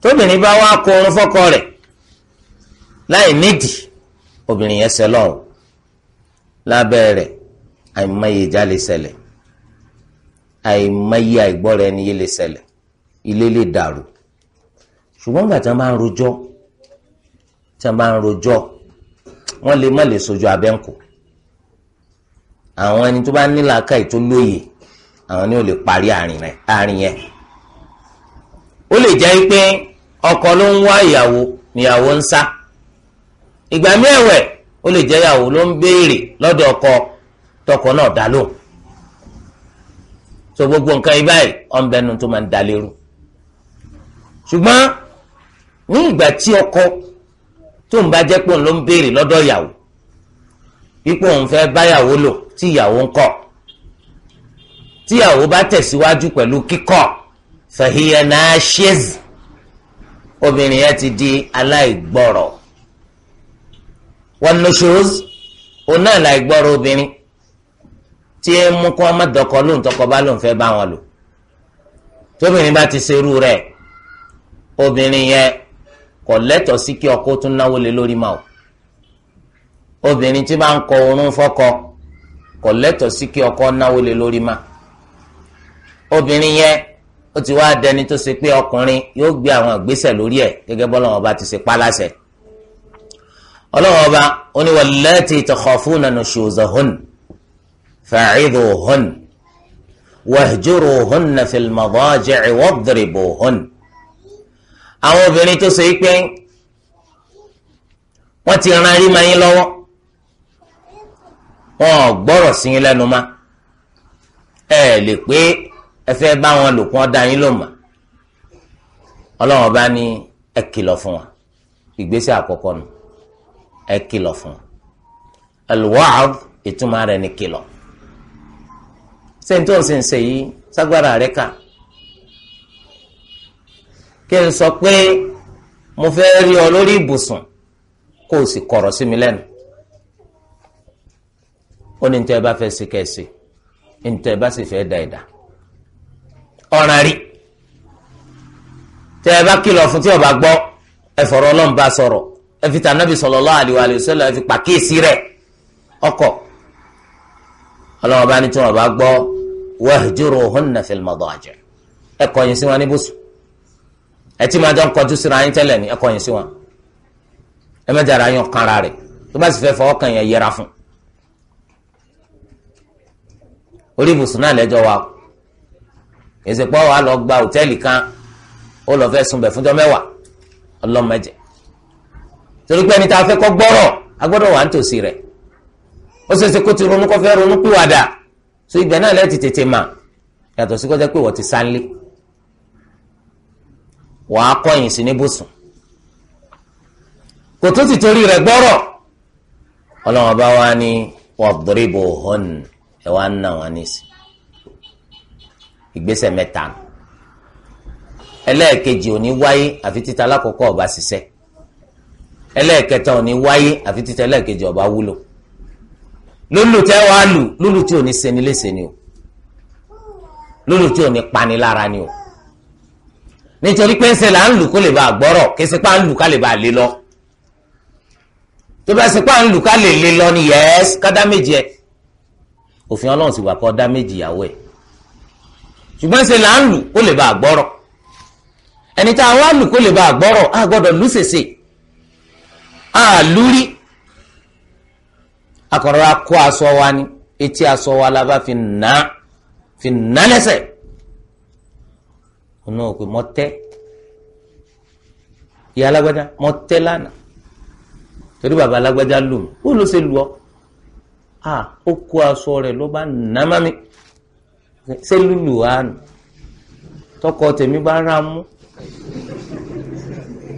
tóbìnrin bá wá kọ orun fọ́kọ rẹ̀ láì nídìí obìnrin yẹn ṣẹ lọ́rùn lábẹ́ rẹ̀ àìmọye ìjà lè ṣẹlẹ̀ àìmọye àìgbọ́ra ẹni yé lè ṣẹlẹ̀ ilé lè dàrú ṣùgbọ́n gbà tí bá ń rojọ́ tí wọ́n bá ń rojọ́ wọ́n lè má lè sojú abẹ́ǹkù àwọn ẹni tó bá ní làákàyè tó lóye àwọn ni ó lè parí àárín yẹn ó lè jẹ́ pé ọkọ ló ń wá ìyàwó níyàwó ń sá ìgbà mẹ́wẹ̀ ó lè jẹ́ ìyàwó ló ń béèrè lọ́dọ̀ ọkọ tọkọ náà dá lóhùn so gbogbo nǹkan ibáyìí ọ̀nbẹ́nu tó máa ń da lérú ṣùgbọ́n ní ìgbà tí ọkọ tó ń bá jẹ́ pé òun ló ń béèrè lọ́dọ̀ ìyàwó ipò òun fẹ́ báyàwó lò Ti ìyàwó ń kọ̀ tí ìyàwó bá tẹ̀síwájú pẹ̀lú kíkọ̀ fahiya nashiz obìnrin yẹn ti di aláìgbọ́rọ̀ wan nushuz òun náà láìgbọ́rọ̀ obìnrin tí ẹ mú kó ọmọ lóun tọkọ bá lóun fẹ́ bá wọn lò tóbìnrin bá ti ṣerú obìnrin yẹn kò lẹ́tọ̀ọ́ sí kí tún náwó lé lórí obìnrin tí bá ń kọ kò lẹ́tọ̀ọ́ sí kí ọkọ náwó lé lórí ma obìnrin yẹn ó ti wá dẹni tó ṣe pé ọkùnrin yóò gbé àwọn ìgbésẹ̀ lórí ẹ̀ gẹ́gẹ́ bọ́lọ́wọ́n ọba ti ṣe pálásẹ̀ ọlọ́wọ́n ọba ó ní wallati takhafuna nushuzahun fa'idhuhun wahjuruhunna fil madaji'i wadribuhun àwọn obìnrin tó ṣe pé wọ́n ti ran rí mayín lọ́wọ́ wọn ò gbọ́rọ̀ sí yín lẹ́nu má ẹ lè pé ẹ fẹ́ bá wọn lò kún ọ̀dà yín ló mà ọlọ́run bá ní ẹ kìlọ̀ fún wa ìgbésẹ̀ àkọ́kọ́ nù ẹ kìlọ̀ fún wa alwa'd ìtumọ̀ rẹ̀ ní kìlọ̀ sẹ́ńtọ́ sì ń ṣe yìí ságbára rẹ̀ kà kí n sọ pé mo fẹ́ rí ọ lórí ibùsùn kó o sì kọ̀rọ̀ sí mi lẹ́nu ó ní tẹ́ ẹ bá fẹ́ sí kẹ́sì ní tẹ́ ẹ bá sì fẹ́ da ẹ̀dá ọ̀ràn rí tẹ́ ẹ bá kìlọ̀ fún tí ọba gbọ́ ẹ fọ̀rọ̀ ọlọ́run bá sọ̀rọ̀ ẹ fi tànàbì sallallahu alaihi wasallam ẹ fi pàkíyèsí rẹ̀ ọkọ̀ ọlọ́run bá ní tí ọba gbọ́ wahjuruhunna fil madaji ẹ kọ̀yìn sí wọn níbùsùn ẹ tí máa kọjú síra yín tẹ́lẹ̀ ní ẹ kọ̀yìn sí wọn ẹ yín ọ̀kan orí ibùsùn náà lẹ́jọ́ wa èsèpọ̀ wa lọ gba hòtẹ́ẹ̀lì kan ó lọ fẹ́ sunbẹ̀ fúnjọ́ mẹ́wàá ọlọ́mọdé torí pé ẹni tá a fẹ́ kọ́ gbọ́rọ̀ a gbọ́dọ̀ wà nítòsí rẹ̀ ó ṣeéṣe kó ti ronú kó fẹ́ ronú pìwàdà so ìgbẹ́ náà lẹ́ẹ̀tì tètè mà yàtọ̀ sí kó jẹ́ pé wọ́n ti sánlé wàá kọ́yìn sí níbùsùn kò tó ti torí rẹ̀ gbọ́rọ̀ ọlọ́wọ́n bá wá ní wàdúrìbò hàn ẹ wá ń nà wọn nísìn ìgbésẹ̀ mẹ́ta ẹlẹ́ẹ̀kejì ò ní wáyé àfi títa alákọ̀ọ́kọ́ ọba ṣiṣẹ́ ẹlẹ́ẹ̀kẹta ò ní wáyé àfi títa ẹlẹ́ẹ̀kejì ọba wúlò lólù tẹ́ wàá lù lólù tí ò ní ṣeni léṣe ni o lólù tí ò ní pani lára ni o nítorí pé ń ṣe là ń lù kó lè bá gbọ́rọ̀ kí sípà ń lù ká lè bá lé lọ tó bá sípà ń lù ká lè lé lọ ni yẹ́s kádá méje òfin ọlọ́run sì wà kọ́ dá méjì ìyàwó ẹ̀ ṣùgbọ́n ṣe là ń lù kó lè bá àgbọ́rọ̀ ẹni tá a wá lù kó lè bá àgbọ́rọ̀ a gbọ́dọ̀ lù sèse a lúrí akọ̀rọ̀ akọ aṣọ wa ni etí aṣọ wa la bá fi nà á lẹ́sẹ̀ ọ̀nà òpè mọ́tẹ́ ìyá alágbájá mọ́tẹ́ lánàá torí bàbá alágbájá lù mí ó ló ṣe lù ọ́ ó kó aṣọ rẹ̀ ló bá nà má mi ṣé lùlù àánú tọkọ tèmi bá rà mú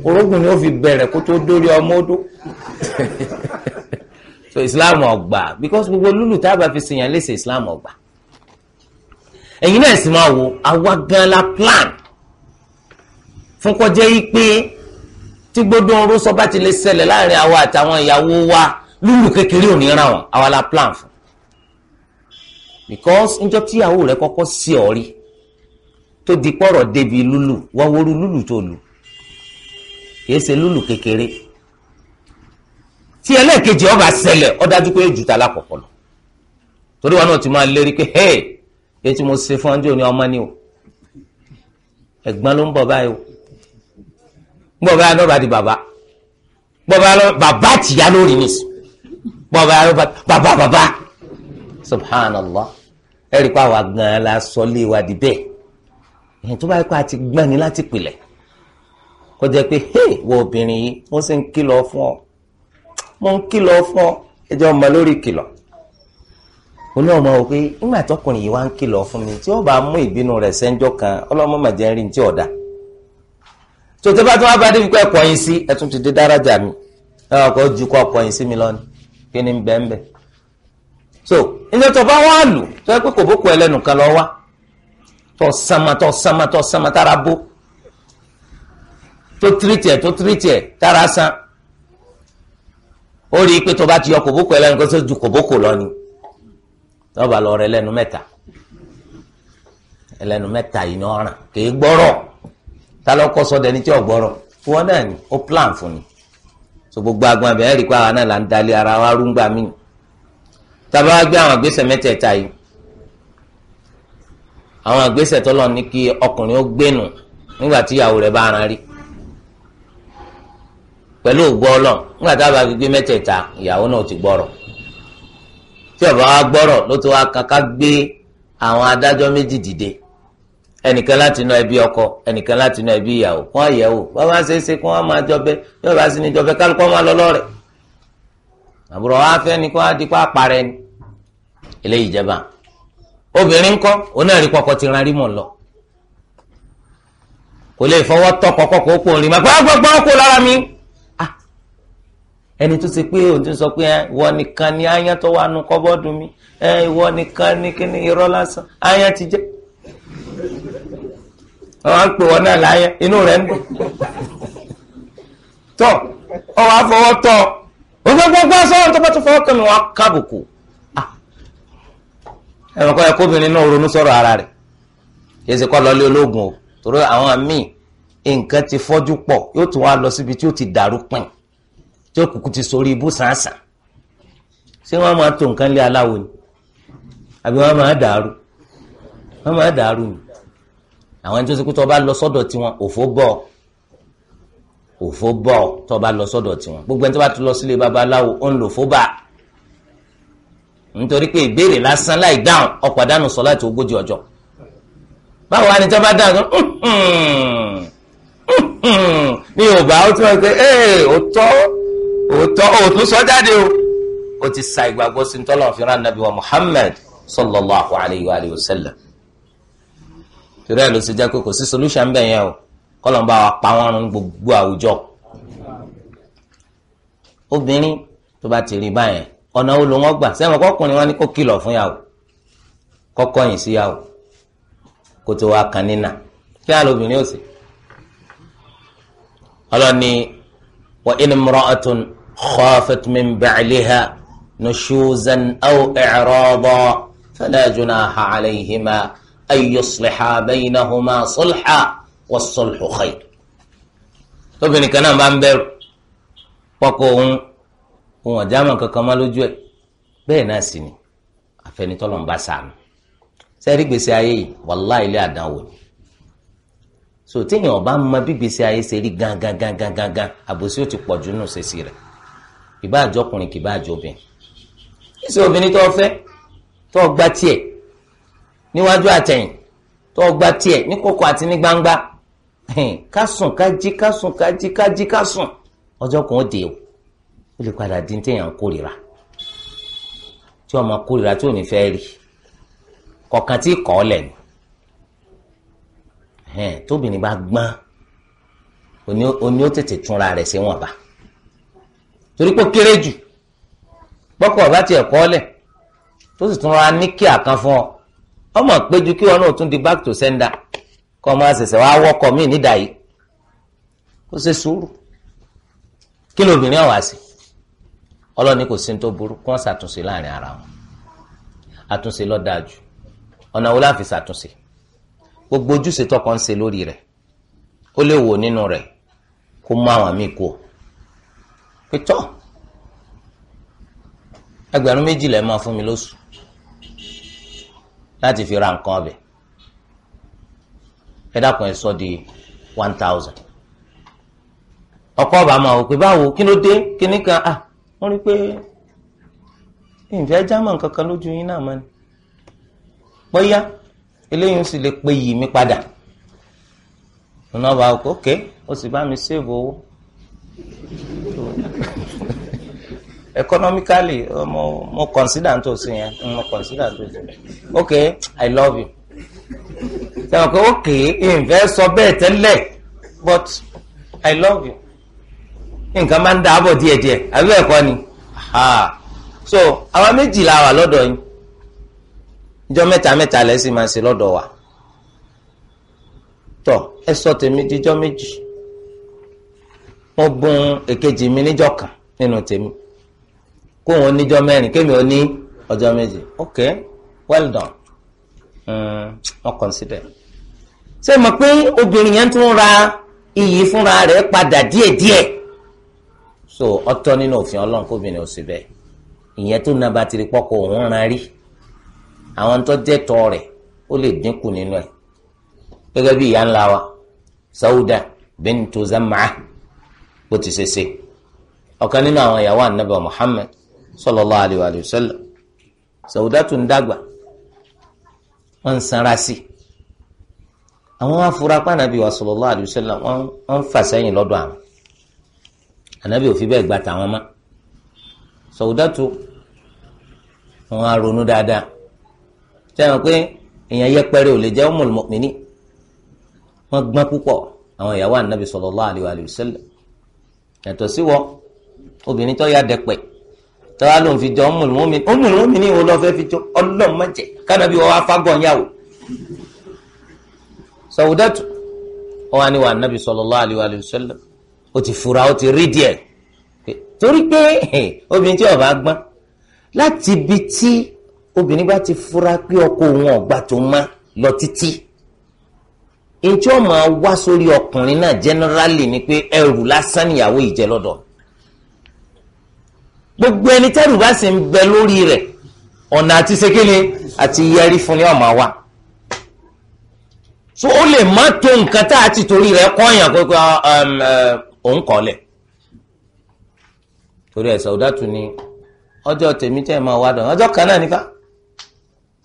orógùn ni ó fi bẹ̀rẹ̀ kó tó dórí ọmọ odó <laughs> so islam ọgbà because gbogbo lulu tá a bá fi sèyàn léṣe islam ọgbà ẹ̀yin náà sì máa wo àwa gan plan fún kọjá yìí pé tí gbódò oró sọ bá ti lè ṣẹlẹ̀ láàrin àwa àtàwọn ìyàwó wa lúlù kékeré ò ní ra wọn àwa la plan fún because njọ tíyàwó rẹ kọ́kọ́ sí ọrí tó di pọ̀rọ̀ débi lúlù wọ́n worú lúlù tó lù kìí ṣe lúlù kékeré tí ẹlẹ́ẹ̀kejì ọba ṣẹlẹ̀ ó dájú pé jùtà lákọ̀ọ́kọ́ lọ torí wọn náà ti máa lérí pé hey èyí tí mo ṣe fún ọjọ́ ní ọmọ ni o ẹ̀gbọ́n ló ń bọ̀ báyìí o ń bọ̀ báyìí lọ́ba di bàbá bàbá tìyá lórí nìsí bàbá bàbá bàbá subhanallah ẹ̀rí pa àwa gan-an la sọ lé wa di bẹ́ẹ̀ èyàn tó bá pa àti gbọ́n ni láti pìlẹ̀ kó jẹ́ pé hey wo obìnrin yìí mo sì ń kìlọ̀ fún ọ mo ń kìlọ̀ fún ọ ẹjọ́ ọmọ lórí kìlọ̀ oní ọmọ wò pé nígbà tọkùnrin yìí wá ń kìlọ̀ fún mi tí ó bá mú ìbínú rẹ̀ sẹ́ńjọ́ kan ọlọ́mọ màjẹ́ ń rí ní tí ọ̀dà tó bá tún wá bá débi pé ẹ̀kọ́ yín sí ẹ̀ tún ti dé dáradà mi ẹ̀ ọkọ̀ ojú kọ́ ọkọ̀ sí mi lọ́nìí kí ni bẹ́ẹ̀ bẹ́ẹ̀ so ǹjẹ́ tó bá wà lù tó yẹ pé kò bókun ẹlẹ́nu kan lọ wá tó sánmà tó sánmà tó sánmà tára bó tó tírìtì ẹ̀ tó tírìtì ẹ̀ tára san ó rí i pé tó bá ti yọ kò bókun ẹlẹ́nu kan tó ju kò bókun lọ ni tó lọ rẹ ẹlẹ́nu mẹ́ta ẹlẹ́nu mẹ́ta yìí ni ọ̀ràn kì í gbọ́rọ̀ ta ló kọ́ tí ò gbọ́rọ̀ wọn náà ni ó plan fún ni so gbogbo agbọn abẹ́rẹ́ rí i pé àwa náà là ń dalẹ̀ ara wa rúngbà mí tàbá wá gbé àwọn àgbésẹ̀ mẹ́tẹ̀ẹ̀ta yìí àwọn àgbésẹ̀ tọ́lọ̀ ní kí ọkùnrin ó gbénu nígbà rẹ̀ bá ara rí pẹ̀lú ògbọ́ ọlọ́ a gbé mẹ́tẹ̀ẹ̀ta ìyàwó náà ti gbọ́rọ̀ tí wa gbọ́rọ̀ ló wá kankan gbé àwọn adájọ́ ẹnìkan láti inú ẹbí ọkọ ẹnìkan láti inú ẹbí ìyàwó kó àyẹ̀wò bàbá ṣe é ṣe kó wọn máa jọbẹ yóò bá sí ní jọbẹ kálukọ máa lọ lọrẹ àbúrò wa fẹ́ ni kó wá di kó àparẹ ni eléyìí jẹba obìnrin ńkọ́ oní ẹ̀rí kọkọ ti ran rímọ lọ kò lè fọwọ́ tọ́ kọ́kọ́ kó pò rí ma pé gbọ́gbọ́n kó lára mi ah! ẹni tó ṣe pé òun tó sọ pé ìwọ nìkan ni ayán tó wà nù kọ́bọ́ọ̀dù mi ìwọ nìkan ni kí ni irọ́ lásán ayán ti jẹ́ wọ́n ń pè wọ́n náà láyé inú rẹ̀ ń dùn tọ́ ọ wá fọwọ́ tọ́ ọ ní gbogbo sọ́run tó bá tún fọwọ́ kẹ́mi wọ́n kábùkù ẹ̀rọ kọ́ ẹ̀kọ́ obìnrin náà ronú sọ̀rọ̀ ara rẹ̀ yẹ́sì kọ́ lọ́lé ológun o torí àwọn míì nǹkan ti fọ́jú pọ̀ yóò tún wá lọ síbi tí ó ti dàrú pin tí ó kùkù ti sórí ibú sàǹsàn ṣé wọ́n máa tó nǹkan lé aláwo ni àbí wọ́n máa dàrú wọ́n máa dàrú ni àwọn ẹni tó ṣe pé tó bá lọ sọ́dọ̀ tiwọn òfó bọ̀ òfó bọ̀ tó bá lọ sọ́dọ̀ tiwọn gbogbo ẹni tó bá tún lọ sílé babaláwo ó ń lò fó bá nítorí pé ìbéèrè lásán láì dáhùn ó pàdánù sọ̀láàtì ogójì ọjọ́ báwo wá ni tó bá dáhùn hmm, hmm, hmm, ní yorùbá ó tún wọ́n pé ee òótọ́ òótọ́ òótún sọ jáde o ó ti sa ìgbàgbọ́ sí ní rán nàbí wa Muhammad sallallahu alayhi wa sallam torí ẹ̀ ló ṣe jẹ́ pé kò sí solution ń bẹ̀ yẹn o kọ́lọ̀ ń bá wa pa wọ́n rún gbogbo àwùjọ. obìnrin tó bá ti rí báyẹn ọ̀nà wo ló wọ́n gbà sẹ́wọ̀n kọ́kùnrin wọn ni kó kìlọ̀ fún yàwó kọ́kọ́ yìn sí yàwó kó tó wá kan nínà kí á lóbìnrin ó sì. ọlọ́ni wa in imra'atun khafat min ba'liha nushuzan aw i'rada fala junaha alayhima an yusliha baynahuma sulhan was-sulhu khayr. lóbìnrin kan náà bá ń bẹ̀rù pọ́kọ òun òun ọ̀já mọ̀ kankan má lójú ẹ̀ bẹ́ẹ̀ náà sì ni àfẹnitọ́lọ̀ ń bá sàánù sẹ́rí gbèsè ayé yìí wàláhì ilé àdánwò ni so téèyàn ọba mọ bí gbèsè ayé ṣe rí gangan gangan gangan àbòsí ó ti pọ̀ jù nù ṣèṣì rẹ̀ ìbá àjọkùnrin kìbá àjọbìn ìṣe obìnrin tó fẹ́ tó gbá tiẹ̀ níwájú àtẹ̀yìn tó ọgbà tiẹ̀ ní kókó àti ní gbangba ká sùn ká jí ká sùn ká jí ká jí ká sùn ọjọ́ kan ó dé o ó lè padà dín téèyàn kórìíra tí ọmọ kórìíra tí ò ní fẹ́ rí kọ̀ọ̀kan tí kọ́ lẹ̀ ni tóbìnrin bá gbọ́n òní ó tètè túnra rẹ̀ sí wọn bá torí pé ó kéré jù gbọ́kọ̀ ọ̀bá tiẹ̀ kọ́ lẹ̀ tó sì túnra ní kan fún ọ ọmọ péjú kí wọn náà tún di back to sender kọ́ máa ṣẹ̀ṣẹ̀ wá wọ́kọ̀ míì nídà yìí kó ṣe sùúrù kí lóbìnrin ọ̀wá sí ọlọ́ni kò sí tó burú kí wọ́n ṣàtúnṣe láàrin ara wọn àtúnṣe ló dáa jù ọ̀nà wo la fi ṣàtúnṣe gbogbo ojúṣe tọkọ ń ṣe lórí rẹ̀ ó lè wò nínú rẹ̀ kó mú àwọn míì kú pé tọ́ ẹgbẹ̀rún méjì máa fún mi lóṣù láti fi ra nǹkan ọbẹ̀ ẹ dákun sọ di one thousand ọkọ ọba máa wò pé báwo kí ló dé kíní kan ah wọ́n rí pé ìfẹ́ jámọ̀ nǹkan kan lójú yín náà mọ́ ni bóyá eléyìí sì lè pe yìí mi padà ọ̀nà ọba òkè ó sì bá mi ṣèbò owó economically uh, mo mo consider n tó sí yẹn mo consider tó sí ok i love you sẹ́wọ̀n pé ok ìfẹ́ sọ bẹ́ẹ̀ tẹ́lẹ̀ but i love you nǹkan máa ń da àbọ̀ díẹ̀díẹ̀ àbí ẹ̀kọ́ ni so àwọn méjìlá wà lọ́dọ̀ yín ìjọ mẹ́ta mẹ́ta lẹ́sìn máa ń ṣe lọ́dọ̀ wa tọ ẹ sọ tèmi díjọ́ méjì mo bùn èkejì mi níjọ́ kan nínú tèmi. No kó òun níjọ́ mẹ́rin kémi ò ní ọjọ́ ok well done wọ́n hmm, consider ṣé mọ̀ pé obìnrin yẹn tún ra iyì fúnra rẹ̀ padà díẹ̀díẹ̀ so ọ̀tọ̀ nínú òfin Ọlọ́run kóbìnrin ò sí bẹ́ẹ̀ ìyẹn tó nàbà tiri pọkọ òun ran rí àwọn tó jẹ́ rẹ̀ ó lè dínkù nínú ẹ̀ gẹ́gẹ́ bí ìyá ńlá wa Sauda bintu bó ti ṣe ṣe ọ̀kan nínú àwọn ìyàwó Muhammad sallallahu alayhi wa sallam Sawudatu ń dàgbà wọ́n ń sanra sí àwọn afurapa nàbí wa sallallahu alayhi wa sallam wọ́n ń fà sẹ́yìn lọ́dọ̀ àwọn ànábì òfin bẹ́ẹ̀ gbà tàwọn mọ́ Sawudatu wọ́n á ronú dáadáa sẹ́wọ̀n pé èèyàn yẹpẹrẹ ò lè jẹ́ ummul mu'minin wọ́n gbọ́n púpọ̀ àwọn ìyàwó ànábì sallallahu alayhi wa sallam yàtọ̀ síwọ́ obìnrin tó yá dẹpẹ̀ tọ́wá ló ń fi jọ ọmọlù mọ́mí ọmọlù mọ́mí ní ìwọ lọ fẹ́ fi jọ ọlọ́mọjẹ kánábí wọn wá fagbọ̀n yàwó. sọ̀wúdẹ́tù wọn wá ní wà nábì sallallahu alaihi wa sallam ó ti fura ó ti rí díẹ̀ torí pé <laughs> obìnrin tí ó bá gbọ́n láti ibi tí obìnrin bá ti fura pé ọkọ òun ọ̀gbà tó má lọ títí ǹjẹ́ máa wá sórí ọkùnrin náà generally ni pé ẹrù lásán gbogbo ẹni tẹ́rù bá sì ń bẹ lórí rẹ̀ ọ̀nà àti sekele àti yẹrí fún ni ó máa so ó lè má tó nǹkan tá a ti torí rẹ̀ kọ́yàn pé ah, um, eh, òun kọ́lẹ̀ torí ẹ̀ sàwùdátù ni ọjọ́ tèmi tẹ́ máa wá dán ọjọ́ kan náà nípa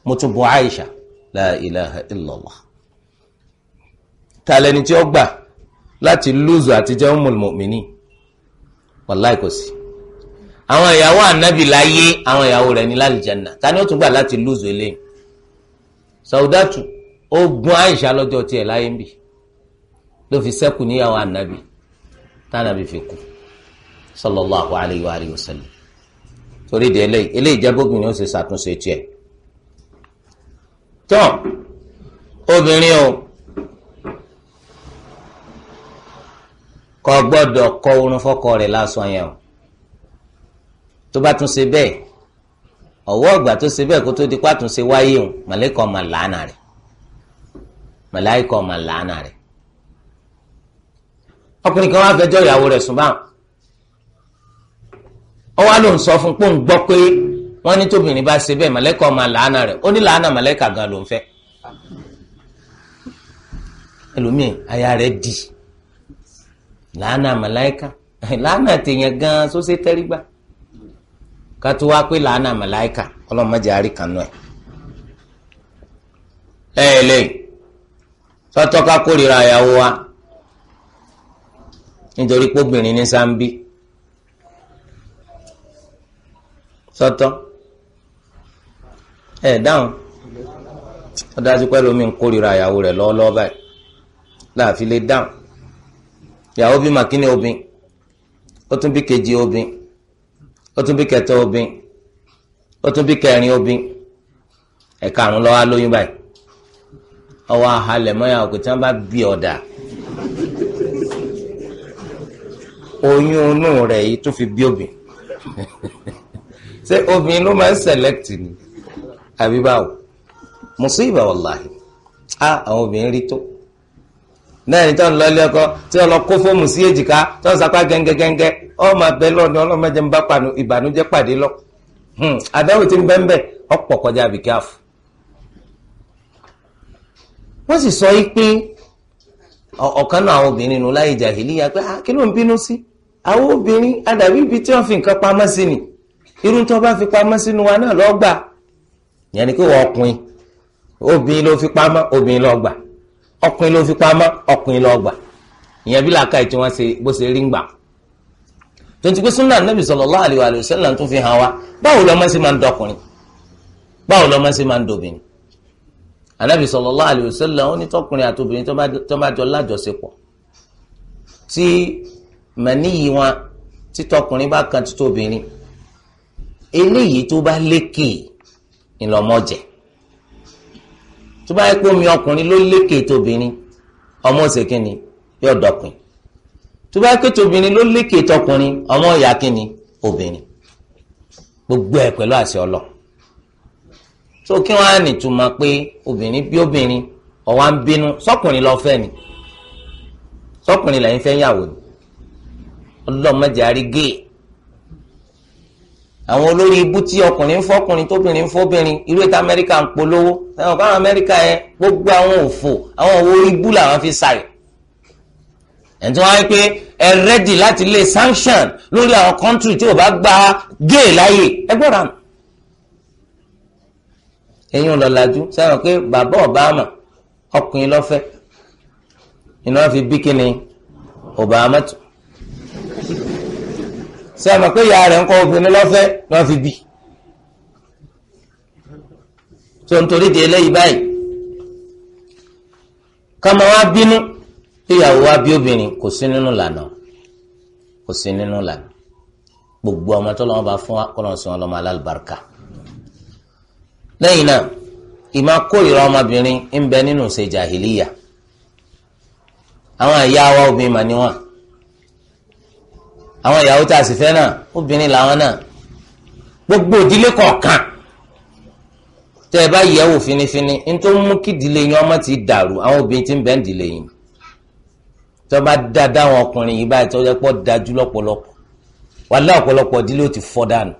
mo tún bọ Aisha la ilaha illallah tàlẹ́ni tí ó gbà láti lùzù àtijọ́ jẹ́ ummul mu'minin àwọn ìyàwó ànábì láyé àwọn ìyàwó rẹ̀ ní lálìjánà ta ni ó tún gbà láti lùzò eléyìí Saudatu ó gun Àìṣà lọ́jọ́ tiẹ̀ láyé ń bì ló fi sẹ́kù níyàwó ànábì tánàbì fi kú sallallahu alayhi wa alihi wa sallam torí di eléyìí eléyìí jẹ́ bóbin ni ó ṣe ṣàtúnṣe tiẹ̀ tán obìnrin o kò gbọ́dọ̀ kọ orun fọ́kọ rẹ̀ lásán yẹn o tó bá tún ṣe bẹ́ẹ̀ ọ̀wọ́ ọ̀gbà tó ṣe bẹ́ẹ̀ kó tó di pàtúnṣe wáyé òun màláìkọ̀ ọmọ làánà rẹ̀ màláìkọ̀ ọmọ làánà rẹ̀ ọkùnrin kan wá fẹjọ́ ìyàwó rẹ̀ sùn báwọn ó wá ló ń sọ fún pé òun gbọ́ pé wọ́n ní tóbìnrin bá ṣe bẹ́ẹ̀ mọ̀lẹ́kà ọmọ làánà rẹ̀ ó ní làánà mọ̀lẹ́kà gan ló ń fẹ́ ẹlòmíì aya rẹ̀ di làánà mọ̀lẹ́kà <laughs> làánà tèèyàn gan sóṣe tẹ́rígbà kátó wá pé làánà màláìkà ọlọ́mọdé àríkànú ẹ̀ lẹ́yìn lẹ́yìn ayawuwa kórìíra ìyàwó wa nítorí póbìnrin ní sáńbí sọ́tọ́ ẹ̀ dáhùn ó dájú pẹ́ ń kórìíra ìyàwó rẹ̀ lọ́ọ́lọ́ọ́ báyìí láàfin lè dáhùn ìyàwó ó tún bí kẹtọ obìn ó tún bí kẹrin obìn ẹ̀ka àrùn lọ́wọ́ lóyún báyìí ọwọ́ ahalẹ̀ mọ́yà òkè tí wọ́n bá bí ọ̀dà oyún inú rẹ̀ yìí tún fi bí obìn <laughs> ṣé obìn ló máa ń select ni àbí báwo mùsíbà wàláhì á àwọn obìnrin rí tó. náà ní tó ń lọ ilé ọkọ tí wọn lọ kó fóòmù sí èjìká tí ń sapá gẹngẹgẹngẹ ọmọ abẹ lọ́ọ̀ni ọlọ́mọdé ń bá pàánù ìbànújẹ́ pàdé lọ hmm, àdáwò tí ń bẹ́ ń bẹ́ ọ̀pọ̀ kọjá àbíkí àfọ̀. wọ́n sì sọ pé ọ̀kan náà àwọn obìnrin nù láyé pé ah, kí ló ń bínú sí àwọn obìnrin ibi tí fi nǹkan pamọ́ sí ni fi pamọ́ sínú wa náà lọ́gbà yẹn ni pé wọ́n ọkùnrin obìnrin ló fi pamọ́ obìnrin lọ́gbà ọkùnrin ló fi pamọ́ ọkùnrin lọ gbà ìyẹn bí làákàyè tí wọ́n ṣe bó ṣe rí ń gbà tó ti pé súnà nàbì sallallahu alaihi wa sallam tó fi hàn wá báwo lọ́mọ sí máa ń dọkùnrin báwo lọ́mọ sí máa ń dobìnrin ànábì sallallahu alaihi wa sallam ó ní tọkùnrin àtobìnrin tó bá jọ lájọṣepọ̀ tí màníyì wọn tí tọkùnrin bá kan tí tóbìnrin eléyìí tó bá lékè ńlọmọ tó bá yẹ pé omi ọkùnrin ló lékè tóbìnrin ọmọ òsè kínni yóò dọkùn tó bá yẹ pé tóbìnrin ló lékè tọkùnrin ọmọ ìyá kínni obìnrin gbogbo ẹ pẹ̀lú àṣẹ ọlọ tó kí wọn á nìtumọ̀ pé obìnrin bí obìnrin ọwọ ń bínú sọkùnrin lọ fẹ́ ni sọkùnrin lẹ́yìn fẹ́ yàwó ni ọlọmọdé àwọn olórí ibú tí ọkùnrin ń fọkùnrin tóbìnrin ń fọbìnrin irú ètò amẹ́ríkà ń polówó ẹ̀wọ̀n káwọn amẹ́ríkà yẹn gbogbo àwọn òfò àwọn òwò ibú làwọn fi ṣàyè ẹ̀tí wọ́n wáyé pé ẹ rẹ́dì láti lé sanction lórí àwọn kọ́ńtírì tí ò bá gba gay láyè ẹgbọ́ra mi ẹ̀yin ọ̀lọ́lájú sẹ́wọ̀n pé bàbá Obama ọkùnrin lọ́fẹ́ iná fi bí kíni Obama tó ṣe é mọ̀ pé ìyá rẹ̀ ń kọ́ obìnrin lọ́fẹ́ lọ́ọ́ fi bí tó ń torí di eléyìí báyìí kọ́mọ wa bínú ìyàwó wa bí obìnrin kò sí nínú lànà kò sí nínú lànà gbogbo ọmọ tó lọ́wọ́ bá fún wa kọ́ wọn lọ́mọ alálùbáríkà lẹ́yìn náà ìmá kórìíra ọmọbìnrin ń bẹ nínú ṣe jàhìlíyà àwọn ìyá wa obìnrin mà ní àwọn ìyàwó tá a sì fẹ́ náà obìnrin làwọn náà gbogbo ìdílé kọ̀ọ̀kan tẹ́ ẹ bá yẹ̀wò finifini ní tó ń mú kí ìdílé yín ọmọ ti dàrú àwọn obìnrin ti ń bẹ ìdílé yín tó bá dáadáa àwọn ọkùnrin yìí báyìí tó yẹ pọ̀ dájú lọ́pọ̀lọpọ̀ wàhálà ọ̀pọ̀lọpọ̀ ìdílé ò ti fọ́ dànù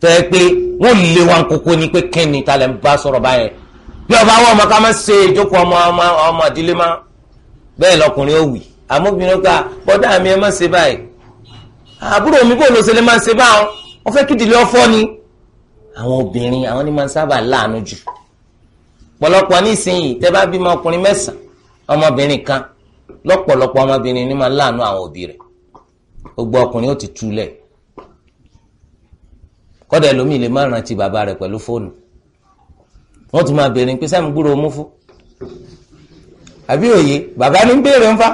tó yẹ pé wọ́n lé wọn kókó ni pé kẹ́ni ta lẹ́ ń bá sọ̀rọ̀ báyẹn bí ọba wọn ọmọ àbúrò mi bò ló ṣe lè máa ṣe báwọn wọn fẹ́ kí ìdílé ọfọ́ ni àwọn obìnrin àwọn ni máa ń sábà láàánú jù pọ̀lọpọ̀ nísìnyí tẹ́ bá bímọ ọkùnrin mẹ́sàn ọmọbìnrin kan lọ́pọ̀lọpọ̀ ọmọbìnrin ni máa ń láàánú àwọn òbí rẹ̀ gbogbo ọkùnrin ó ti túlẹ̀ kọ́dà ẹlòmíì lè má rántí bàbá rẹ̀ pẹ̀lú fóònù wọ́n ti máa bèèrè pé sáà gbúrò mú fún àbí òye bàbá ní ń béèrè ń fa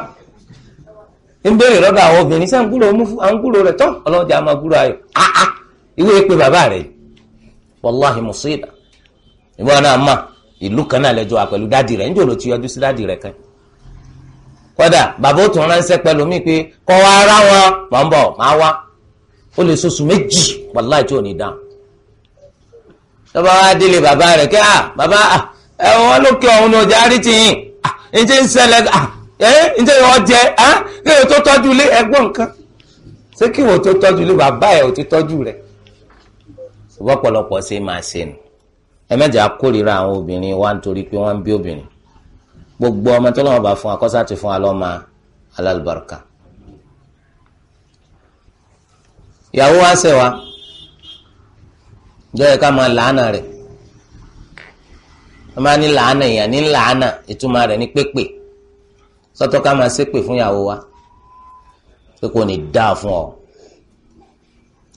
ń béèrè lọ́dọ̀ àwọn obìnrin sẹ́ ń kúrò rẹ̀ tán ọlọ́jà máa kúrò ayọ̀ àá ah, ah, ìwé pé bàbá rẹ̀ wàláhì mùsíbà ìwọ náà mà ìlú kan náà lẹ́jọ́ àpẹ̀lú dádì rẹ̀ níjọ́ ti yọjú sí dádì rẹ̀ kan bàbá ó tún ránṣẹ́ pẹ̀lú mi pé kọ́ wa ara wọn mọ̀ ń bọ̀ máa wá ó lè méjì tí ò ní dáhùn tọ́ba délé bàbá rẹ̀ kí ah, bàbá ọjà rí ẹ́ eh, ǹjẹ́ ọjẹ́ ẹ́ kí o tó tọ́jú ilé ẹgbọ́n nǹkan ṣé kí o tó tọ́jú ilé bàbá ẹ̀ o ti tọ́jú rẹ̀ ṣùgbọ́n pọ̀lọpọ̀ ṣe máa ṣe nù ẹ mẹ́jà kórìíra àwọn obìnrin wa nítorí pé wọ́n ń bí obìnrin gbogbo ọmọ tó lọ́wọ́ bá fún akọ́sá ti fún alọ́mọ alálùbáràkà ìyàwó wa ṣẹ̀ wa jẹ́ ká máa làánà rẹ̀ wọ́n máa ní làánà èèyàn ní làánà ìtumọ̀ rẹ̀ ní pépè sọ́tọ́ ká máa ṣépè fún ìyàwó wa pé kò ní dáa fún ọ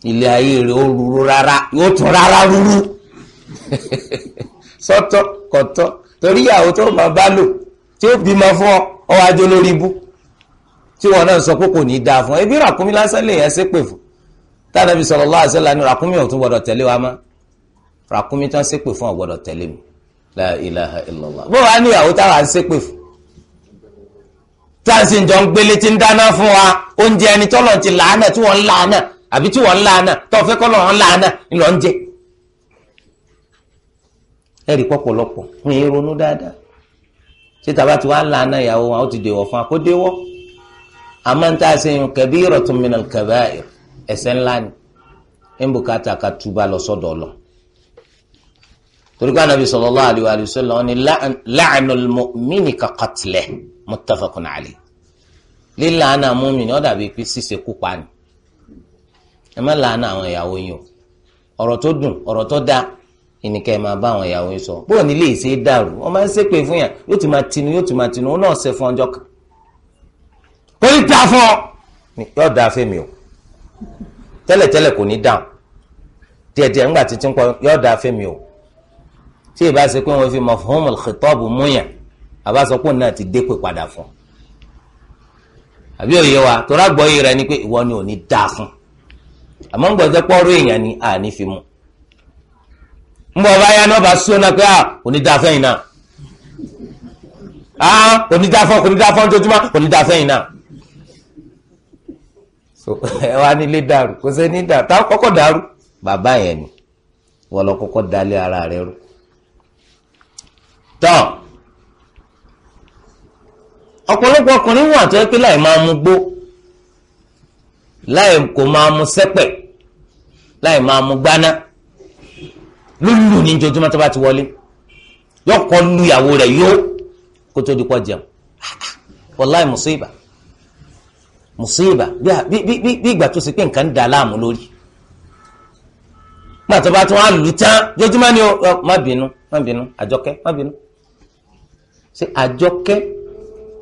ilé ayé rẹ ó ruru rárá yóò tún rárá ruru <laughs> sọ́tọ́ kọ̀tọ́ torí ìyàwó tó máa bá lò tí ó bímọ fún ọ ọwọ́ ajó lórí ibú tí wọn náà sọ pé ní dáa fún ọ ebi ràkúnmí lásán lè yẹn ṣépè fún tánàbí sallallahu alaihi wasallam ni ràkúnmí ò tún gbọdọ̀ tẹ̀lé wa mọ́ ràkúnmí tán ṣépè fún ọ gbọdọ̀ tẹ̀lé mi la ilaha illallah bó wa ní ìyàwó táwa ń ṣépè fún táàsì ìjọ ń gbélé tí ń dáná fún wa oúnjẹ ẹni tọ́lọ̀ ti làánà tí wọ́n ń làánà àbí tí wọ́n ń làánà tọ́fẹ́ kọ́lọ̀ ń làánà ńlọ ń jẹ. ẹ̀rí pọ̀pọ̀lọpọ̀ fún yín dáadáa ṣé tàbá tí wàá ń làánà ìyàwó wọn ó ti dèwọ̀ fún wa àmọ́ ń táàsì ìyún kabiratun minal kaba'ir ẹ̀ṣẹ̀ ńlá ni ń bùkátà ká túbà lọ sọ́dọ̀ ọlọ́ torí pé Ànábì sallallahu alaihi wa sallam ní la'nul muttafaqun alayh lílànà múmi ni ó dàbí pé ṣíṣe kúpa ni ẹ má lànà àwọn ìyàwó yín o ọ̀rọ̀ tó dùn ọ̀rọ̀ tó dáa ìníkẹ́ máa bá àwọn ìyàwó yín sọ bó ní lè ṣe é dàrú wọ́n máa ń ṣépè fún yàn yóò ti máa tinú yóò ti máa tinú ó náà ṣe fún ọjọ́ kan kò ní dáa fún ọ yóò dáa fẹ́mi o tẹ́lẹ̀tẹ́lẹ̀ kò ní dáhùn díẹ̀díẹ̀ ńgbà títí ń kọ yóò dáa fẹ́mi o tí ì bá ṣe pé wọ́n fi mafhumul khitab múyàn àbásọpọ̀ náà ti dépè padà fún àbí òye wa tó rágbọ́ yìí rẹ ni pé ìwọ ni ò ní dáa fún àmọ́ ń gbọ́dọ̀ pọ́ọ́rọ́ èèyàn ni a ní fi mu ń bọ̀ bá yá náà bá sí ọ̀nà pé à kò ní dáa fẹ́yìn náà ah kò ní dáa fún kò ní dáa fún ojoojúmọ́ kò ní dáa fẹ́yìn náà <laughs> ẹ wá nílé dàrú kò sẹ́ni dàrú táwọn kọ́kọ́ dàrú bàbá yẹn ni wọ́n lọ kọ́kọ́ dalé ara rẹ̀ rú tán ọ̀pọ̀lọpọ̀ ọkùnrin wà tó yẹ pé láì máa mu gbó láì kò máa mu sẹ́pẹ̀ láì máa mu gbaná lúlù ní jojúmọ́ tó bá ti wọlé yóò kọ́ lu ìyàwó rẹ̀ yóò kó tó di kọ́ jẹun wàláì mùsíbà mùsíbà bí ìgbà tó sì pé nǹkan ń láàmú lórí gbà bá tún wá lù tán jojúmọ́ ni ó má bínú má bínú àjọkẹ́ má bínú ṣe àjọkẹ́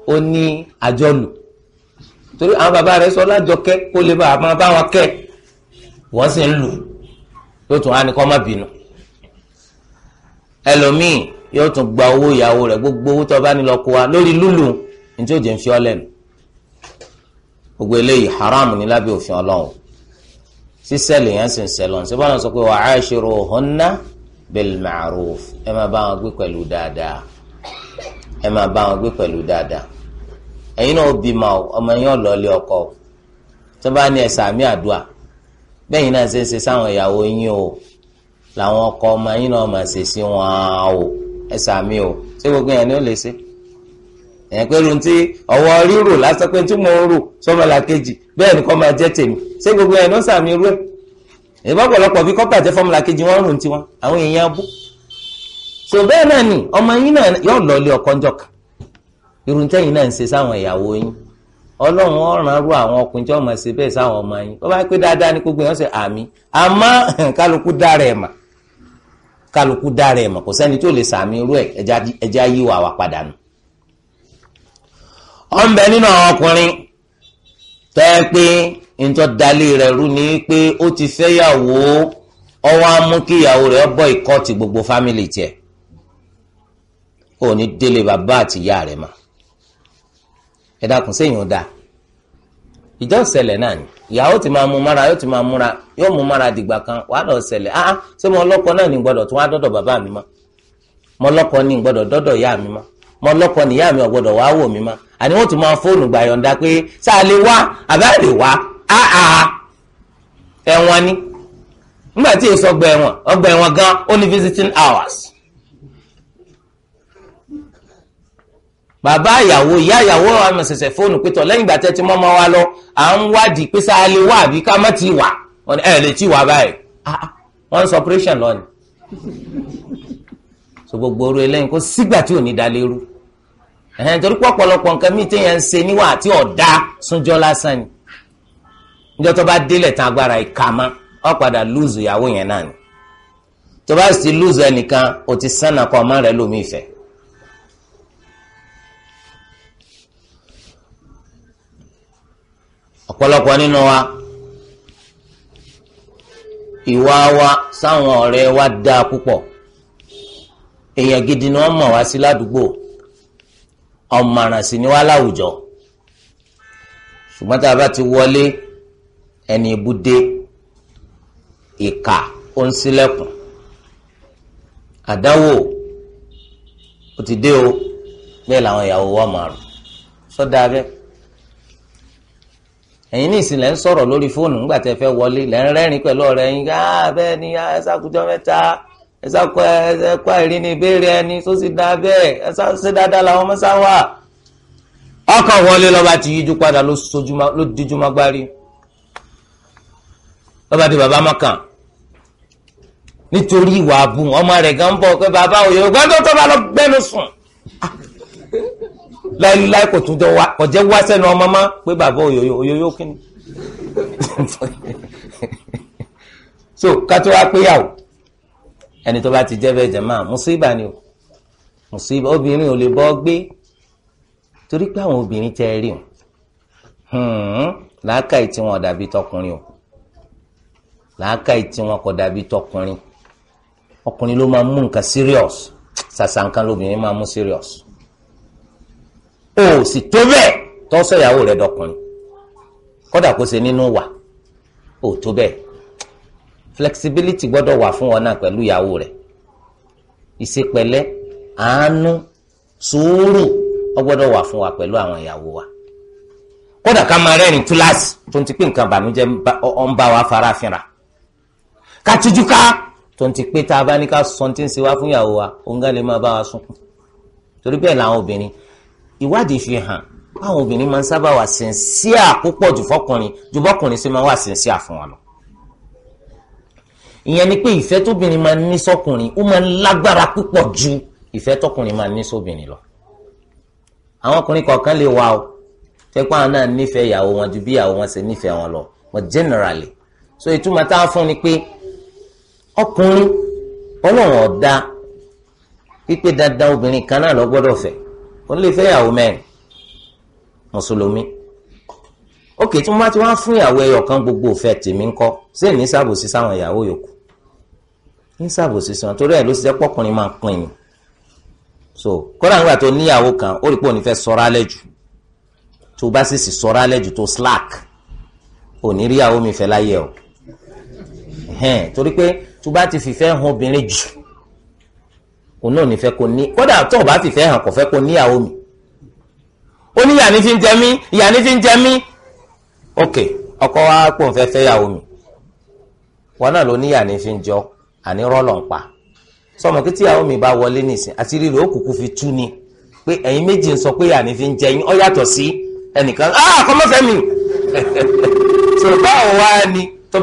ó ní àjọlù torí àwọn bàbá rẹ̀ sọ lájọkẹ́ kó lè bá àwọn bá wọn kẹ́ wọ́n sì ń lù yóò tún á ní kọ́ má bínú ẹlòmíì yóò tún gba owó ìyàwó rẹ̀ gbogbo owó tó bá ní lọ kó wa lórí lúlù ní tí ó jẹ́ ń fi ọ́ lẹ́nu gbogbo eléyìí haram ní lábẹ́ òfin ọlọ́run sísẹ́lì yẹn sì ń sẹ́lọ̀ ṣé bọ́lá sọ pé wa ashiruhunna bil ma'ruf ẹ máa bá wọn gbé pẹ̀lú dáadáa ẹ máa bá wọn gbé pẹ̀lú dáadáa ẹ̀yin náà ó bímọ ọmọ yín ọ̀lọ́lé ọkọ tó bá ní ẹ̀sà àmì àdúà bẹ́yìn náà ṣe ń ṣe sáwọn ìyàwó yín o làwọn ọkọ ọmọ yín náà máa ṣe sí wọn o ẹ̀sà àmì o ṣé gbogbo yẹn ni ó lè ṣe ẹ̀yìn pé lu ti ọwọ́ rírò lásán pé tí mo ń rò sọ́mọlá kejì bẹ́ẹ̀ ni kọ́ máa jẹ́ tèmi ṣé gbogbo yẹn ni ó ṣàmì irú ẹ̀ ìbọ̀pọ̀lọpọ̀ fi kọ́ fọ́mọlá kejì wọ́n rùn tiwọn àwọn èèyàn abú so bẹ́ẹ̀ náà ni ọmọ yín náà yóò lọ ilé ọkọ ńjọ́ kan irun tẹ́yìn náà ń ṣe sáwọn ìyàwó yín ọlọ́run ọ̀ràn rú àwọn ọkùnrin tí wọ́n máa ṣe bẹ́ẹ̀ sáwọn ọmọ yín wọ́n bá pé dáadáa ní gbogbo yẹn ṣe àmì àmọ́ <laughs> kálukú dára ẹ̀ mà kálukú dára ẹ̀ mà kò sẹ́ni tó lè sàmì irú ẹ̀ ẹja yí wà padà nù. ó nínú àwọn ọkùnrin tẹ́ pé nítorí dalé rẹ̀ rú ni pé ó ti fẹ́yàwó ọwọ́ á mú kí ìyàwó rẹ̀ bọ́ ìkọ́ ti gbogbo fámìlì tiẹ̀ ó ní délé bàbá àti ìyá rẹ̀ ma ẹ dákun séèyàn dáa ìjọ ìṣẹ̀lẹ̀ náà ni ìyàwó ti máa mú mára yóò ti máa múra yóò kan lọ ṣẹlẹ̀ ah, ah ṣé mo lọ́kọ náà ní gbọ́dọ̀ baba wá dọ́dọ̀ bàbá mi mọ́ mo lọ́kọ ní gbọ́dọ̀ dọ́dọ̀ ìyá mi ma mo lọ́kọ mi ọ̀gbọ́dọ̀ wò àní wọ́n ti máa fóònù gbà yọ̀ǹda pé ṣá lè wá àbá ah, ah, ni nígbà tí èso ọgbà ẹ̀wọ̀n ọgbà gan bàbá ìyàwó ìyá ìyàwó àmọ̀ ṣẹ̀ṣẹ̀ fóònù pétọ̀ lẹ́yìn ìgbà tẹ́tí mọ́mọ́ wa lọ à ń wádìí pé sáà lè wà àbí ká má ti wà wọn ni ẹ lè ti wà báyìí ah, ah. wọn sọ operation lọ ni so gbogbo oru eléyìn kó sígbà tí ò ní da lérú ẹ̀hẹ́n torí pé ọ̀pọ̀lọpọ̀ nǹkan míì téèyàn ń ṣe níwà àti ọ̀dá súnjọ́ lásán ni níjọ́ tó bá délẹ̀ tán agbára ìkàmá ọ̀ padà lùzù ìyàwó yẹn náà ni tó bá sì lùzù ẹnìkan ò ti sànà kọ́ ọmọ rẹ̀ lómi ìfẹ́ ọ̀pọ̀lọpọ̀ nínú wa ìwà wa sáwọn ọ̀rẹ́ wa dáa púpọ̀ èèyàn gidi ni wọ́n mọ̀ wá sí ládùúgbò ọ̀mọ̀ràn sì ni wá láwùjọ ṣùgbọ́n tá a bá ti wọlé ẹni ibùdé ìkà ó ń ṣílẹ̀kùn àdánwò ó ti dé o bẹ́ẹ̀ làwọn ìyàwó wa máa rò sọ́dọ̀ abẹ́. So ẹ̀yin ní ìsìn lẹ́ ń sọ̀rọ̀ lórí fóònù ńgbà tẹ́ fẹ́ wọlé lẹ́ ń rẹ́rìn pẹ̀lú ọ̀rẹ́ yín gáà bẹ́ẹ̀ ni ẹ̀sàkùjọ mẹ́ta ẹ̀sàkọ ẹ̀kọ́ ìrìn ní ìbéèrè ẹni tó sì dá bẹ́ẹ̀ ẹ̀sàkùsí dáadáa làwọn mọ́sá wà. ọkàn wọlé lọ́ba ti yíjú padà ló díjú mọ́gbárí lọba di bàbá mọkàn nítorí ìwà àbùn ọmọ rẹ̀ gan bọ̀ pé bàbá òye ògbẹ́ńdó tó bá lọ gbẹ́nu sùn láíláí kò tún jẹ́ wá sẹ́nu ọmọ má pé bàbá òyòyò òyòyò kí ni so ká tó wá péyàwó ẹni tó bá ti jẹ́ bẹ́ẹ̀ jẹ̀má mùsíbà ni o mùsíbà obìnrin ò lè bọ́ gbé torí pé àwọn obìnrin tẹ́ rí o hmm, làákàyè tí wọn dàbí tọkùnrin o làákàyè tí wọn kò dàbí tọkùnrin ọkùnrin ló máa mú nǹkan serious sàṣà nǹkan lóbìnrin máa mú serious o si to be to se yawo re dokunrin koda ko se ninu wa o to be flexibility godo wa fun ona pelu yawo re ise pele anu suru ogodo wa fun wa pelu awon yawo wa koda ka ma rerin class to nti pe nkan banu je on ba farafinra ka tijuka to nti pe ta ba ni ka something si wa fun yawo wa o nga le ma ba wa sun tori be ìwádìí fi hàn báwọn obìnrin máa ń sábà wà sincere púpọ̀ jù fọkùnrin ju bọ́kùnrin sí máa wà sincere fún wọn lọ. ìyẹn ni pé ìfẹ́ tóbìnrin máa ń ní sọ́kùnrin ó máa ń lágbára púpọ̀ ju ìfẹ́ tọkùnrin máa ń ní sóbìnrin lọ. àwọn ọkùnrin kọ̀ọ̀kan lè wà ó fẹ́ àwọn náà nífẹ̀ẹ́ ìyàwó wọn ju bí ìyàwó wọn ṣe nífẹ̀ẹ́ wọn lọ but generally so ìtumọ̀ táwọn fún ni pé ọkùnrin ọlọ́run ọ̀dá pípé dandan obìnrin kan náà lọ gbọ́dọ̀ fẹ́ ó lè fẹ́ ìyàwó mẹ́rin mùsùlùmí ókè tí wọ́n bá ti wá fún ìyàwó ẹyọ kan gbogbo òfẹ́ tèmi ńkọ́ sí ní ṣàbòsí sáwọn ìyàwó yòókù ní ṣàbòsí sàn torí ẹ̀ ló ṣiṣẹ́ pọ́kùnrin máa pin ni so kódà nígbà tó níyàwó kan ó rí pé òní fẹ́ sọ́ra lẹ́jù tó bá sì sì sọ́ra lẹ́jù tó slack òní ríyàwó mi fẹ́ láyé o torí pé tó bá ti fìfẹ́ hàn obìnrin jù òun náà nífẹ́ kó ní kódà tó o bá sì fẹ́ hàn kò fẹ́ kó níyàwó mi ó ní ìyàní fi ń jẹ mí ìyàní fi ń jẹ mí ok ọkọ wa pò ń fẹ́ fẹ́ yàwó mi wọn náà ló ní ìyàní fi ń jọ àní rọ́lọ̀ ń pa sọmọ kí tíyàwó mi bá wọlé nìsín àti rírì ó kúkú fi tú ni pé ẹ̀yin méjì ń sọ pé ìyàní fi ń jẹ yín ọ yàtọ̀ sí ẹnìkan ah kọ́mọ́fẹ́ mi <laughs> so báwo wá ni tó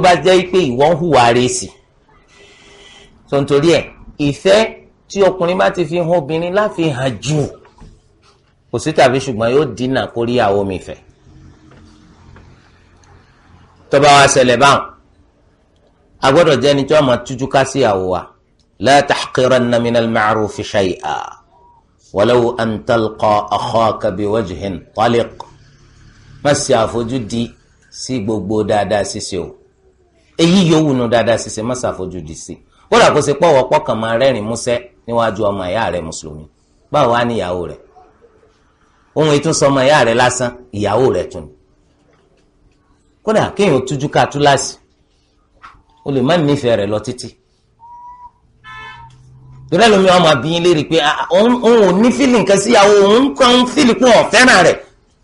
bá jẹ́ pé ìwọ hùwà rẹ̀ sí i so nítorí ẹ̀ ìfẹ́ tí ọkùnrin bá ti fi hàn obìnrin láfi hàn jù kò sí tàbí ṣùgbọ́n yóò dínà kóríyàwó mi fẹ́ tó bá wa ṣẹlẹ̀ báwọn a gbọ́dọ̀ jẹ́ ni tí wọ́n máa tújú ká sí ìyàwó wa la tahqiranna minal ma'rufi shay'a walau an talqa akhaka biwajhin taliq má ṣe àfojúdi sí gbogbo dáadáa ṣíṣe o èyí yòówù nù dáadáa ṣíṣe má ṣàfojúdi sí i kódà kó ṣe pọ̀wọ́ pọ̀kàn máa rẹ́rìn músẹ́ níwájú ọmọ ìyá rẹ̀ mùsùlùmí báwo wá ní ìyàwó rẹ̀ ohun ètò sọmọ ìyá rẹ̀ lásán ìyàwó rẹ̀ tún ni kódà kéèyàn tújú ká túláàsì o lè má nífẹ̀ẹ́ rẹ̀ lọ títí torí ẹlòmíì ọmọ abiyin lérí pé ah, ah, òun ò ní fílì nǹkan sí ìyàwó òun kan ń fílì pé òun fẹ́ràn rẹ̀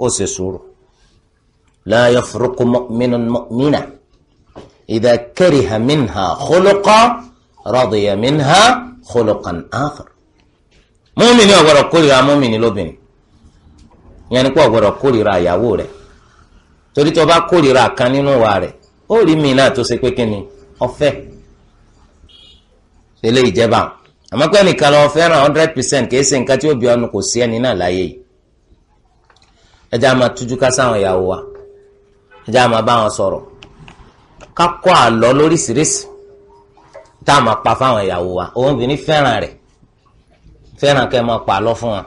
ó ṣe sùúrù la yafruqu mu'minun mu'mina idha kariha minha radiya minha khuluqan akhar múmìnì ọ̀gbọ̀dọ̀ kórìíra múmìnì lóbìnrin ìyẹn ni pé ọ̀gbọ̀dọ̀ kórìíra ìyàwó rẹ̀ torí tó bá kórìíra kan nínú wa rẹ̀ ó rí mi náà tó ṣe pé kí ni ọ̀fẹ́ lélẹ́ ìjẹba àmọ́ pé ẹnìkan lọ fẹ́ràn hundred percent kì í ṣe nǹkan tí ó bí ọnu kò sí ẹni náà láyé yìí ẹ máa tújú ká sáwọn ìyàwó wa ẹ máa bá wọn sọ̀rọ̀ ká kọ́ àlọ́ lóríṣiríṣi tá a máa pa fáwọn ìyàwó wa òun bìíní fẹ́ràn rẹ̀ fẹ́ràn kẹ́ máa pa lọ fún wa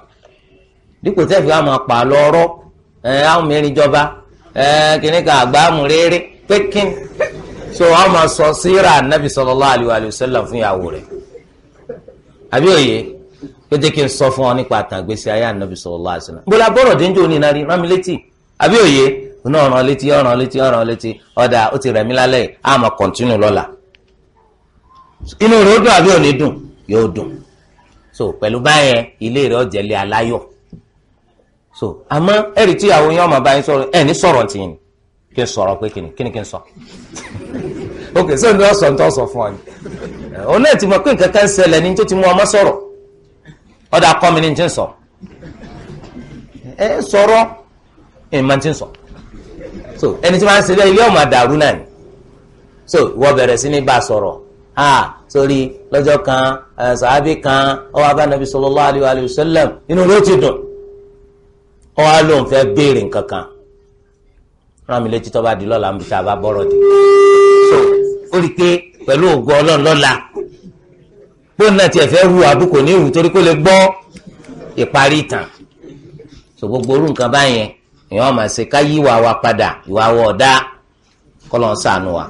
dípò tẹ́fì wa máa pa lọ ọ̀rọ̀ àwọn mìíràn jọba kìnnì kan àgbàmù rere so máa sọ síra anabi sallallahu alaihi wa fún ìyàwó rẹ̀ àbí òye pé jẹ́ n sọ fún ọ nípa àtàgbèsè ayé anabi bọ́rọ̀ rán mi létí àbí òye létí ọ̀ràn létí ọ̀ràn létí ọ̀dà ó ti rẹ̀ inú rẹ̀ ó dùn àbí òní dùn yóò dùn so pẹ̀lú báyẹn ilé rẹ̀ ọ̀jẹ̀lẹ̀ aláyọ̀ so àmọ́ ẹ̀rí tí àwọn yẹn ọmọ báyìí sọ̀rọ̀ ẹ̀ ní sọ̀rọ̀ tìyìn kí n sọ̀rọ̀ pé kíni kíni kí n sọ <laughs> ok so ní ọ̀sọ̀ ní ọ̀sọ̀ fún ọ ni òun náà ti mọ̀ pé nǹkan kan ṣẹlẹ̀ ní tó ti mú ọmọ sọ̀rọ̀ ọ̀dà kọ́ mi ní ti ń sọ ẹ sọ̀rọ̀ ẹ̀ máa ti ń sọ so ẹni tí wọ́n á ń ṣe bẹ́ẹ̀ ilé ọmọ àdàrú náà ni so wọ́n bẹ̀rẹ̀ sí ní bá sọ̀rọ̀ ha sórí lọ́jọ́ kan sàábì kan ọwọ́ abánabi sallallahu alayhi wa sallam inú ló ti dùn ọwọ́ á lóun fẹ́ béèrè nǹkan kan rán mi létí tó bá di lọ́la níbi tá a bá bọ́rọ̀ dé so ó rí i pé pẹ̀lú ògo ọlọ́run lọ́la pé náà tiẹ̀ fẹ́ ru àbúkò ní ìwù torí kó lè gbọ́ ìparí ìtàn so gbogbo orú nǹkan báyẹn èèyàn máa ṣe ká yí ìwà wa padà ìwà wa ọ̀dá kọ́lọ́n ṣàánú wa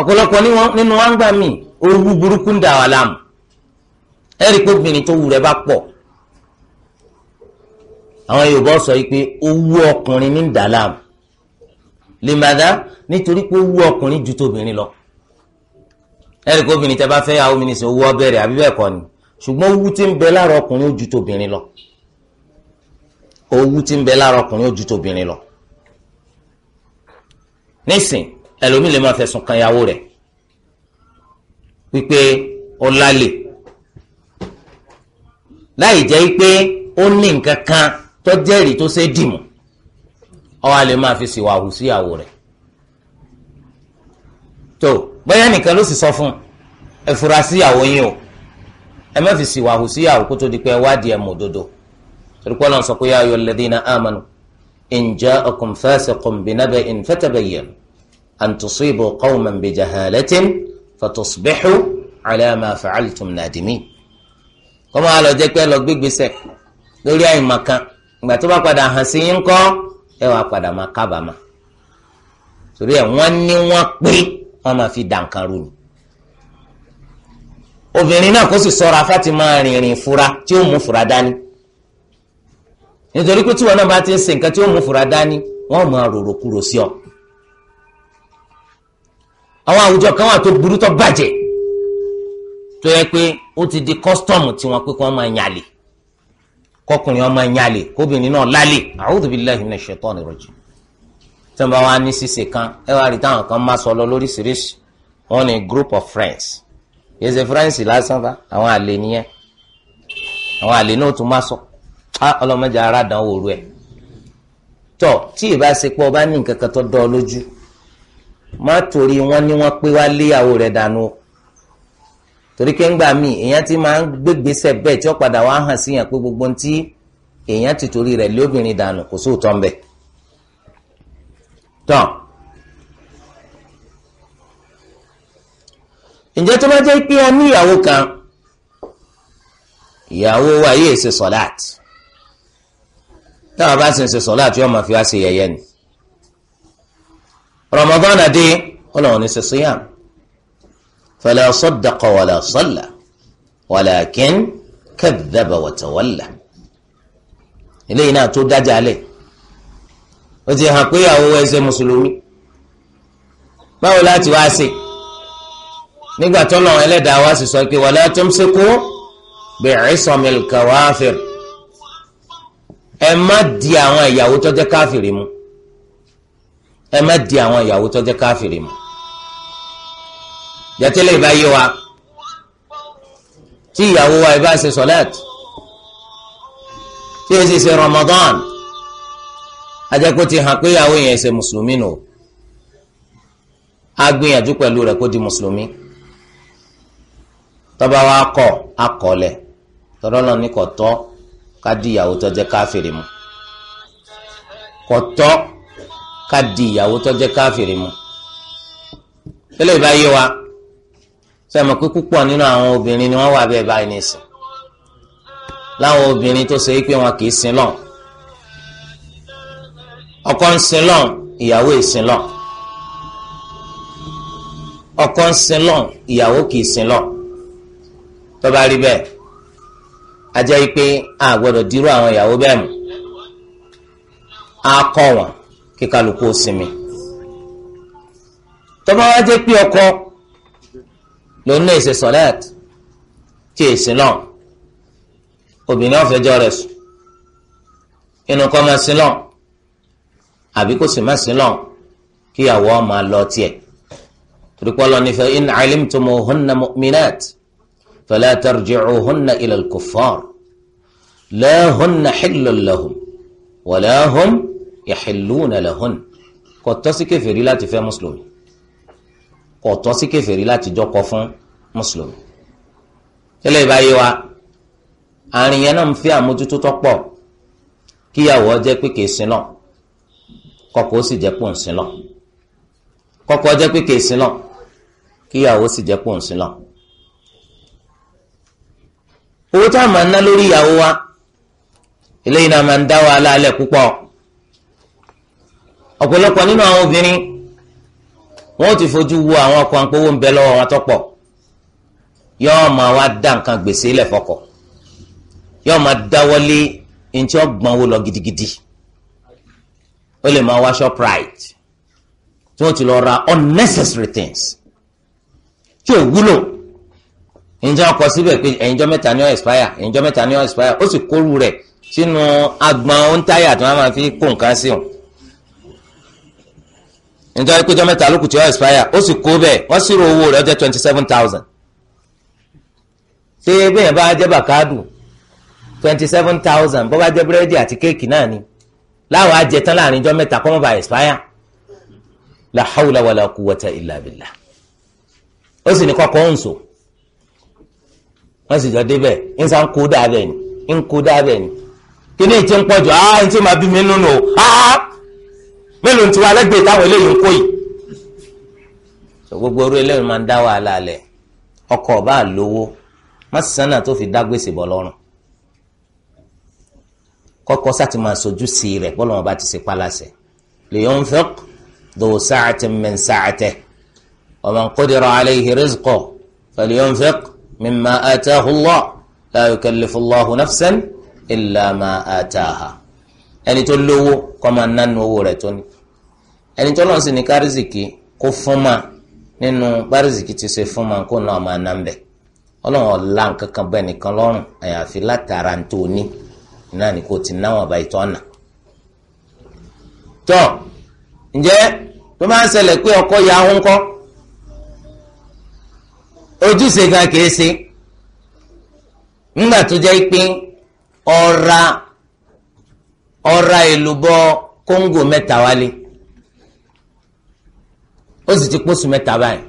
ọ̀pọ̀lọpọ̀ nínú wa ń gbà mí orú burúkú ń dà wà láàmú ẹ̀rí pé obìnrin tó wù rẹ̀ bá pọ̀ àwọn Yorùbá sọ yìí pé owó ọkùnrin ní ń dà láàmú lè má dá nítorí pé owó ọkùnrin ju tóbìnrin lọ ẹ̀rí pé obìnrin tẹ bá fẹ́ yàwó mi nìṣẹ́ owó ọbẹ̀rẹ̀ àbí bẹ́ẹ̀ kọ́ ni ṣùgbọ́n owó tí ń bẹ lára ọkùnrin ó ju tóbìnrin lọ owó tí ń bẹ lára ọkùnrin ó ju tóbìnrin lọ nísìnyí ẹlòmíì lè máa fẹ̀sùn kan ìyàwó rẹ̀ wípé ó lálè láì jẹ́ pé ó ní nǹkan kan tó jẹ́rìí tó ṣe dìmú ó wá lè máa fi ṣìwàhù sí ìyàwó rẹ̀ tó bóyá nìkan ló sì sọ fún ẹ sí ìyàwó yín o ẹ má fi ṣìwàhù sí ìyàwó kó tó di pé wádìí ẹ mọ òdodo torí sọ pé yā ayyuhalladhīna āmanū in jā'akum fāsiqun binaba'in an tusibu qawman bi jahalatin fatusbihu ala ma fa'altum nadimin kọmọ alọ jẹ pé lọ gbégbèsè lórí àìmọ̀kan ìgbà tó bá padà hàn sí yín kọ́ ẹ wàá padà máa kábàámà torí ẹ wọ́n ní wọ́n pé wọ́n máa fi dànkan rú ni obìnrin náà kó sì sọ́ra fáti máa rìnrìn fura tí ó mú fura dání nítorí pé tí wọn náà bá ti ń ṣe nǹkan tí ó mú fura dání wọ́n máa rorò kúrò sí ọ àwọn àwùjọ kan wà tó burú tó bàjẹ́ tó yẹ pé ó ti di kọ́sítọ́ọ̀mù tí wọ́n pé kí wọ́n máa yàlè kọkùnrin ọmọ yàlè kóbìnrin náà lálè a'udhu billahi minash shaitani rajim tí wọ́n bá wá ní ṣíṣe kan ẹ wá rí táwọn kan máa sọ lọ lóríṣiríṣi wọ́n ní group of friends yìí ṣe friends lásán bá àwọn àlè nìyẹn àwọn àlè náà tún máa sọ á ah, ọlọ́mọdé ara dánwò rú ẹ̀ tọ́ tí ì má torí wọn ní wọn pé wá léyàwó rẹ̀ dànù o torí pé ńgbà míì èèyàn ti máa ń gbégbèsè bẹ́ẹ̀ tí ó padà wá hàn sí yàn pé gbogbo tí èèyàn ti torí rẹ̀ lóbìnrin dànù kò sóòótọ́ ń bẹ̀. tán ǹjẹ́ tó bá jẹ́ pé a ní ìyàwó kan ìyàwó wa yìí ṣe sọ̀láàtì táwọn bá sì ń ṣe sọ̀láàtì yóò fi wá ṣe yẹ̀yẹ́ ni. Ramadan adé ọlọ́run ní sẹ́sẹ́yàm fala saddaqa wala salla walakin kadhaba wa tawalla eléyìí náà tó dájà lẹ̀ ó ti hàn pé àwọn ẹsẹ̀ mùsùlùmí báwo láti wá sí nígbà tọ́lọ̀ ẹlẹ́dàá wá sì sọ pé wala tumsiku bi'isamil kawafir ẹ má di àwọn ìyàwó tó jẹ́ káfìrí mu ẹ má di àwọn ìyàwó tó jẹ́ káfìrì mọ́ jẹ́tẹ́lẹ̀ ìbá wa tí ìyàwó wa ìbá ṣe sọ́lẹ́t tí èsì ṣe Ramadan ajẹ́kó ti hàn pé ìyàwó yẹn ṣe mùsùlùmí nù á gbìyànjú pẹ̀lú rẹ̀ kó di mùsùlùmí tọ́ba wa kọ̀ akọ̀lẹ̀ tọ́lọ́lọ́ ní kọ̀tọ́ ká di ìyàwó tó jẹ́ mọ́ kọ̀tọ́. ká di ìyàwó tó jẹ́ káfìrí mu tẹ́lẹ̀ bá yé wa sọ ma pé nínú àwọn obìnrin ni wọ́n wà bẹ́ẹ̀ báyìí nìsín láwọn obìnrin tó ṣe é pé wọn kì í sin ọkọ ń sin lọ́n ìyàwó ì ọkọ ń sin ìyàwó kì í a jẹ́ pé a gbọ́dọ̀ dírú àwọn ìyàwó bẹ́ẹ̀ a kí kálukú sinmi tọ́ba wá jẹ́ pé ọkọ ló ní ìṣe sọ̀lẹ́t tí èsì náà obìnrin ọ̀fẹ́jọ́ rẹ̀ sùn inú kọ́ máa sin náà àbí kò sì má sin náà kíyàwó máa lọ tiẹ̀ torípọ́lọ́ nífẹ̀ẹ́ in alimtumuhunna mu'minat fala tarji'uhunna ila al-kuffar hunna hillun lahum wala hum yahilluna lahun kò tọ́ sí kèfèrí láti fẹ́ mùsùlùmí kò tọ́ sí kèfèrí láti jọkọ fún mùsùlùmí tẹ́lẹ̀ ìbáyé wa àárín yẹn náà ń fi àmójútó tó pọ̀ kíyàwó jẹ́ pé kìí sin lọ kọ́kọ́ ó sì jẹ́ pò ń sin lọ kọ́kọ́ jẹ́ pé kìí sin lọ kíyàwó sì jẹ́ pò ń sin lọ. owó tá a máa ná lórí ìyàwó wa eléyìí náà máa ń dá wa lálẹ́ púpọ̀ ọ̀pọ̀lọpọ̀ nínú àwọn obìnrin wọ́n ti fojú wo àwọn ọkọ àpòwò ń bẹ lọ́wọ́ wọn tọ́pọ̀ yóò máa wá dá nǹkan gbèsè lẹ̀ fọkọ yóò máa dáwọ́lé ntí ọgbọ̀n lọ gidigidi ó lè máa wá shoprite tí wọ́n ti lọ ra unnecessary things tí ò wúlò ìjọ kọ síbẹ̀ pé ẹ̀yìnjọ́ mẹ́ta ni ó expire ẹ̀yìnjọ́ mẹ́ta ni ó expire ó sì kóru rẹ̀ sínú agbọ̀n ó ń táyà tí wọ́n máa fi kó nǹkan sí òun nítorí pé jọ́ mẹ́ta lókùtì ọ̀ expire ó sì kó bẹ́ẹ̀ wọ́n sì ro owó rẹ̀ ọjọ́ twenty seven thousand ṣé bẹ́ẹ̀ bá jẹ́ bàkádù twenty seven thousand bó bá jẹ́ búrẹ́dì àti kéèkì náà ni láwọn ajẹ tán láàrin jọ́ mẹ́ta kọ́ bá expire la hawla wala quwwata illa billah ó sì ní kọ́kọ́ ń sọ wọ́n sì jọ débẹ̀ ń sá ń kó dáa bẹ́ẹ̀ ni ń kó dáa bẹ́ẹ̀ ni kí ni ìtí ń pọ̀jù ah ìtí máa bí mi nínú o mélòó ti wá lẹ́gbẹ̀ẹ́ táwọn eléyìí ń kó yìí. sọ gbogbo orí eléyìí máa ń dá wàhálà alẹ̀ ọkọ̀ ọba àlówó má sànà tó fi dá gbèsè bọ́ lọ́rùn kọ́kọ́ sátì máa sojú sí rẹ̀ bọ́lọ̀ bá ti ṣe pálásẹ̀ liyunfiq dhu sa'atin min sa'atihi wa man qudira alayhi rizquhu falyunfiq mimma ataahu Allah la yukallifu Allahu ẹni tó lówó kó máa nánu owó rẹ̀ tó ní ẹni tó lọ́n sí ní kárìsìkì kó ma nínú kárìsìkì ti ṣe fún ma kó náà máa nàmbẹ ọlọ́run ọ̀la nǹkan kan bẹ́ẹ̀ nìkan lọ́rùn àyàfi látara tó ní náà ni kò ti náwọn ọ ìtọ́ ọ̀nà. tọ́ ǹjẹ́ tó máa ń ṣẹlẹ̀ pé ọkọ ya ń kọ́ ojúṣe kìí ṣe nígbà tó jẹ́ pé ọ̀ra ọ̀ra kóńgò mẹ́ta ó sì ti kpo mẹ́ta báyìí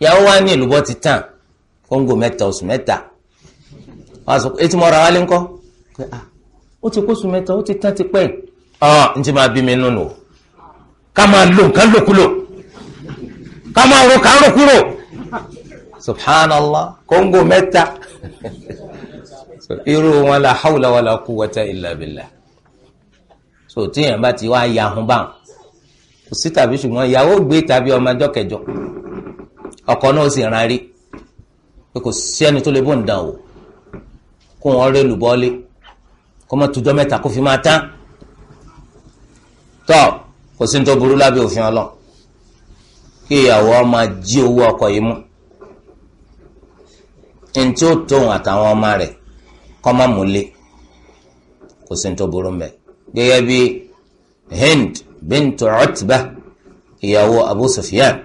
ìyàwó wa ní ìlúbọ ti tàn kóńgò mẹ́ta oṣù mẹ́ta etí mọ́ra wálé ńkọ́ ah, ó ti pósù mẹ́ta ó ti ti pẹ́ ti máa bí mi nínú ká máa lo nǹkan lòkulò ká máa subhanallah kóńgò mẹ́ta irú wọn la hawla wala quwwata illa billah so tíyẹn bá ti wá yahun kò sí tàbí ṣùgbọ́n ìyàwó gbé tàbí ọmọjọ́ kẹjọ ọkọ náà sì rán rí pé kò sí ẹni tó lè bó ń dàn o kó wọn rẹ lùbọ́lé kó mọ́ tujọ́ mẹ́ta kó fi máa tán tọ́ kò sí ní tó burú lábẹ́ òfin ọlọ́ kí ìyàwó máa jí owó ọkọ yìí mú ẹni tí ó tóun àtàwọn ọmọ rẹ̀ kọ́ má múlé kò sí tó burú mbẹ́ gẹ́gẹ́ bí Hind bintu Utba ìyàwó Abu Sufyan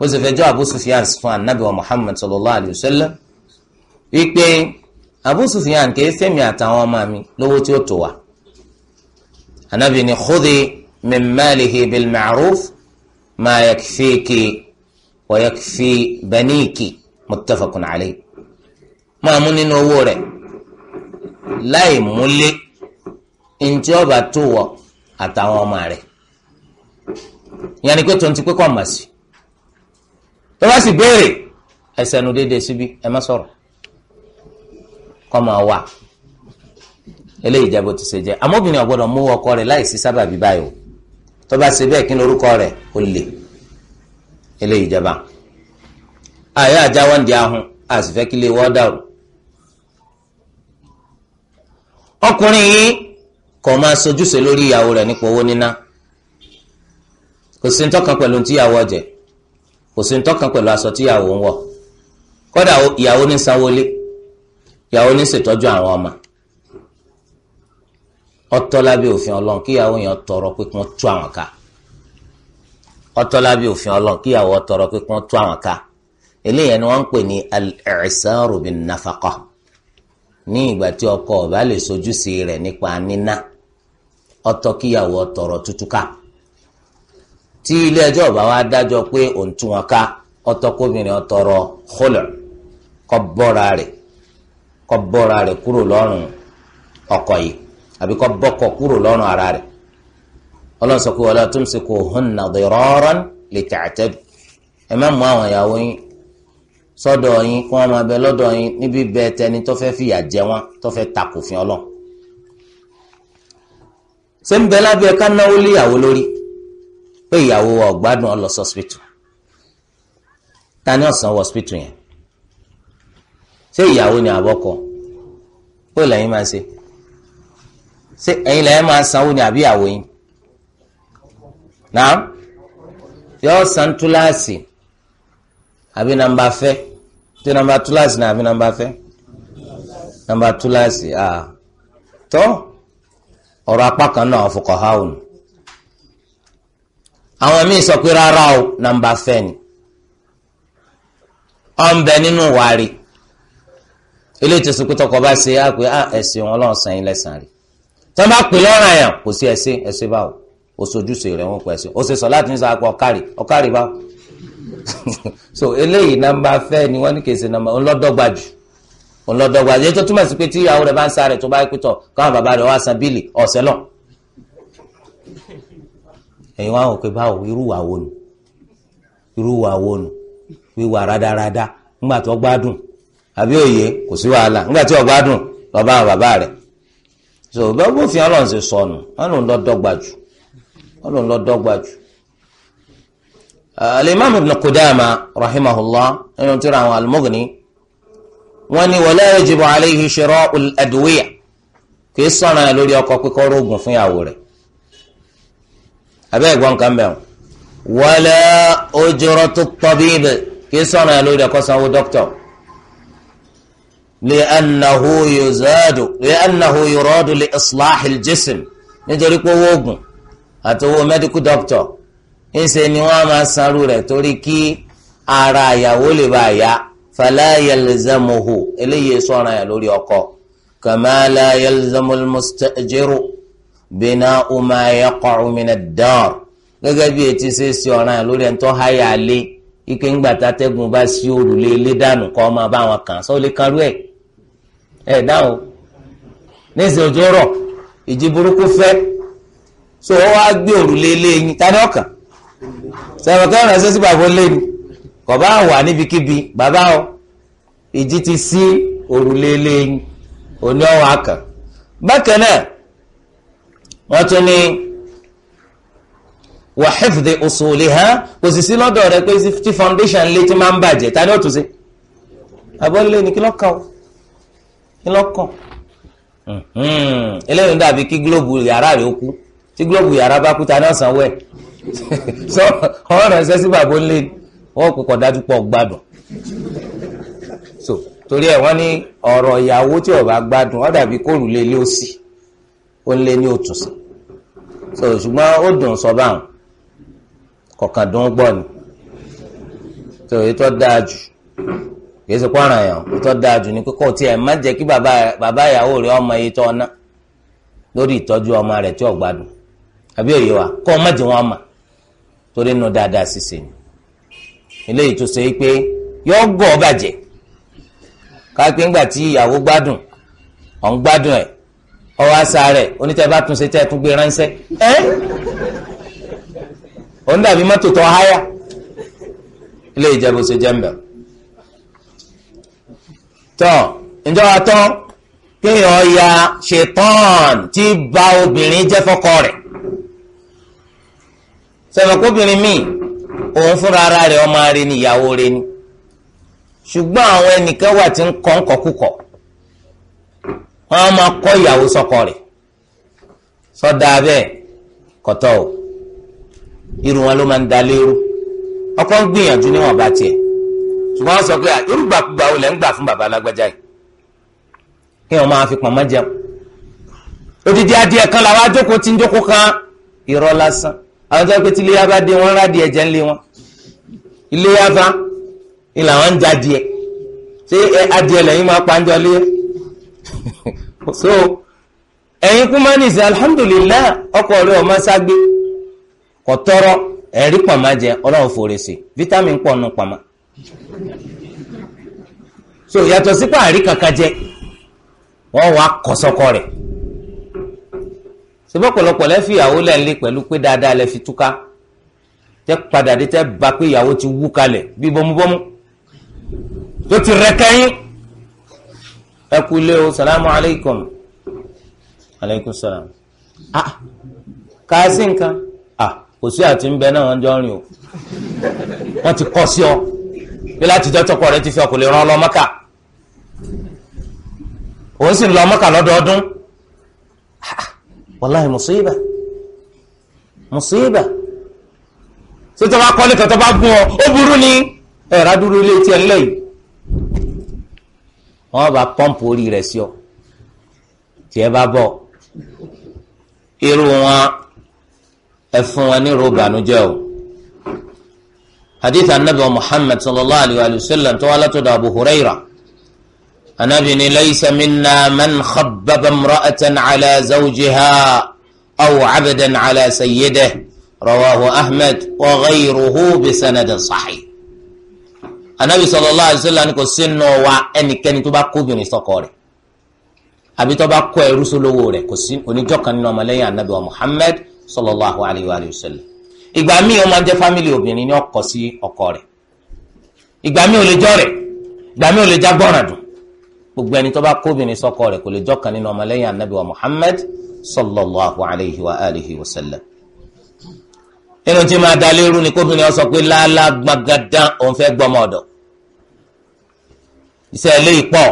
ó sì fẹjọ́ Abu Sufyan fún anabi wa Muhammad sallallahu alayhi wa sallam wípé Abu Sufyan kìí fẹ́mi àtàwọn ọmọ mi lówó tí ó tó wa anabi ni khudhi min malihi bil ma'ruf ma yakfiki wa yakfi baniki muttafaqun alayhi máa mú nínú owó rẹ̀ láì múlé ntí ọba tó wọ àtàwọn ọmọ rẹ̀ ìyẹn ni pé tó ń ti pé kọ́ mà sí tó bá sì béèrè ẹsẹ̀ nu déédéé síbi ẹ má sọ̀rọ̀ kọ́ máa wà eléyìí jẹ́ bó ti ṣe jẹ́ àmọ́bìnrin ọ̀gbọ́dọ̀ mú ọkọ rẹ̀ láì sí sábàbí báyìí tó bá ṣe bẹ́ẹ̀ kí ni orúkọ rẹ̀ ó lè eléyìí jẹba àyà àjáwọ́ ahun a sì fẹ́ kí lè wọ́ dàrú ọkùnrin yìí kó máa sojúṣe lórí ìyàwó rẹ̀ nípa owó níná kò sí ntọ́kan pẹ̀lú tíyàwó ọ̀jẹ̀ kò sí ntọ́kan pẹ̀lú aṣọ tíyàwó ń wọ̀ kódà ìyàwó ní sanwó lé ìyàwó ní ṣètọ́jú àwọn ọmọ ọ̀tọ̀ lábẹ́ òfin Ọlọ́run kíyàwó yẹn tọrọ pé kí wọ́n tú àwọn ká ọ̀tọ̀ lábẹ́ òfin Ọlọ́run kíyàwó tọrọ pé kí wọ́n tú àwọn ká eléyẹn ni wọ́n ń pè ní al-i'saru bin nafaqa ní ìgbà tí ọkọ ọba lè sojúṣe rẹ̀ nípa níná ọ̀tọ̀ kíyàwó ọtọrọ tútù ká tí ilé ẹjọ́ ọba wa dájọ́ pé òun tún wọn ká ọ̀tọ̀ kóbìnrin ọtọrọ kólọ kọ bọ́ra rẹ̀ kọ bọ́ra rẹ̀ kúrò lọ́rùn ọkọ yìí àbí kọ bọkọ kúrò lọ́rùn ara rẹ̀ Ọlọ́run sọ pé wala tumsikuhunna diraran lita'tadu ẹ má mú àwọn ìyàwó yín sọ́dọ̀ yín kí wọ́n máa bẹ lọ́dọ̀ yín níbi bẹ́ẹ̀ tẹni tó fẹ́ fìyà jẹ wọ́n tó fẹ́ takòfin Ọlọ́run ṣé ń bẹ lábẹ́ ká náwó lé ìyàwó lórí pé ìyàwó wa ọ̀gbádùn ọ lọ sọ́spítù ta ni ọ̀sán wọ́spítù yẹn ṣé ìyàwó ni àbọ́kọ pé lẹ́yìn máa ṣe ṣé ẹ̀yin lẹ́yìn máa sanwó ni àbí ìyàwó yín náà yọ san túláàsì àbí nàmbà fẹ́ tí nàmbà túláàsì náà àbí nàmbà fẹ́ nàmbà túláàsì àà tọ́ ọ̀rọ̀ apá kan náà fuqaha òun àwọn míì sọ pé rárá o nàmbà fẹ́ ni ọ ń bẹ nínú wàrí ilé ìtòsí pé tọkọ bá ṣe á pé ah, ẹ̀sìn wọn lọ́wọ́ sàn yín lẹ́sàn rí tọ́ bá pè lọ́rọ̀ àyàn kò sí ẹ̀sìn ẹ̀sìn báwo ó sojúṣe rẹ̀ wọ́n pẹ̀ sí ó ṣe sọ láti ní sàpọ̀ ọ̀kárì ọ̀kárì báwo <laughs> so eléyìí nàmbà fẹ́ ni wọ́n ní kèsì nàmbà ńlọ́dọ́gba ọlọ́dọ̀gba àti ètò túmọ̀ sí pé tí ìyàwó bá ń sáré tó bá yẹ pẹ́tọ̀ káwọn bàbá rẹ̀ wá san bíìlì ọ̀sẹ̀ lọ. ẹ̀yin wá wò pé báwo irú wà wò nù irú wà wò nù wíwà ńgbà tó gbádùn so bẹ́ẹ̀ bó fi ọlọ́run ṣe sọnù ọlọ́run jù ọlọ́run jù. ibn rahimahullah wọ́n ní wala yajibu alayhi shira'ul adwiya kì í sọ̀rọ̀ yẹn lórí ọkọ kíkọ́ rògùn fún ìyàwó rẹ̀ abẹ́ ẹ̀gbọ́n nǹkan bẹ̀rù wala ujratu tabib kì í sọ̀rọ̀ lórí ọkọ sanwó dókítà li'annahu yuzadu li'annahu yuradu li islahil nítorí pé owó oògùn àti owó medical doctor ńṣe ni wọ́n máa sanrú rẹ̀ torí kí ara ìyàwó lè bá a yá fala yalzamuhu eléyìí sọ̀ràn yà lórí ọkọ kama la yalzamul mustajiru bina'u ma yaqa'u minad dar gẹ́gẹ́ bí etí ṣe ṣe ọ̀ràn yà lórí ẹ̀ńtọ́ háyà lé ike ń gbàtà tẹ́gùn bá sí òrùlé ilé dànù kọ́ ọmọ bá wọn kàn sọ́ọ́ lè karú ẹ̀ ẹ̀ dáhùn níṣẹ́ òjò rọ̀ ìjì burúkú fẹ́ so wọ́n wá gbé òrùlé ilé yín tani ọkàn sẹ̀rọ̀ kẹ́rin ẹ̀ṣẹ́ sí kò bá wà níbikíbi bàbá ọ ìjì ti sí òrùlé lẹ́yìn òní ọ̀hún akàn bákan náà wọ́n tún ní wà hifdhi usuliha kò sì sí lọ́dọ̀ rẹ pé tí foundation lé tí máa ń bàjẹ́ ta ni ó tún sí abọ́lé ni kí lọ́kàn kí lọ́kàn eléyìí dàbí kí gílóòbù yàrá rẹ̀ ó kú tí gílóòbù yàrá bá kú ta ni ó <laughs> ọ̀rọ̀ ẹ̀sẹ̀ sí bàbá ó lé wọ́n kọ́kọ́ dájú pọ̀ gbádùn so torí ẹ̀ wọ́n ní ọ̀rọ̀ ìyàwó tí ọba gbádùn ó dàbí ko lé lé òsì ó lé ní otu si so ṣùgbọ́n ó dùn sọ báwọn kọ̀ọ̀kan dùn gbọ́ ni so èyí tó dáa jù kìí ṣe pọ́nrán yàn èyí tó dáa jù ni kókó tí ẹ̀ má jẹ́ kí bàbá ìyàwó rẹ̀ ọmọ èyí tó ọ̀nà lórí ìtọ́jú ọmọ rẹ̀ tí ó àbí òye wa kọ́ eléyìí tó ṣe pé yọ gọ̀ ọ́ bàjẹ́ káàpé ńgbà tí ìyàwó gbádùn ọ̀n gbádùn ẹ̀ ọwọ́ àṣà rẹ̀ onítẹ̀ bá tún ṣe tẹ́ tún gbé ránṣẹ́ ẹ́ òun dàbí mọ́tò tó háyà eléyìí jẹ́ bó ṣe jẹ́ ń bẹ̀. tọ́ ìjọba tán kéèyàn ya ṣetán tí ba obìnrin jẹ́ fọ́kọ rẹ̀ sẹ̀fọ̀kọ́bìnrin míì. òun fúnra ara rẹ̀ ọmọ rẹ̀ ni ìyàwó rẹ̀ ni ṣùgbọ́n àwọn ẹnìkan wà tí ń kọ́ ńkọ̀kúkọ̀ wọ́n máa kọ́ ìyàwó sọ́kọ rẹ̀ sọ́dà bẹ́ẹ̀ kọ̀tọ́ o irú wọn ló máa ń da ọkọ ń gbìyànjú níwọ̀n bá tiẹ̀ ṣùgbọ́n wọ́n sọ pé irúgbàkúgbà wo ngba ń gbà fún bàbá alágbájá yìí fi pọ̀nmọ́ jẹun odidi adìẹ kan làwọn ajókòó àwọn tó ń pè tí iléyà bá dé wọ́n rà díẹ̀ jẹ́ ńlé wọn iléyà fa ni làwọn ń ja díẹ̀ pa ń <laughs> so ẹ̀yin kú máa nìsín alhamdulillah ọkọ̀ rẹ̀ ọmọ ságbé kò tọrọ ẹ̀rí pàmà vitamin pọ̀ nù so yàtọ̀ sípò àrí kankan jẹ wọ́n wá kọ̀sọ́kọ ṣùgbọ́n ọ̀pọ̀lọpọ̀ lẹ́fì ìyàwó lẹ́ńlé pẹ̀lú pé dáadáa lẹ́fi túká tẹ́ padà dé tẹ́ bá pé ìyàwó ti wú kalẹ̀ bí bọ́múbọ́mú tó ti rẹ kẹ́yìn ẹ kú o salamu alaikum alaikum salam ah kàásì nǹkan ah kò sí àti ń bẹ náà wọ́n jọ ń rìn o wọ́n ti kọ́ sí ọ bí láti jẹ́ tọkọ rẹ ti fi ọkọ̀ lè rán ọ lọ mọ́kà òun sì ń lọ mọ́kà wàláhì mùsíbà mùsíbà tó tó bá kọ́ nìkan tó bá gún ọ ó burú ni ẹ̀rá dúró ilé tí ẹ ń lẹ́yìn wọ́n bá pọ́ǹpù orí rẹ̀ sí ọ tí ẹ bá bọ̀ irú wọn ẹ wọn ní rògbànújẹ́ o hadith anabi muhammad sallallahu alayhi wa sallam tó wá látọ̀dọ̀ abu hurairah anabi ni laisa minna man khababa imra'atan ala zawjiha aw abdan ala sayyidihi rawahu ahmed wa ghayruhu bisanadin sahih anabi sallallahu alaihi wasallam ni kò sínú wa ẹnikẹ́ni tó bá kóbìnrin sọ́kọ rẹ̀ àbí tó bá kọ ẹrú sólówó rẹ̀ kò sí oníjọ́ kan nínú ọmọlẹ́yìn anabi wa muhammad sallallahu alaihi wa sallam ìgbà míì ó máa jẹ́ fámìlì obìnrin ni ó kọ sí ọkọ rẹ̀ ìgbà míì ò lè jọ rẹ̀ ìgbà míì ò gbogbo ẹni tó bá kóbìnrin sọ́kọ rẹ̀ kò lè jọ́kan nínú ọmọlẹ́yìn anabi wa muhammad sallallahu alayhi wa alihi wa sallam nínú tí máa da lérú ni kóbìnrin ọ sọ pé lálá gbàgádá òun fẹ́ gbọ́mọ ọ̀dọ̀ iṣẹ́ ilé ìpọ̀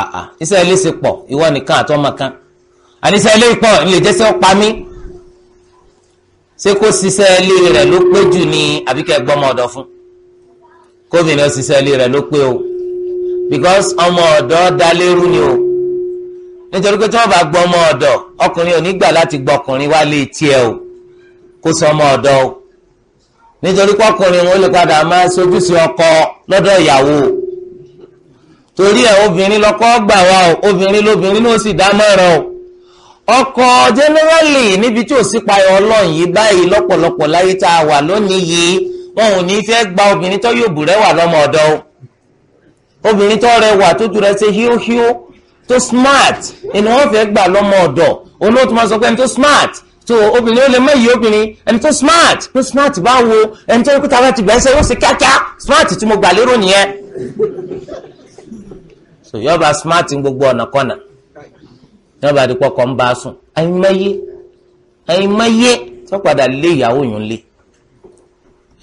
àà iṣẹ́ ilé ṣe pọ̀ ìwọ nìkan àtọ́mọ kan àníṣẹ́ ilé ìpọ̀ ilé jẹ́sẹ́ ọ̀pá mi ṣé kó ṣiṣẹ́ ilé rẹ̀ ló pé jù ní àbíkẹ́ gbọ́mọ ọ̀dọ̀ fún kóbìnrin ọ ṣiṣẹ́ ilé rẹ̀ ló pé o because ọmọ ọ̀dọ́ da lérú ni o nítorí pé tí wọ́n bá gbọ́ ọmọ ọ̀dọ́ ọkùnrin ò ní gbà láti gbọ́ ọkùnrin wá lé tiẹ̀ o kó sọ ọmọ ọ̀dọ́ o nítorí pé ọkùnrin wọn lè padà máa sojú sí ọkọ lọ́dọ̀ ìyàwó torí ẹ̀ obìnrin lọ́kọ gbà wá o obìnrin lóbìnrin ló sì dá mọ́ra o ọkọ jẹ́nẹ́rálì níbi tí ò sí payọ ọlọ́run yìí báyìí lọ́pọ̀lọpọ̀ láyé tá a wà lónìí yìí wọn ò ní fẹ́ gba obìnrin tó yóò bù rẹwà lọ́mọ ọ̀dọ́ o obìnrin tó rẹwà tójú rẹ̀ ṣe híóhíó tó smart ẹni wọ́n fẹ́ gbà lọ́mọ ọ̀dọ̀ olóòtú máa sọ pé ẹni tó smart tó obìnrin ó lè mọ iye obìnrin ẹni tó smart tó smart bá wo ẹni tó kúta bá ti gbẹ́sẹ̀ ó sì kíákíá smart tí mo gbà lérò nìyẹn so yọba smart ń gbogbo ọ̀nà kọ́nà yọba àdìpọ̀ kan bá a sùn àyìnmáyé àyìnmáyé tó padà lé ìyàwó yòó lé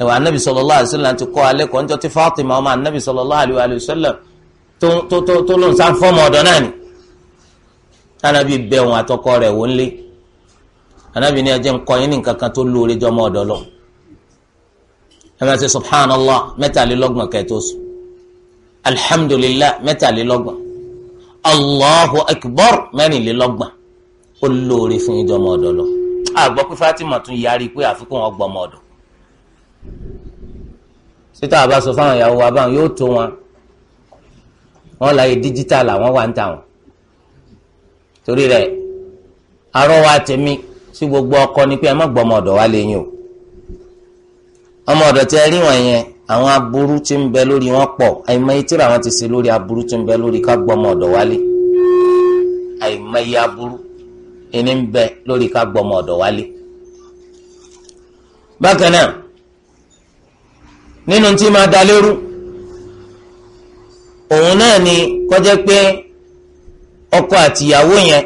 ẹ̀wọ̀n anabi sallallahu alaihi wasallam ti kọ́ alẹ́ kọ́ńtọ́ ti Fatima ọmọ anabi sallallahu alaihi wasallam tó ló ń sá fọ́mọ ọ̀dọ́ náà ni anabi bẹ òun àtọkọ rẹ̀ wọ́n lé anabi ní ẹjẹ́ ńkọ́ yín ní nǹkan kan tó lóore jọmọ ọ̀dọ́ lọ ẹ máa ṣe subhanallah mẹ́tàlélọ́gbọ̀n kẹ́ẹ̀tọ́ sùn alhamdulillah mẹ́tàlélọ́gbọ̀n allahu akbar mẹ́rìnlélọ́gbọ̀n ó lóore fún ìjọmọ ọ̀dọ́ lọ àgbọ̀ pé Fatima tún yarí pé àfikún ọgbọ̀n ọmọ títà àbá sọ fáwọn ìyàwó wa báwọn yóò tó wọn wọn láyé díjítàl àwọn wà ń tà wọn torí rẹ̀ arọwà tèmi sí gbogbo ọkọ ni pé ẹ má gbọ́ ọmọ ọ̀dọ̀ wa lẹ́yìn o ọmọ ọ̀dọ̀ tẹ rí wọn yẹn àwọn aburú tí ń bẹ lórí wọn pọ̀ àìmọye tíra wọn ti ṣe lórí aburú tí ń bẹ lórí ká gbọ́mọ ọ̀dọ̀ wálé àìmọye aburú ẹni ń bẹ lórí ká gbọ́mọ ọ̀dọ̀ wálé bákan náà nínú tí máa da lérú òun náà ni kọjá pé ọkọ àtìyàwó yẹn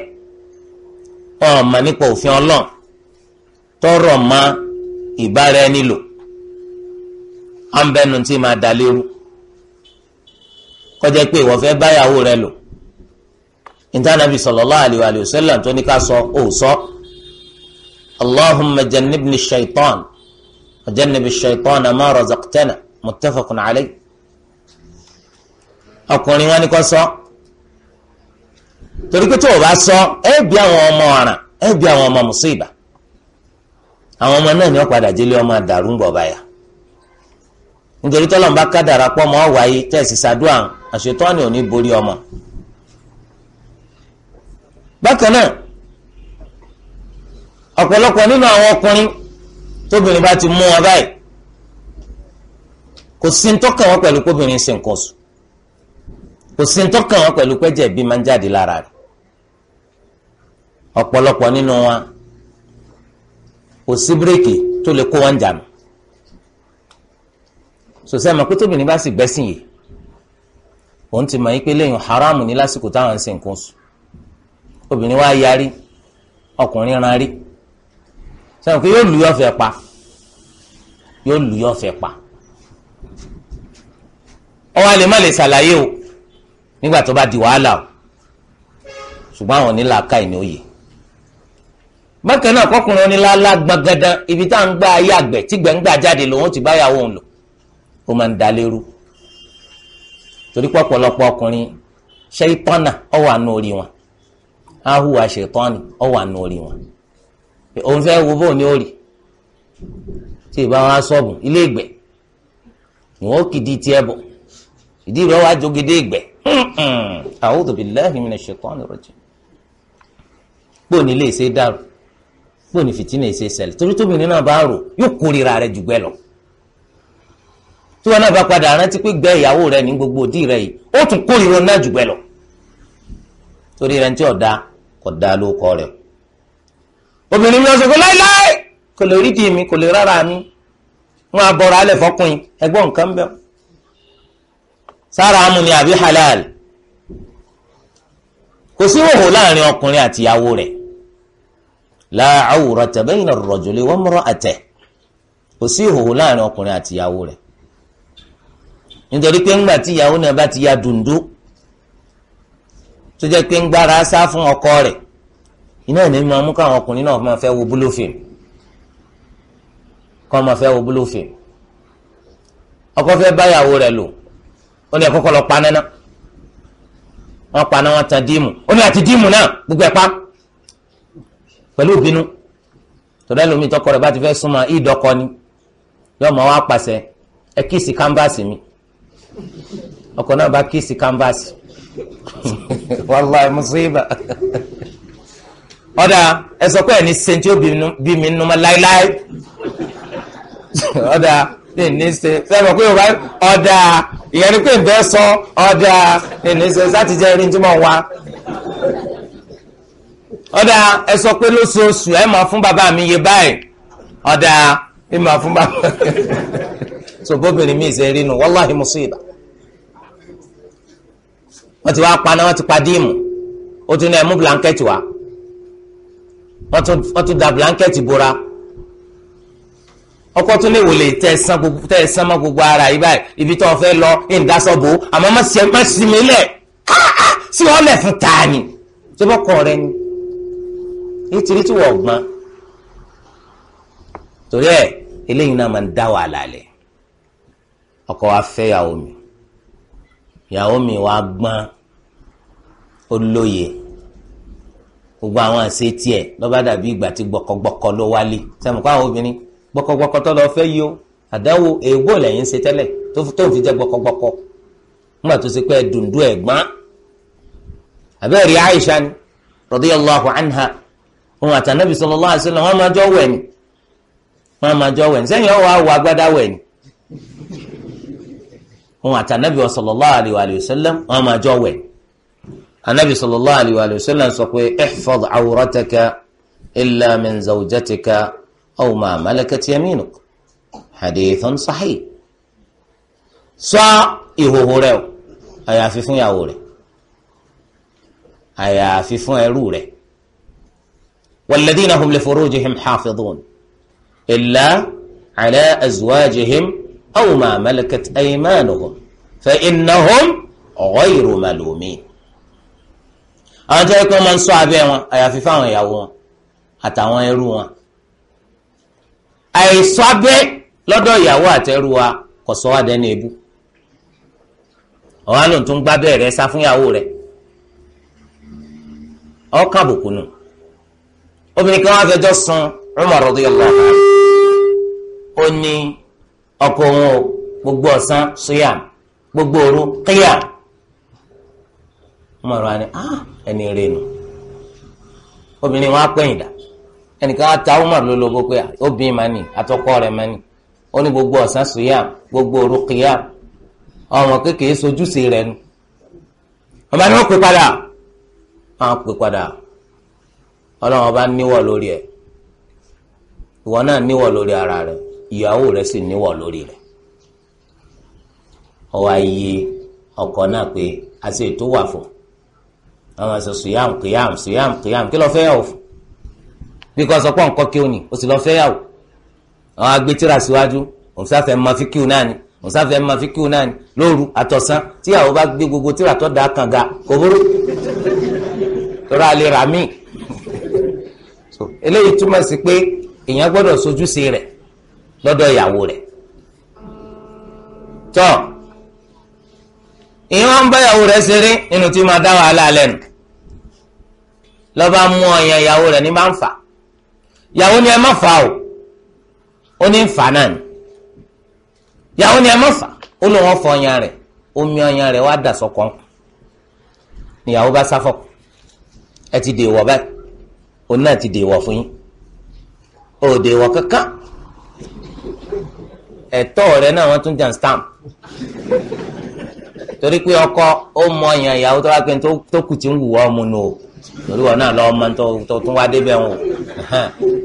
ọmọ nípa òfin Ọlọ́run tọrọ ma ìbára ẹni lò á ń bẹnu tí máa da lérú kọjá pé ìwọ fẹ́ báyàwó rẹ lò intaanabi sallallahu alayhi wa sallam ní ká sọ òòsọ allahumma jannibni shaitan. وجنب الشيطان ما رزقتنا متفق عليه ọkùnrin wọn ni kò sọ torí pé tó o bá sọ ẹ bí àwọn ọmọ ọ̀ràn ẹ bí àwọn ọmọ mùsíbà àwọn ọmọ náà ni wọn padà délé ọmọ àdàrú ń bọ̀ báyà nítorí tọ́lọ̀ ń bá kádàrá pọ̀ mọ́ wáyé tẹ̀sí sàdúrà àṣetọ́ni ò ní borí ọmọ bákan náà ọ̀pọ̀lọpọ̀ nínú àwọn ọkùnrin tóbìnrin bá ti mú wọn báyìí kò sí ń tọ́kàn wọn pẹ̀lú kóbìnrin sì ń kọ́ sùn kò sí ń tọ́kàn wọn pẹ̀lú pẹ́jẹ̀ bí máa ń jáde lára rẹ̀ ọ̀pọ̀lọpọ̀ nínú wọn kò sí bíréèkì tó lè kó wọn jàmù sòsẹ́ mọ̀ pé tóbìnrin bá sì gbẹ́sìn yìí òun ti mọ̀ yí pé lẹ́yìn haramu ní lásìkò táwọn ń ṣe nǹkan sùn obìnrin wá yarí ọkùnrin ran rí. sẹ́wọ̀n pé yóò fẹ́ pa yóò lù yọ̀ fẹ́ pa ọwọ́ alẹ́ má lè ṣàlàyé o nígbà tó bá di wàhálà o ṣùgbọ́n àwọn onílà ká ìní òye bákan náà kọkùnrin onílàlá gbangadan ibi tá à ń gbá ayé àgbẹ̀ tí gbẹ̀ngbà jáde lòun ti báyàwó òun lò ó máa ń da lérú torí pọ̀pọ̀lọpọ̀ ọkùnrin orí wọn áhùwà orí wọn. òun fẹ́ wo bóun ní òrì tí ìbá wọn sọ́ọ̀bù ilé ìgbẹ́ ìwọ́n kìdí ti ẹ̀ bọ̀ ìdí rẹ̀ wá jogede ìgbẹ́ <clears throat> a'udhu billahi minash shaitanir rajim pò ní ilé ìṣe dàrú pò ní fìtínà ìṣe ṣẹlẹ̀ torí tóbi nínú àbá rò yóò kórira rẹ̀ jù gbẹ lọ tí wọn náà bá padà rántí pé gbẹ ìyàwó rẹ̀ ní gbogbo òdì rẹ̀ yìí ó tún kórira náà jù gbẹ lọ torí rẹ̀ ń tí ọ̀dà kọ̀dà obìnrin mi ọ̀sẹ̀ kò láíláí kò lè rí di mi kò lè rárá mi wọn abọ̀rọ̀ alẹ̀ fọkùnrin ẹgbọ́n nǹkan bẹ́ẹ̀ sára amú ni àbí halal kò sí òhò láàrin ọkùnrin àti ìyàwó rẹ̀ la awrata bayna ar-rajuli wa imra'atihi kò sí òhò láàrin ọkùnrin àti ìyàwó rẹ̀ nítorí pé ńgbà tí ìyàwó náà bá ti ya dùndú tó jẹ́ pé ń gbára sá fún ọkọ rẹ̀ iná ẹ̀ ní máa mú káwọn ọkùnrin náà máa fẹ́ wo búlú fíìmù kọ́ máa fẹ́ wo búlú fíìmù ọkọ fẹ́ báyàwó rẹ̀ lò ó ní ẹ̀ kọ́kọ́ lọ pa náná wọ́n pa náà wọ́n tan díìmù ó ní àti díìmù náà gbogbo ẹ̀ pa pẹ̀lú ìbínú tọ́lá ẹlòmíì tọkọ rẹ̀ bá ti fẹ́ súnmọ́ ìdọ́kọ ni yóò máa wá pàṣẹ ẹ kíìsì kánvaasì mi ọkọ náà bá kíìsì kánvaasì wàláì mùsíbà. ọ̀dà ẹ ẹni ó bí mi nínú mọ́ láíláí ọ̀dà ní ní ṣe sẹ́wọ̀n pé òbá ọ̀dà ìyẹn ni pé ń sọ ọ̀dà ní ní ṣe jẹ́ irin tí wá. ọ̀dà pé lóṣooṣù máa fún bàbá mi yé báyìí ọ̀dà máa fún bàbá mi. so bóbìnrin mi wọ́n ti wá paná wọ́n ti pa díìmù blanketi wá. wọ́n tún da blanketi bora ọkọ tún lè wòlé tẹ ẹ sán mọ gbogbo ara yìí báyìí ibi tó fẹ́ lọ ìdásọ̀bò àmọ́ má sì má sì mí lẹ̀ sí wọ́n lẹ̀ fún tani tó bọ́ kọ́ rẹ ni nítorí tí wọ́n gbọ́n torí ẹ̀ eléyìí náà máa ń dá wàhálà lẹ̀ ọkọ wa fẹ́ yàwó mi yàwó mi wàá gbọ́n ó lóye gbogbo àwọn àṣẹ tiẹ̀ lọ́ba dàbí ìgbà tí gbọkọgbọkọ ló wálé sẹ́mu kó àwọn obìnrin gbọkọgbọkọ tó lọ fẹ́ yí o àdáwò èèwọ̀ lẹ́yìn ṣe tẹ́lẹ̀ tó ń fi jẹ́ gbọkọgbọkọ nígbà tó ṣe pé dùndú ẹ̀gbọ́n àbẹ́rẹ́ Aisha ni radiyallahu anha òun òun àtànábì sallallahu anabi sallallahu alayhi wa sallam sọ pé ihfad awrataka illa min zawjatika aw ma malakat yaminuk hadithun sahih ṣọ́ ìhòhò rẹ o àyàfi fún ìyàwó rẹ àyàfi fún ẹrú rẹ walladhina hum li furujihim hafidhun illa ala azwajihim aw ma malakat aymanuhum fa innahum ghayru malumin. àwọn tó yẹ o máa ń won abẹ́ wọn àyàfi fáwọn ìyàwó wọn àtàwọn ẹrú wọn àìṣọ́ abẹ́ lọ́dọ̀ ìyàwó àtẹrú wa kò sọ wá dẹni ebú ọ̀hán ló ń gbábẹ́ rẹ sá fún ìyàwó rẹ ọkàn àbùkù nù obìnrin kan wá fẹjọ́ ọkọ òun o gbogbo ọ̀sán gbogbo òru ah. ẹni rinu obìnrin wọn á pẹ́yìn dà ẹnìkan á ta umar lólobó pé obìnrin máa ní atọkọ rẹ̀ máa O ó ní gbogbo ọ̀sán suyam gbogbo ya, ọmọ kékeré sojúṣe rẹ nu ọba ni wọ́n pè padà wọ́n pè padà ọlọ́run ọba níwọ̀ lórí ẹ ìwọ náà níwọ̀ lórí ara rẹ ìyàwó sì ọkọ náà pé wà fún àwọn àṣọ sùyàm kìyàm sùyàm kìyàm kí lọ fẹ́ yàwó fún bí kò sọ pé nǹkan kí o ní o sì lọ fẹ́ yàwó àwọn agbétíra síwájú òun sáfẹ́ mọ fíkì náà ni òun sáfẹ́ mọ fíkì náà ni lóru àtọ̀sán tíyàwó bá gbé gbogbo tíra tó dáa kàn ga kò burú tọ́ra lè rà míì eléyìí túmọ̀ sí pé èèyàn gbọ́dọ̀ sojúṣe rẹ̀ lọ́dọ̀ ìyàwó rẹ̀ tán. èyí wọn ń bá ìyàwó rẹ̀ ṣeré nínú tí máa dá wàhálà lẹ́nu lọ́ba mú ọyàn ìyàwó rẹ̀ ní máa ń fà ìyàwó ni ẹ má fà o ó ní ń fà náà ni ọ ni ẹ má fà ó lóun ọ̀fọ̀ ọyàn rẹ̀ omi ọyàn rẹ̀ wá dà sọ́kàn ìyàwó bá sáfọ̀ ẹ ti dèwọ̀ báyìí òun náà ti dèwọ̀ fún yín dèwọ̀ kankan ẹ̀tọ́ rẹ̀ náà wọ́n tún jà ń stamp. torí pé ọkọ ó mọ èèyàn ìyàwó tó wá pé tó kù tí ń wù ọ́ mu nù o torí wọn náà lọ́ọ́ mọ tó tún wá débẹ̀ wọn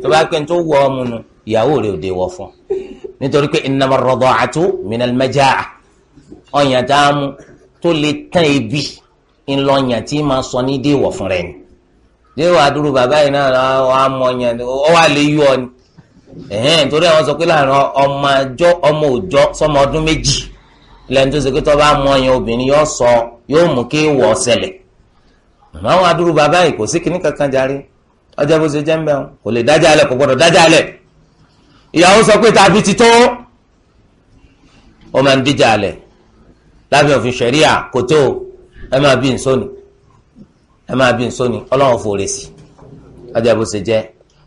tó bá pé tó wù ọ́ mu nù ìyàwó rẹ̀ ò dé wọ fún nítorí pé innama ar-rada'atu min al-majaa' tá a mú tó lè tán ebi ńlọyàn tí máa sọ ní déwọ̀ fún rẹ̀ ni déwọ̀ àdúrú bàbá yìí náà wà mọ ọ̀yàn ó wà lè yú ọ ni torí àwọn sọ pé láàrin ọmọ òjọ́ sọmọ ọdún méjì lẹ́nu tó ṣe pé tó bá mú ọyàn obìnrin yóò sọ yóò mú kí wọ̀ ọ́ ṣẹlẹ̀ màmá wọn adúrú bàbá yìí kò sí kinní kankan járe ọjọ́ bó ṣe jẹ́ ń bẹ̀rù kò lè dájà alẹ̀ kò gbọ́dọ̀ dájà alẹ̀ ìyàwó sọ pé tàbí ti tó ó máa ń díjà alẹ̀ lábẹ́ òfin ṣẹ̀ríà kò tó ẹ máa bí nsọ́ni ẹ máa bí nsọ́ni ọlọ́run fòrè sí ọjọ́ bó ṣe jẹ́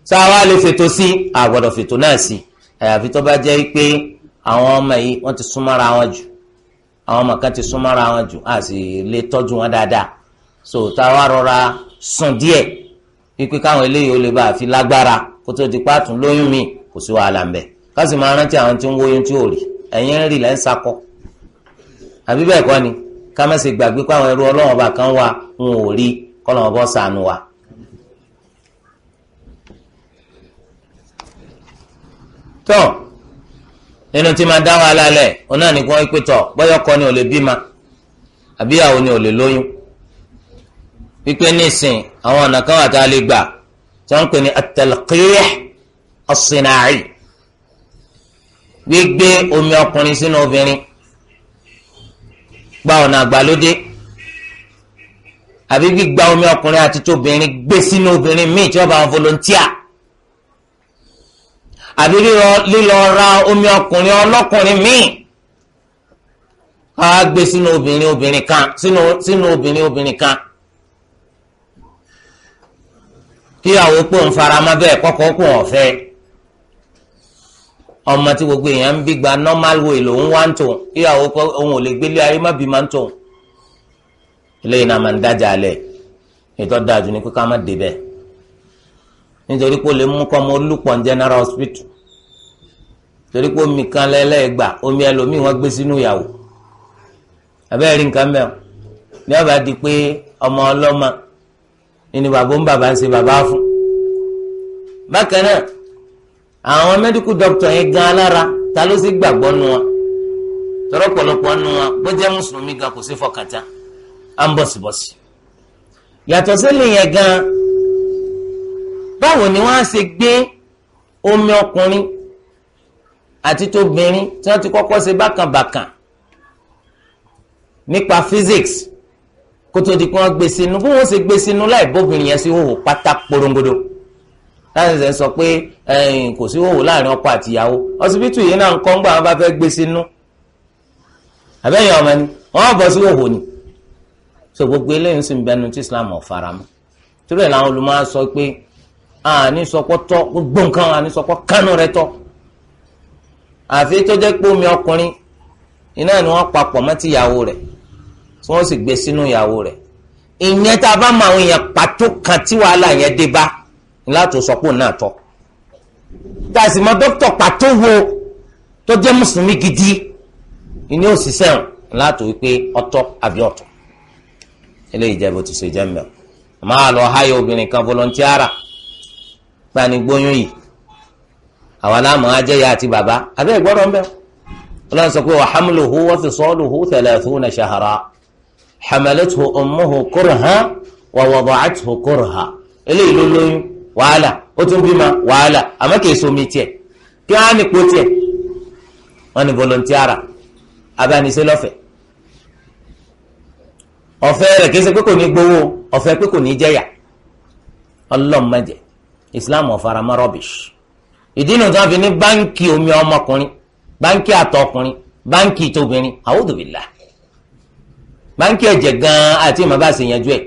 sọ àwa lè fètò sí àgbọ̀dọ̀ fètò náà sí àyàfi tó bá jẹ́ pé àwọn ọmọ yìí wọ́n ti súnmọ́ra wọn jù àwọn ọmọ kan ti súnmọ́ra wọn jù á sì lè tọ́jú wọn dáadáa so táwa rọra sùn díẹ̀ pípé káwọn eléyìí ó lè bá a fi lágbára kó tó di pàtún lóyún mi kò sí wàhálà ń bẹ ká sì máa rántí àwọn tí ń wóyún tí ò rí ẹ̀yìn rí lẹ́ ń sakọ àbí bẹ́ẹ̀ kọ́ ni ká má gbàgbé pé ẹrú ọlọ́wọ́n bá kan wà ń ò rí kọ́lọ́wọ́n bọ́ sànù wa. tọ́ nínú tí máa dá wàhálà lẹ̀ òun náà nìkan wípé tọ̀ bọ́yọ̀ kọ́ ni ò lè bímọ àbíyàwó ni ò lè lóyún wípé nísìn àwọn ọ̀nà kan wà tá a lè gbà tí wọ́n ń pè ní at-talqih as-sina'i gbígbé omi ọkùnrin sínú obìnrin gba ọ̀nà àgbàlódé àbí gbígba omi ọkùnrin àti tóbìnrin gbé sínú obìnrin míì tí wọ́n bá wọn volontia àbí lílọ ra omi ọkùnrin ọlọ́kùnrin míì ká gbé sínú obìnrin obìnrin kan sínú obìnrin obìnrin kan ń bẹ́ẹ̀ kọ́kọ́ pò ọ̀fẹ́ ọmọ tí gbogbo èèyàn ń bí gba normal way lòun wá ń tò ò lè gbélé ayé má bí má ń tò ń dájà alẹ́ nítorí pé o lè mú kọ́ ọmọ olùpọ̀ ní general hospital torí pé omi kan lẹ́lẹ́gbà omi ẹlòmíì wọ́n gbé sínú ìyàwó abẹ́rẹ́ rí nǹkan mẹ́rin ní ọba di pé ọmọ ọlọ́mọ ni bàbá ń bàbá ń ṣe bàbá fún bákan náà àwọn medical doctor yẹn gan alára ta ló sì gbàgbọ́ nu wọn tọrọ pọ̀lọpọ̀ nu wọn bó jẹ́ mùsùlùmí gan kò sí fọkàntán à ń bọ̀sibọ̀si yàtọ̀ sílẹ̀ yẹn gan báwo ni wọ́n á ṣe gbé omi ọkùnrin àti tóbìnrin tí wọ́n ti kọ́kọ́ ṣe bákànbàkàn nípa physics kó tó di pé wọ́n gbé sínú bó wọ́n ṣe gbé sínú láì bóbìnrin yẹn sí hòhò pátá porongodo láti ṣe sọ pé kò sí hòhò láàrin ọkọ àtìyàwó ọsibítù yìí náà ń kọ́ ńgbà wọn bá fẹ́ gbé sínú àbẹ́yẹn ọmọ ni wọ́n bọ̀ sí hòhò ni so gbogbo eléyìí sì ń bẹnu tí Islam ò faramọ́ torí ẹ̀ làwọn olùmọ̀ sọ pé àní sọpọ́ tọ́ gbogbo nǹkan àní sọpọ́ kánú rẹ tọ́ àfi tó jẹ́ pé omi ọkùnrin iná ni wọ́n papọ̀ mọ́ ti ìyàwó rẹ̀ tí wọ́n sì gbé sínú ìyàwó rẹ̀ ìyẹn tá a bá mọ àwọn èèyàn pàtó kan tí wàhálà yẹn dé bá láti sọpọ́ náà tọ́ tá a sì mọ dókítà pàtó wo tó jẹ́ mùsùlùmí gidi ìní òṣìṣẹ́ hàn láti wípé ọtọ́ àbí ọ̀tọ̀ eléyìí jẹ́ bó ti ṣe jẹ́ mẹ́ọ̀ máa lọ háyà obìnrin kan volontiara gbani gbóyún yìí àwa láàmú ajẹ́yà àti bàbá abẹ́ ìgbọ́dọ̀ ń bẹ́ ọlọ́run sọ pé wa hamluhu wa fisaluhu thalathuna shahra hamalathu ummuhu kurha wa wada'athu kurha eléyìí ló lóyún wàhálà ó tún bímọ wàhálà àmọ́ kìí somi tiẹ̀ kí wọ́n á nípo tiẹ̀ wọ́n ní volontiara abánisẹ́ lọ́fẹ̀ẹ́ ọ̀fẹ́ rẹ̀ kìí ṣe pé kò ní gbowó ọ̀fẹ́ pé kò ní jẹ́yà ọlọ́mọdé islam ọ̀farama rubbish ìdí nu tí wọ́n fi ní báńkì omi ọmọkùnrin báńkì àtọkùnrin báńkì tóbìnrin àwòdòbìlà báńkì ẹ̀jẹ̀ gan-an àti ìmọ̀ bá ṣe yanjú ẹ̀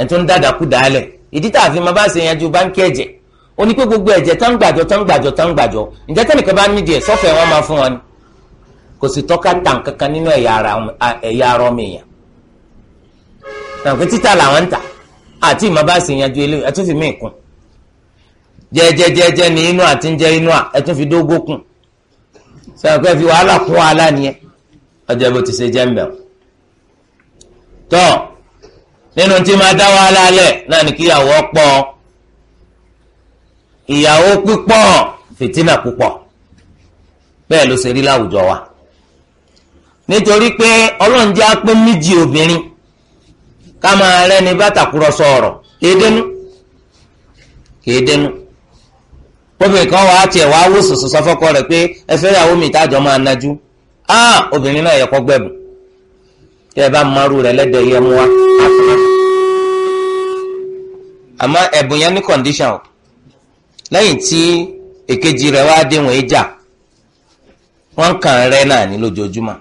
ẹ̀ tó ń dàdàkú dàálẹ̀ ìdí tá a fi máa bá ṣe yanjú báńkì ẹ̀jẹ̀ ó ní pé gbogbo ẹ̀jẹ̀ tán gbàjọ tán gbàjọ tán gbàjọ ǹjẹ́ tẹ́nìkan bá nídìí ẹ̀ sọ́fẹ̀ wọn máa fún wọn ni kò sì tọ́ka tàn kankan nínú ẹ̀yà ara ọmọ èèyàn tàbí títà làwọn ń tà àti ìmọ̀ bá ṣe yanjú eléyìí ẹ̀ tó fi mí kún jẹ́jẹ́jẹ́jẹ́ ní inú àti ń jẹ́ inú à ẹ tún fi dógó kùn sọ̀rọ̀ pé fi wàhálà kún wàhálà nìyẹn ọjọ́ bó ti ṣe jẹ́ mbẹ̀ tọ́ nínú tí máa dá wàhálà lẹ̀ náà ni kí ìyàwó pọ̀ ìyàwó pípọ̀ fìtínà púpọ̀ bẹ́ẹ̀ ló ṣe rí láwùjọ wa nítorí pé ọlọ́run jẹ́ apé méjì obìnrin ká máa rẹ́ni bá tàkúrọ̀sọ kéédénú kéédénú obìnrin kan wàá tiẹ̀ wàá wò sòsò sọ fọ́kọ rẹ̀ pé ẹ fẹ́ mi ìtajọ́ máa najú ah obìnrin náà yẹ kó gbẹ̀bù tí ẹ bá marú rẹ̀ lẹ́dọ̀ yẹ mú wa. àmọ́ ẹ̀bùn yẹn ní kọ̀ǹdíṣàn o lẹ́yìn tí èkejì rẹ̀ wá dé wọ́n ìjà wọ́n kàn rẹ́ náà ní lójoojúmọ́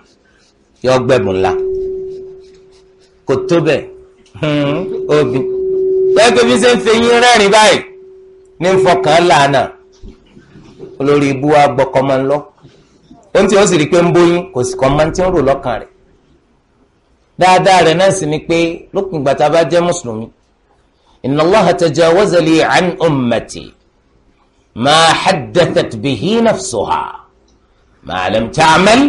yọ gbẹ̀bùn ńlá kò tó bẹ̀ hmm, obì bẹ́ẹ̀ pé bí ṣe ń fẹyín rẹ́rìn báyìí ní fọkàn lánàá olórí ibú wa gbọ́kọ́ máa ń lọ ohun tí ó sì rí pé ń bóyún kò sì kọ́ máa ń tí ń rò lọ́kàn rẹ̀ dáadáa rẹ̀ náà sì ni pé lópin ìgbà tá a bá jẹ́ mùsùlùmí inna Allaha tajawaza li an ummati ma haddathat bihi nafsuha ma lam ta'mal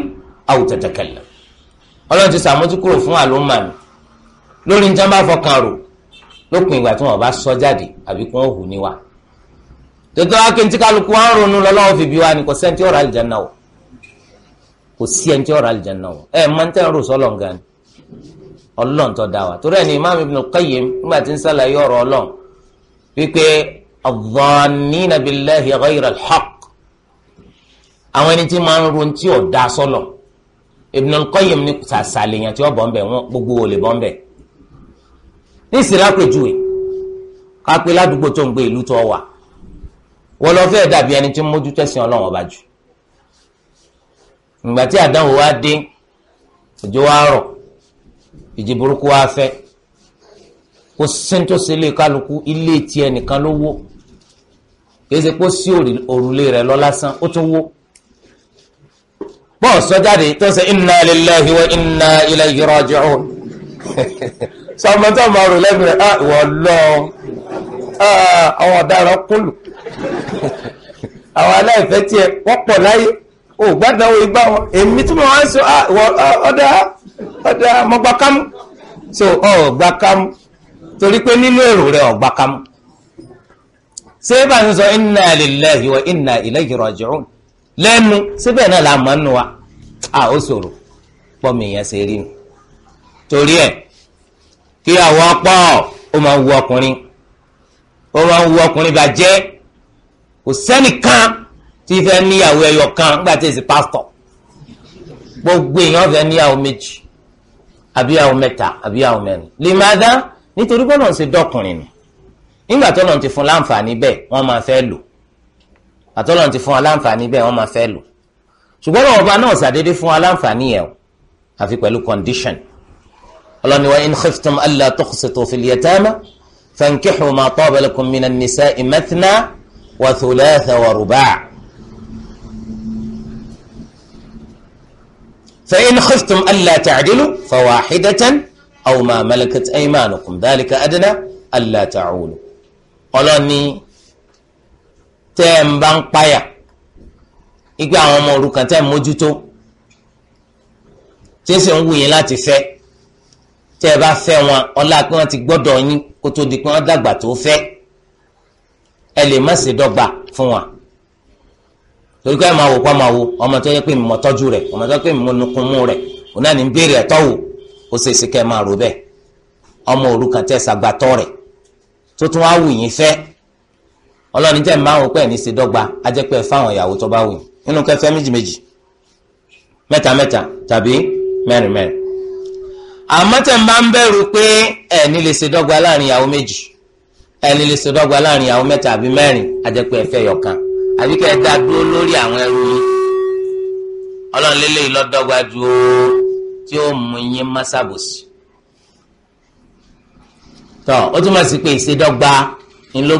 aw tatakallam ọlọ́run ti sàmójúkúrò fún àlùmọ́ mi lórí njẹ́ fọkàn rò lópin ìgbà tí wọ́n bá sọ jáde àbí kí wọ́n hù níwà tètè wá kéntì kálukú wá ń ronú lọ́lọ́wọ́ fi bí wa ni kò sẹ́ńtì ọ̀rọ̀ àlìjáná o kò sí ẹ̀ńtì ọ̀rọ̀ àlìjáná o ẹ̀ máa ń tẹ́ ń rò sọ́lọ̀ gan ni ọlọ́run tó dá wa torí ẹ̀ ní imáàmù Ibn Qayyim nígbà tí ń sàlàyé ọ̀rọ̀ ọlọ́run wípé adh-dhannina billahi ghayra al-haqq àwọn ẹni tí máa ń ro tí ò dá sọ́lọ̀ Ibn Qayyim ní sàṣàlèyàn wọ́n lọ fẹ́ dàbí ẹni tí ń mójú tẹ́sìn ọlọ́run ọba jù ìgbà tí àdánwò wa dé òjò wa rọ̀ ìjì burúkú wa fẹ́ kó sẹ́ńtòsí ilé kálukú ilé tiẹ̀ nìkan ló wó kìí ṣe sí òrùlé rẹ̀ lọ lásán ó tún wó bọ́ọ̀ sọ jáde tó ṣe inna lillahi wa inna ilayhi raji'un sọmọtọ́ <laughs> mọ̀ọ́rù lẹ́nu rẹ̀ ah, ìwọ lọ́ọ́. Ah, àwọn ọ̀daràn kúlù àwọn aláìfẹ́ tí ẹ wọ́n pọ̀ láyé ò gbádùn àwọn igbá wọn èmi tí mo wá ń sọ ah, ah, ọ̀dà ọ̀dà mọ́gbàkámú so ọ̀gbàkámú torí pé nínú èrò rẹ̀ ọ̀gbàkámú ṣé bá ń sọ inna lillahi wa inna ilayhi raji'un lẹ́nu síbẹ̀ náà la nù wa a ó sòrò pọ́mi yẹn ṣe rí torí ẹ̀ kí àwọn pọ̀ ó máa wu ọkùnrin ó máa ń wu ọkùnrin bàjẹ́ kò sẹ́nìkan tí fẹ́ níyàwó ẹyọ kan nígbà tí èsì pásítọ̀ gbogbo èèyàn fẹ́ níyàwó méjì àbíyàwó mẹ́ta àbíyàwó mẹ́rin lè máa dá nítorí bọ́lọ̀ ń ṣe dọ́kùnrin nù nígbà tọ́lọ̀ ti fún láǹfààní bẹ́ẹ̀ wọ́n máa fẹ́ lò àtọ́lọ̀ ti fún aláǹfààní bẹ́ẹ̀ wọ́n máa fẹ́ lò ṣùgbọ́n lọ́wọ́ ọba náà ṣàdédé fún aláǹfààní yẹn àfi pẹ̀lú condition ọlọ́niwá in khiftum alla tuqsitu fil yatama fankihu ma taba lakum mina nisa'i mathna wa thulatha wa ruba' fa in khiftum alla ta'dilu fawahidatan aw ma malakat aymanukum dhalika adna alla ta'ulu ọlọ́ni tẹ́ ẹ̀ ń bá ń páyà igbe àwọn ọmọ òrukàn tẹ́ ẹ̀ mójútó tí ó sì ń wù yín láti fẹ́ tẹ́ ẹ ti gbọ́dọ̀ yín kó tó di pé wọ́n dàgbà tó fẹ́ ẹ lè má ṣe dọ́gba fún wa torí pé ẹ máa wò kó máa wo ọmọ tó yẹ pé mo tọ́jú rẹ̀ ọmọ tó yẹ pé mo nukun mú rẹ̀ òun náà ní ń béèrè ẹ̀tọ́ wò ó ṣe é ṣe kẹ́ ẹ máa rò bẹ́ẹ̀ ọmọ òrukàn tẹ́ ṣàgbàtọ́ rẹ̀ tó tún wá wù yín fẹ́ ọlọ́ni jẹ́ márùn pẹ́ ní ṣe dọ́gba á jẹ́ pé fáwọn ìyàwó tó bá wù yín nínú kẹfẹ́ méjì méjì mẹ́ta mẹ́ta tàbí mẹ́rin mẹ́rin àmọ́tẹ̀ tẹ̀ ń bẹ̀rù pé ẹni lè ṣe dọ́gba láàrin ìyàwó méjì ẹni lè ṣe dọ́gba láàrin ìyàwó mẹ́ta àbí mẹ́rin àjẹpẹ́ ẹ̀fẹ́ yọ̀kan àbí kẹ́ ẹ dá dúró lórí àwọn ẹrú yín ọlọ́run tí ó mú yín tọ́ ó túmọ̀ sí pé ìṣèdọ́gba ni ló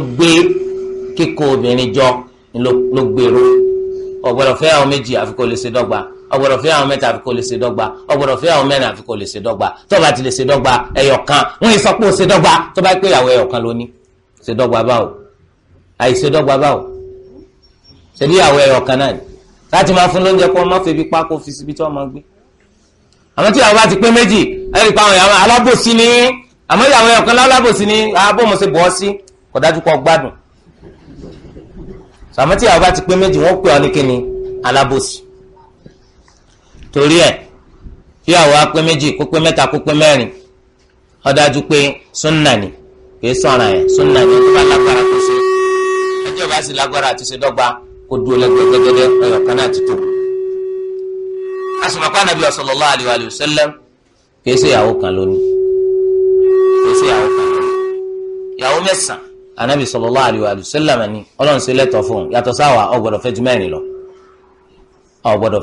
ọgbọ́dọ̀ fẹ́ àwọn mẹ́ta àfi kò lè ṣe dọ́gba ọgbọ́dọ̀ fẹ́ àwọn mẹ́rin àfi kò lè ṣe dọ́gba tó bá ti lè ṣe dọ́gba ẹyọ kan wọ́n yìí sọ pé ó ṣe dọ́gba tó bá pé ìyàwó ẹyọ kan ló ní ṣe dọ́gba báwo àìṣe dọ́gba báwo ṣe bí ìyàwó ẹyọ kan náà ni láti máa fún lóúnjẹ kó má febi pa kó fi síbi tí wọ́n máa gbé àmọ́ tí ìyàwó bá ti pé méjì ẹ̀rí àwọn alábòsí ni àmọ́ ìyàwó ẹyọ kan ah, alábòsí torí ẹ kí àwọn apẹ méjì kó mẹta mẹ́ta mẹrin ọdájú pé ni kì í sọ̀ràn sunna ni ọjọba lágbára kó ṣe ẹjọ́ sì lágbára àti ṣe dọ́gba kó dúró lẹ́gbẹ̀gbẹ́gbẹ́ ẹ̀yọ̀ kan náà ti tó. kan lónìí kan lónìí ìyàwó mẹ́sàn anabi ni fún sáwà lọ ọgbọdọ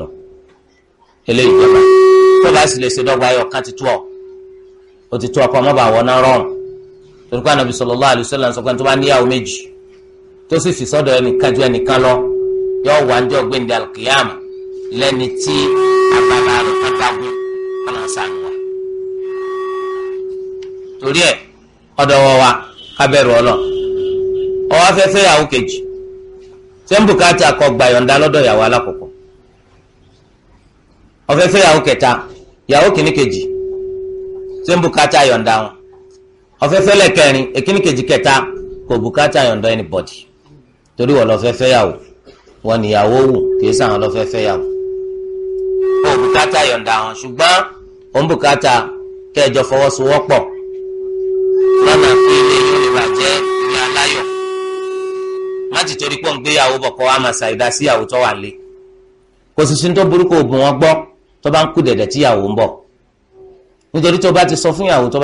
lọ eléyìí jọba tó bá sì lè ṣe dọ́gba ayọ̀ kan ti tó ọ ó ti tó ọkọ ọmọ bá wọ náà rọrùn torí pé anabi sallallahu alaihi wasallam sọ pé tó bá níyàwó méjì tó sì fi sọ́dọ̀ ẹnìkan ju ẹnìkan lọ yóò wá ní ọgbẹ́ ní alkiyama lẹ́ni tí agbára rẹ̀ kan dágún kọ́nà sànù wa. torí ẹ̀ ọ̀dọ̀ wọ wa kábẹ́rù ọlọ ọwọ́ afẹ́fẹ́ yàwó kejì ṣé ń bùkátà kọ gbàyọ̀ǹda lọ́dọ̀ yàwó alákọ̀ọ́kọ́ ọ̀fẹ́ fẹ́ yàwó kẹta yàwó kìíní kejì ṣé ń bùkátà yọ̀ǹda wọn ọ̀fẹ́ fẹ́ lẹ́kẹrin èkíní kejì kẹta kò bùkátà yọ̀ǹda anybody torí wọ́n lọ́fẹ́ fẹ́ yàwó wọn níyàwó wù kìí sàn án lọ́fẹ́ fẹ́ yàwó kò bùkátà yọ̀ǹda wọn ṣùgbọ́n ó ń bùkátà kẹjọ fọwọ́sowọ́pọ̀ lọ́nà fún ilé yóò lè bàjẹ́ ilé aláyọ̀ má ti torí pọ̀ ń gbéyàwó bọ̀ kọ́ wa máa ṣàìdá wà lé kò sì sí ní tó burúkú òògùn wọn gbọ́ tó bá ń kú dẹ̀dẹ̀ tíyàwó ń bọ̀ nítorí tó bá ti sọ fún yàwó tó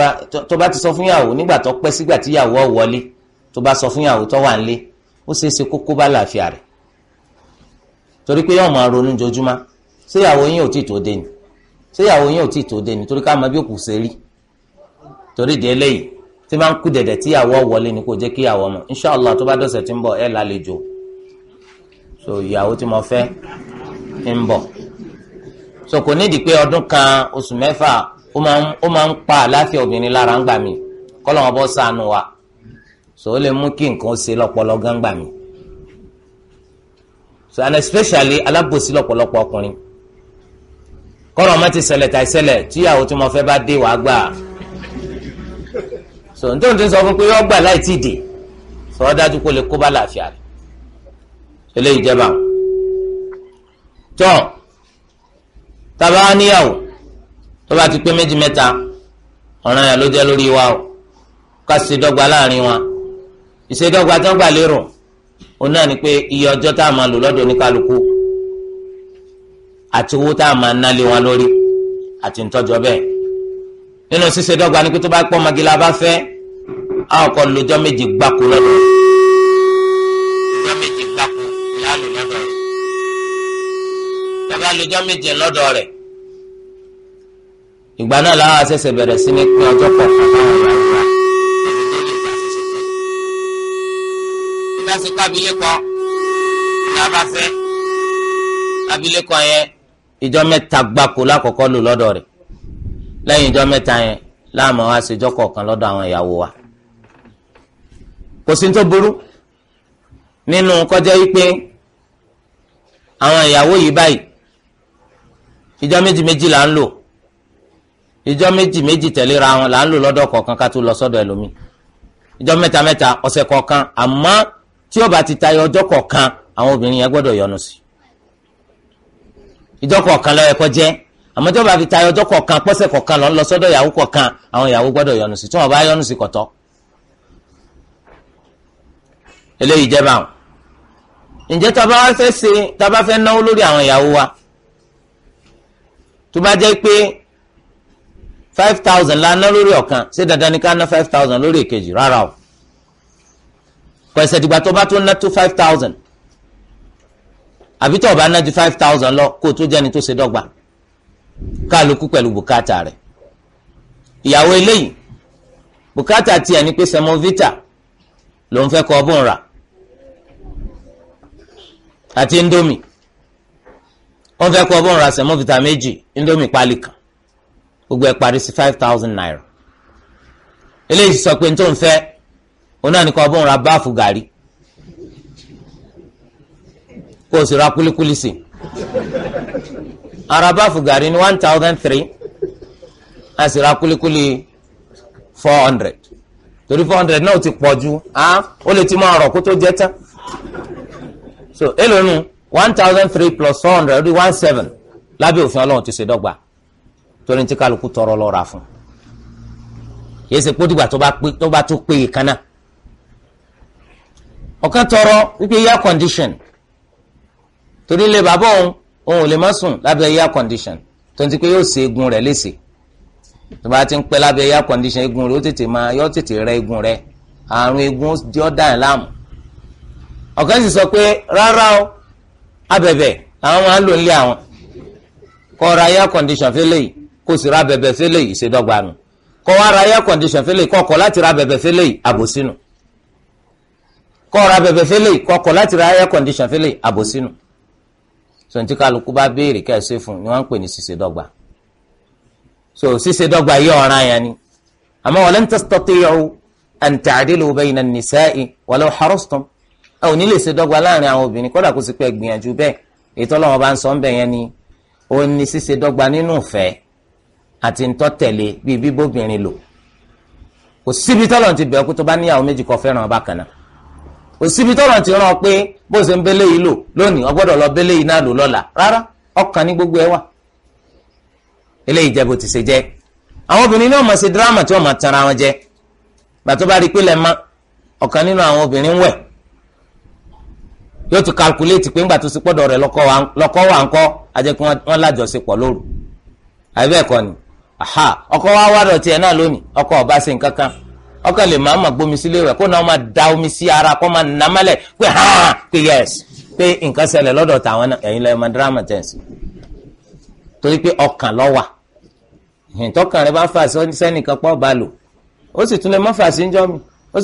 bá ti sọ fún yàwó nígbà tó pẹ́ sígbà tíyàwó wọlé tó bá sọ fún yàwó tó wà nílé ó ṣeé ṣe kókó bá làáfíà rẹ̀ torí pé yóò máa ronú jojúmọ́ síyàwó yín ò tí tó dé ni síyàwó yín ò tí tó dé ni torí ká mọ bí òkú ṣe rí torí di eléyìí tí máa ń kú dẹ̀dẹ̀ tíyàwó wọlé ni kò jẹ́ kíyàwó mọ̀ inṣàlá tó bá dọ̀sẹ̀ tí ń bọ̀ ẹ̀ lálejò so ìyàwó tí mo fẹ́ ń bọ̀ so kò nídìí pé ọdún kan oṣù mẹ́fà ó máa ń pa àláfíà obìnrin lára ń gbà mí kọ́lọ́wọ́n bọ́ sànù wa so ó lè mú kí nǹkan ṣe lọ́pọ̀lọ́ gbà mí so and especially alábòsí lọ́pọ̀lọpọ̀ ọkùnrin kọ́rọ̀ ọmọ ti ṣẹlẹ̀ tàì ṣẹlẹ̀ tíyàwó tí mo fẹ́ bá dé wàá gbà so n tó ń tó ń sọ fún pé yọ gbà láì tí ì dè sọ ọ́ dájú kó lè kó bá làáfíà rẹ̀ eléyìí jẹ́ báwọn. tọ́ tàbá níyàwó tó bá ti pé méjì mẹ́ta ọ̀ràn yẹn ló jẹ́ lórí wa o ká ṣe dọ́gba láàrin wa ìṣèdọ́gba tó ń gbà lérò òun náà ni pé iye ọjọ́ tá a máa lò lọ́dọ̀ oníkálukú àti owó tá a máa ná lé wọn lórí àti ntọ́jọ́ bẹ́ẹ̀ nínú ṣíṣe dọ́gba ni pé tó bá pọ́ magila bá fẹ́ a kò lọ́jọ́ méje gbáko lọ́dọ̀ lọ́jọ́ méje lọ́dọ̀ rẹ̀ ìgbà náà làwọn àṣẹ̀ṣẹ̀ bẹ̀rẹ̀ sí ní pín ọjọ́ pọ̀ fún àwọn ìyá ìgbà ìdásí kábílẹ̀kọ lábàfẹ́ kábílẹ̀kọ yẹn ìjọ mẹ́ta gbáko lákọ̀ọ́kọ́ lò lọ́dọ̀ rẹ̀ lẹ́yìn ìjọ mẹ́ta yẹn láàmú wa ṣèjọ́ kọ̀ọ̀kan lọ́dọ̀ àwọn ìyàwó wa kò sí tó burú nínú kọjá yìí pé àwọn ìyàwó yìí báyìí ìjọ méjì méjì là ń lò ìjọ méjì méjì tẹ̀léra wọn là ń lò lọ́dọ̀ kọ̀ọ̀kan ká tó lọ sọ́dọ̀ ẹlòmíì ìjọ mẹ́ta mẹ́ta ọ̀sẹ̀ kọ̀ọ̀kan àmọ́ tí ó bá ti tayọ ọjọ́ kọ̀ọ̀kan àwọn obìnrin yẹn gbọ́dọ̀ yọnu sí ìjọ kọ̀ọ̀kan ló yẹ kó jẹ́ àmọ́ tí ó bá fi tayọ ọjọ́ kọ̀ọ̀kan pọ́sẹ̀ kọ̀ọ̀kan lọ ń lọ sọ́dọ̀ ìyàwó kọ̀ọ̀kan àwọn ìyàwó gbọ́dọ̀ yọnu sí tí wọ́n bá yọnu sí kọ̀tọ́ eléyìí jẹ́ báwọn ǹjẹ́ tá a bá fẹ́ ṣe tá a bá fẹ́ náwó lórí àwọn ìyàwó wa tó bá jẹ́ pé five thousand la ná lórí ọ̀kan ṣé dandan ni ká ná five thousand lórí èkejì rárá o pẹ̀sẹ̀ dìgbà tó bá tó ná tó five thousand àbí tó bá ná ju five thousand lọ kó o tó jẹ́ni tó ṣe dọ́gba kálukú pẹ̀lú bùkátà rẹ̀ ìyàwó eléyìí bùkátà tiẹ̀ ni pé semovita ló ń fẹ́ kọ́ ọbọ̀n rà àti indomie wọ́n fẹ́ kọ́ bọ́ọ̀rù àsẹ̀mọ́fìtà méjì indomie pálí kan gbogbo ẹ̀ parí sí five thousand naira eléyìí sọ pé n tó ń fẹ́ òun náà ní kọ́ bọ́ọ̀rù abáàfù gàrí kó o sì ra kúlíkúlí sí ara abáàfù gàrí ní one thousand three a sì ra kúlíkúlí four hundred torí four hundred náà ti pọ̀ ju ó lè ti máa rọ̀ kó tó jẹ́ tán so èlò nù. one thousand three plus four hundred ó one seven lábẹ́ òfin ọlọ́run ti ṣe dọ́gba torí ní tí kálukú tọrọ lọ́ra fún yìí ṣe pé dìgbà tó bá tó pé ìkànnà ọ̀kan tọrọ wípé air condition torí ilé bàbá òun òun ò lè má sùn lábẹ́ air condition tó ń ti pé yóò ṣe eegun rẹ̀ léṣe tó bá ti ń pẹ́ lábẹ́ air condition eegun rẹ̀ ó tètè máa yọ tètè rẹ eegun rẹ̀ àrùn eegun yọ dáhìn láàmú ọ̀kan sì sọ pé rárá o abẹ̀bẹ̀ àwọn máa ń lò nílé àwọn kọ́ ra air condition fẹ́lẹ̀ yìí kó sì ra abẹ̀bẹ̀ fẹ́lẹ̀ yìí ìṣèdọ́gba nù kọ́ wá ra air condition fẹ́lẹ̀ yìí kọ́kọ́ láti ra abẹ̀bẹ̀ fẹ́lẹ̀ yìí àbòsínú kọ́ ra abẹ̀bẹ̀ fẹ́lẹ̀ yìí kọ́kọ́ láti ra air condition fẹ́lẹ̀ yìí so ní tí kálukú bá béèrè kẹ́ẹ̀sì fún ni wọ́n ń pè ní ṣíṣèdọ́gba so ṣíṣèdọ́gba yìí ọ̀ràn yẹn ni àmọ́ walan tastati'u an ta'dilu bayna an-nisa'i walau harastum ẹ ò ní lè ṣe dọ́gba láàrin àwọn obìnrin kódà kó sì pẹ́ gbìyànjú bẹ́ẹ̀ ètò ọlọ́wọ́n bá ń sọ ń bẹ̀ yẹn ni ó ní ṣíṣe dọ́gba nínú ìfẹ́ àti ntọ́tẹ̀lé bíi bíbóbìnrin lò kò síbi tọ́lọ̀ ti bẹ̀ ọ́ pé tó bá níyàwó méjì kó fẹ́ràn ọba kan náà kò síbi tọ́lọ̀ ti rán ọ pé bó ṣe ń bẹ́lẹ̀ yìí lò lónìí ọ gbọ́dọ̀ lọ bẹ́lẹ̀ yìí náà lò lọ́la rárá ọkàn ní gbogbo ẹ wà eléyìí jẹ́ bó ti ṣe jẹ́ àwọn obìnrin náà mọ̀ sí dírámà tí wọ́n mọ̀ tanra wọn jẹ gbà bá rí pé lẹ́ẹ̀ma ọ̀kan nínú àwọn obìnrin ń wẹ̀ yóò ti calculate pé ńgbà tó ti pọ́dọ̀ rẹ̀ lọ́kọ́ wà ńkọ́ ajẹ́ kí wọ́n lóru kọ́ ni aha ọkọ wa wá dọ̀tí ẹ̀ náà lónìí ọkọ ọba ṣe nǹkan kan lè máa ma gbomi sílé rẹ̀ kó náà ma da omi sí ara kó ma nà mọ́lẹ̀ pé hàn pé yes pé nǹkan ṣẹlẹ̀ lọ́dọ̀ tàwọn ẹ̀yin lọ́ọ́ ma drama tẹ̀sí torí pé ọkàn bá fà pọ̀ bá lò ó sì tún lè má fà sí ń jọ́ mi ó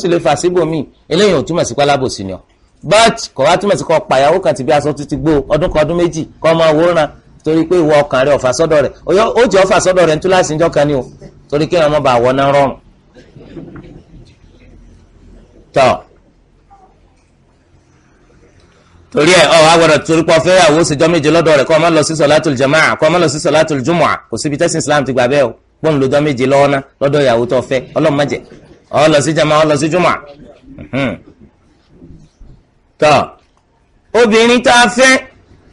sì lè but kò wá túmọ̀ sí kọ́ pàyàwó kan tìbí aṣọ títí gbó ọdún kan ọdún méjì kọ́ máa wòran torí pé ìwọ ọkàn rẹ ọ̀fà sọ́dọ̀ rẹ̀ ó jẹ́ ọ̀fà sọ́dọ̀ rẹ̀ ntúlá sí ìjọkan ni o torí kí ọmọ bá wọná rọrùn. tọ́ torí ẹ ọ agbọ́dọ̀ torí pọ̀ fẹ́ àwọn oṣèjọ́ méje lọ́dọ̀ rẹ̀ kọ́ ọ lọ sí sọ̀látùl jamaa kọ́ ọ lọ sí sọ̀látùl jumu'a kò síbi tẹ́sí Islam ti gbà bẹ́ẹ̀ o pọ́n lọ́jọ́ méje lọ́wọ́ ná lọ́dọ̀ ìyàwó tó fẹ́ ọlọ́mọdé ọ lọ sí jamaa ọ lọ sí jumu'a. tọ́ obìnrin tá a fẹ́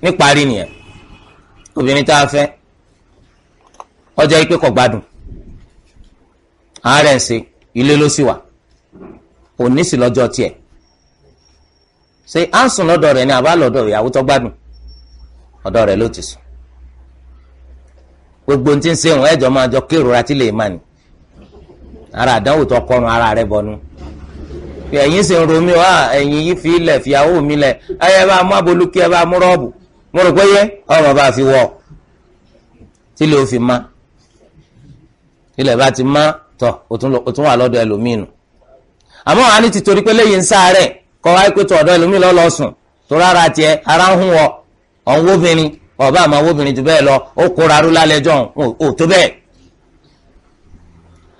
níparí nìyẹn obìnrin tá a fẹ́ ọjọ́ ìpè kò gbádùn àárẹ̀ ilé ló sì wà òní sì lọ́jọ́ tiẹ̀ ṣe à ń sùn ìyàwó tó gbádùn ọ̀dọ̀ rẹ̀ ló ti sùn gbogbo tí ń ṣe òun ẹ̀jọ̀ máa jọ ara àdánwò tó ara bọnu ẹ̀yin sì ń ro mi wá ẹyin yìí fi ilẹ̀ fìyàwó mi lẹ̀ ẹ bá mú abolúkí ẹ bá mú rọ́ọ̀bù mo rò bá fi wọ̀ tí ilé òfin ma ilẹ̀ bá ti má tọ̀ ó tún wà lọ́dọ̀ ẹlòmíì àmọ́ ti torí pé lẹ́yìn sáré kọ́ wáyé pé tọ̀ ọ̀dọ̀ ẹlòmíì lọ́ ara ń ọba àmọ́ wóbìnrin jù bẹ́ẹ̀ lọ ó kóra rú lálẹ́ jọ̀hún ò tó bẹ́ẹ̀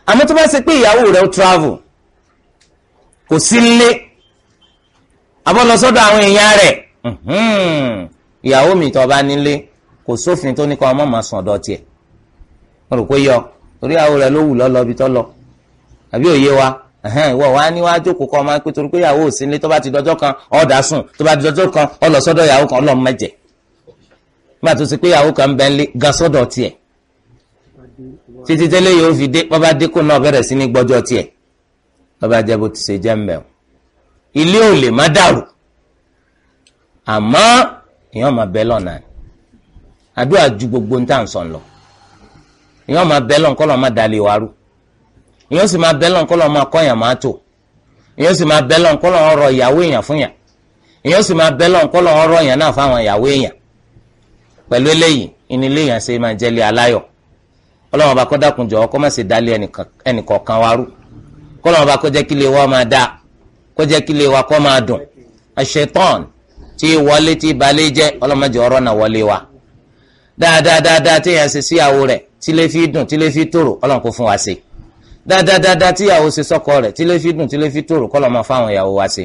àmọ́ tó bá ṣe pé travel kò sí nílé abọ́lọ́sọ́dọ̀ àwọn èèyàn rẹ̀ ìyàwó mi tó bá nílé kò sófin tó ní kọ́ ọmọ màá sàn dọ̀tí ẹ̀ mo rò pé yọ torí àwọn rẹ̀ ló wù lọ́lọ́ ibi tó lọ àbí òye wa ìwọ wa ní wá jókòó kọ́ ọmọ pé torí pé ìyàwó ò sí nílé tó bá ti dọjọ́ kan ọ̀dà sùn tó bá ti dọjọ́ kan ọlọ́sọ́dọ̀ ìyàwó kan ọlọ́mọ mẹ́jẹ̀ nígbà tó ti pé ìyàwó kan bẹ́ẹ̀ lé gan sọ́dọ̀ tiẹ̀ títí tẹ́lẹ̀ yóò fi dé bọ́bá dínkù náà bẹ̀rẹ̀ sí ní gbọ́jọ́ tiẹ̀ lọ́ba jẹ́ bó ti ṣe jẹ́ mẹ́wọ̀n ilé ò lè má dàrú àmọ́ èèyàn máa bẹ́ lọ́nà ni àdúrà ju gbogbo ń tà ń sọ̀ lọ èèyàn máa bẹ́ lọ́n kọ́lọ́ máa dalẹ̀ wárú èèyàn sì máa bẹ́ lọ́n kọ́lọ́ máa kọ́yàn máa tò èèyàn sì máa bẹ́ lọ́n kọ́lọ́ ọ̀rọ̀ ìyàwó èèyàn fún yàn èèyàn sì máa bẹ́ lọ́n kọ́lọ́ ọ̀rọ̀ èèyàn náà fáwọn ìyàwó èèyàn pẹ̀lú eléyìí ìnílé èèyàn ṣe máa jẹ́lé aláyọ̀ ọlọ́run ọba kọ́dákùnjọ́ kọ́ má ṣe dalẹ̀ ẹnìkọ̀ọ̀kan wárú kọ́lọ́n ọba kó jẹ́ kí ilé wa máa dá kó jẹ́ kí ilé wa kó máa dùn àṣetán tí wọlé tí balẹ̀ jẹ́ ọlọ́mọdé ọ̀rọ̀ náà wọlé wa dáadáa dáadáa tí èèyàn ṣe síyàwó rẹ̀ tí lè fi dùn tí lè fi tòrò ọlọ́run kó fún wa ṣe dáadáa dáadáa tí ìyàwó ṣe sọ́kọ rẹ̀ tí lè fi dùn tí lè fi tòrò kọ́lọ́n máa fáwọn ìyàwó wa ṣe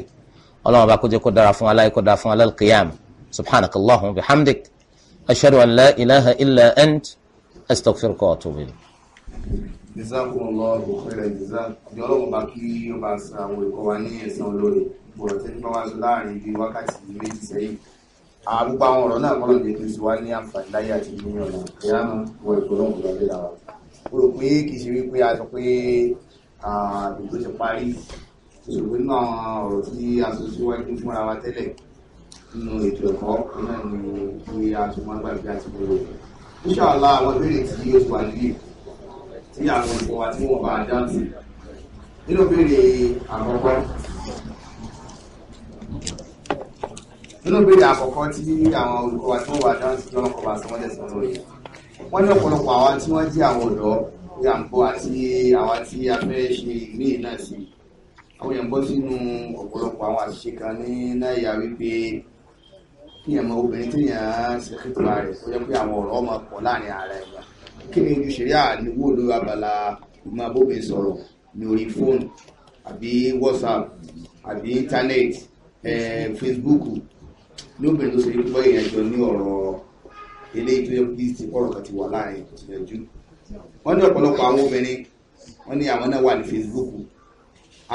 ọlọ́run ọba kó kó dára fún aláì jazakumullahu khairan jaza ìjọ ọlọ́run bá kí ó bá sa àwọn ẹ̀kọ́ wa ní ẹ̀san olóore bọ̀rọ̀ tẹ́lẹ̀ bá wá sọ láàrin bíi wákàtí méjì sẹ́yìn àgbà àwọn ọ̀rọ̀ náà kọ́lọ̀ lẹ́tọ́ sí wá ní àǹfààní láyé àti ní ọ̀nà ìyáàmú wọ ẹ̀kọ́ lọ́wọ́ lọ lé làwà ó rò pé kì í ṣe wípé a sọ pé àdúgbò ti parí ìṣòro nínú àwọn ọ̀rọ̀ tí a sọ síwájú fúnra wa tẹ́lẹ̀ nínú ètò ẹ̀kọ́ náà ni pé a sọ máa gbàgbé àti gbogbo ìṣàlá àwọn ìbéèrè tí ó ti wà nílé tí àwọn ìfọ̀ àti wọn bá dáhùn sí. nínú béèrè àkọ́kọ́ nínú béèrè àkọ́kọ́ tí àwọn olùkọ́ wa tí bá dáhùn sí lọ́nà kọ́ba sọ wọ́n tẹ̀sí lórí. wọ́n ní ọ̀pọ̀lọpọ̀ àwa tí wọ́n jẹ́ àwọn ọ̀dọ́ ní àǹkó àti àwa tí a fẹ́ ṣe ìgbé náà sí àwọn èèyàn bọ́ sínú ọ̀pọ̀lọpọ̀ àwọn àṣìṣe kan ní náírà wípé kí èèyàn mọ obìnrin tí èèyàn ṣe kíkọ́ rẹ̀ ó yẹ pé àwọn ọ̀rọ̀ ọmọ pọ̀ láàrin ara ẹ̀gbọ́n kí ni ojú ṣẹ̀rí àníwó lórí abala ìmọ̀ abóbìn sọ̀rọ̀ ní orí fóònù àbí whatsapp àbí internet facebook lóbìnrin ló ṣe ní pípọ́ èèyàn jọ ní ọ̀rọ̀ eléyìí tó yẹ kí ti ọ̀rọ̀ kan ti wà láàrin kò ti yanjú wọ́n ní ọ̀pọ̀lọpọ̀ àwọn obìnrin wọ́n ní àwọn náà wà ní facebook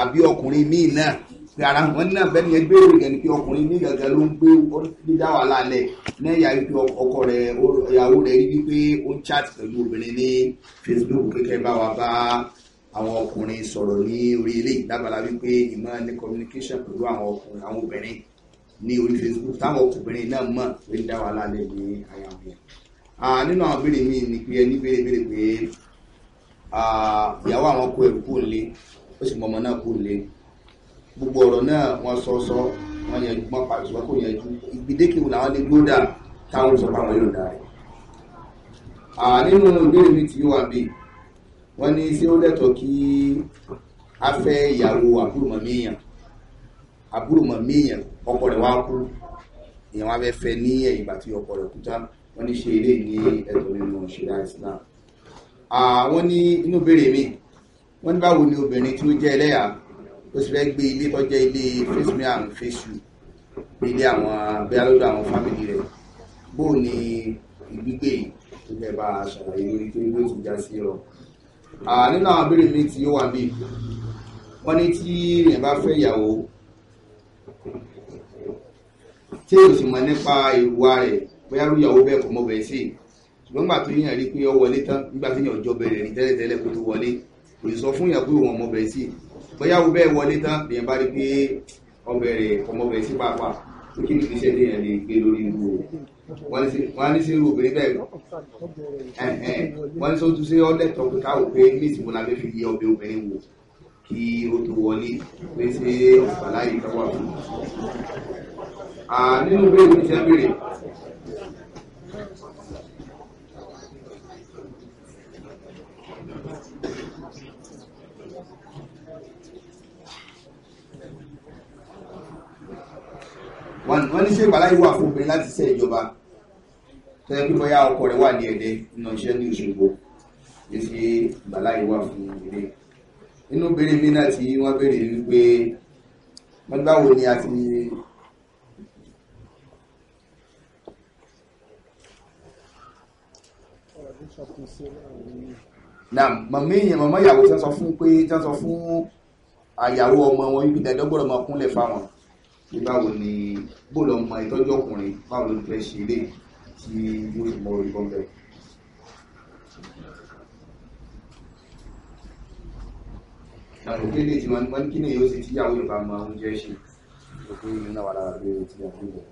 àbí ọkùnrin míì náà pé ara wọn náà bẹ́ẹ̀ ni ẹgbẹ́ èrò yẹn ni pé ọkùnrin ní gàgà ló ń gbé dídá wà lálẹ́ náà yà ọkọ rẹ̀ ìyàwó rẹ̀ rí wípé ó ń chat pẹ̀lú obìnrin ní Facebook kékeré bá wa bá àwọn ọkùnrin sọ̀rọ̀ ní orí ilé ìdábàlá wípé ìmọ̀ ní communication pẹ̀lú àwọn ọkùnrin àwọn obìnrin ní orí Facebook táwọn ọkùnrin náà mọ̀ pé dídá wà lálẹ́ ní àyàwó yẹn nínú àwọn béèrè mi ni pé ẹni béèrè béèrè pé ìyàwó àwọn kó ẹrù kó lé ó sì mọ ọmọ náà kó lé gbogbo ọ̀rọ̀ náà wọ́n sọ sọ wọ́n yẹn wọ́n parí ṣùgbọ́n kò yẹn ju ìgbìdéke wò làwọn lè gbódà táwọn sọ fáwọn yóò dá rẹ̀. nínú ìbéèrè mi ti yóò wà bíi wọ́n ní ṣé ó lẹ́tọ̀ọ́ kí a fẹ́ ìyàwó àbúròmọ̀míyàn àbúròmọ̀míyàn ọkọ rẹ̀ wá kú èèyàn wá fẹ́ fẹ́ ní ẹ̀yìn ìgbà tí ọkọ rẹ̀ kú tán ní ṣe ilé ní ẹ̀tọ́ nínú ṣẹ̀dá Islam. àwọn ní inú ìbéèrè mi wọ́n ní báwo ni obìnrin tí ó jẹ́ ẹlẹ́yàá ó sì fẹ́ gbé ilé tó jẹ́ ilé face me and face you ilé àwọn abẹ́yà lọ́dọ̀ àwọn fámìlì rẹ̀ bó ni ìgbígbé tó fẹ́ bá a ṣàlàyé lórí tó yóò ti já sí ọ. nínú àwọn abẹ́rẹ́ mi tí ó wà bí wọ́n ní tí èèyàn bá fẹ́ ìyàwó tí èèyàn sì mọ̀ nípa ìwà rẹ̀ bóyá ló yàwó bẹ́ẹ̀ kò mọ̀ bẹ́ẹ̀ sí ṣùgbọ́n nígbà tó yàn rí pé ó wọlé tán nígbà tó yàn ọjọ́ bẹ̀rẹ̀ ní tẹ́lẹ̀tẹ́lẹ̀ kó tó wọlé kò sì sọ fún ìyàwó ìwọ̀n mọ̀ bẹ́ẹ̀ sí bóyáwó bẹ́ẹ̀ wọlé tán lèyàn bá rí pé ọbẹ̀rẹ̀ ọmọbẹ̀rẹ̀ sí pápá tó kí ní fi ṣẹ́ lèyàn lè gbé lórí irú wọ́n ní sí irú obìnrin bẹ́ẹ̀ wọ́n ní sọ tún sí ọ́lẹ́tọ̀ pé káwò pé ní ìsìnkú la fẹ́ fi yẹ ọbẹ̀ obìnrin wò kí ó tó wọlé pé ṣé ọ̀pàláyé kan wà fún nínú bẹ́ẹ̀ ní sẹ́ bèrè wọ́n ní ṣe ìpàláyé wà fún obìnrin láti ṣe ìjọba tó yẹ kí bóyá ọkọ rẹ̀ wà ní ẹ̀dẹ́ nínú iṣẹ́ ní Òṣogbo ní ṣe ìpàláyé wà fún ilé inú béèrè mi náà tí wọ́n béèrè wípé wọ́n báwo ni a ti na mọ̀mí èèyàn mọ̀mọ́ ìyàwó tí sọ fún pé tí sọ fún àyàwó ọmọ wọn ibi dandan gbọ́dọ̀ mọ kúnlẹ̀ fáwọn pé báwo ni bó lọ mọ ìtọ́jú ọkùnrin báwo ló fẹ́ ṣe eré tí yóò fi mọ orí bọ́ńbẹ́. Àwọn òkè lè ti wọn kí ni yóò ṣe tíyàwó ìbá mọ oúnjẹ ṣe òkè ìlú náà wà lára bí ti yàwó ìbọ̀.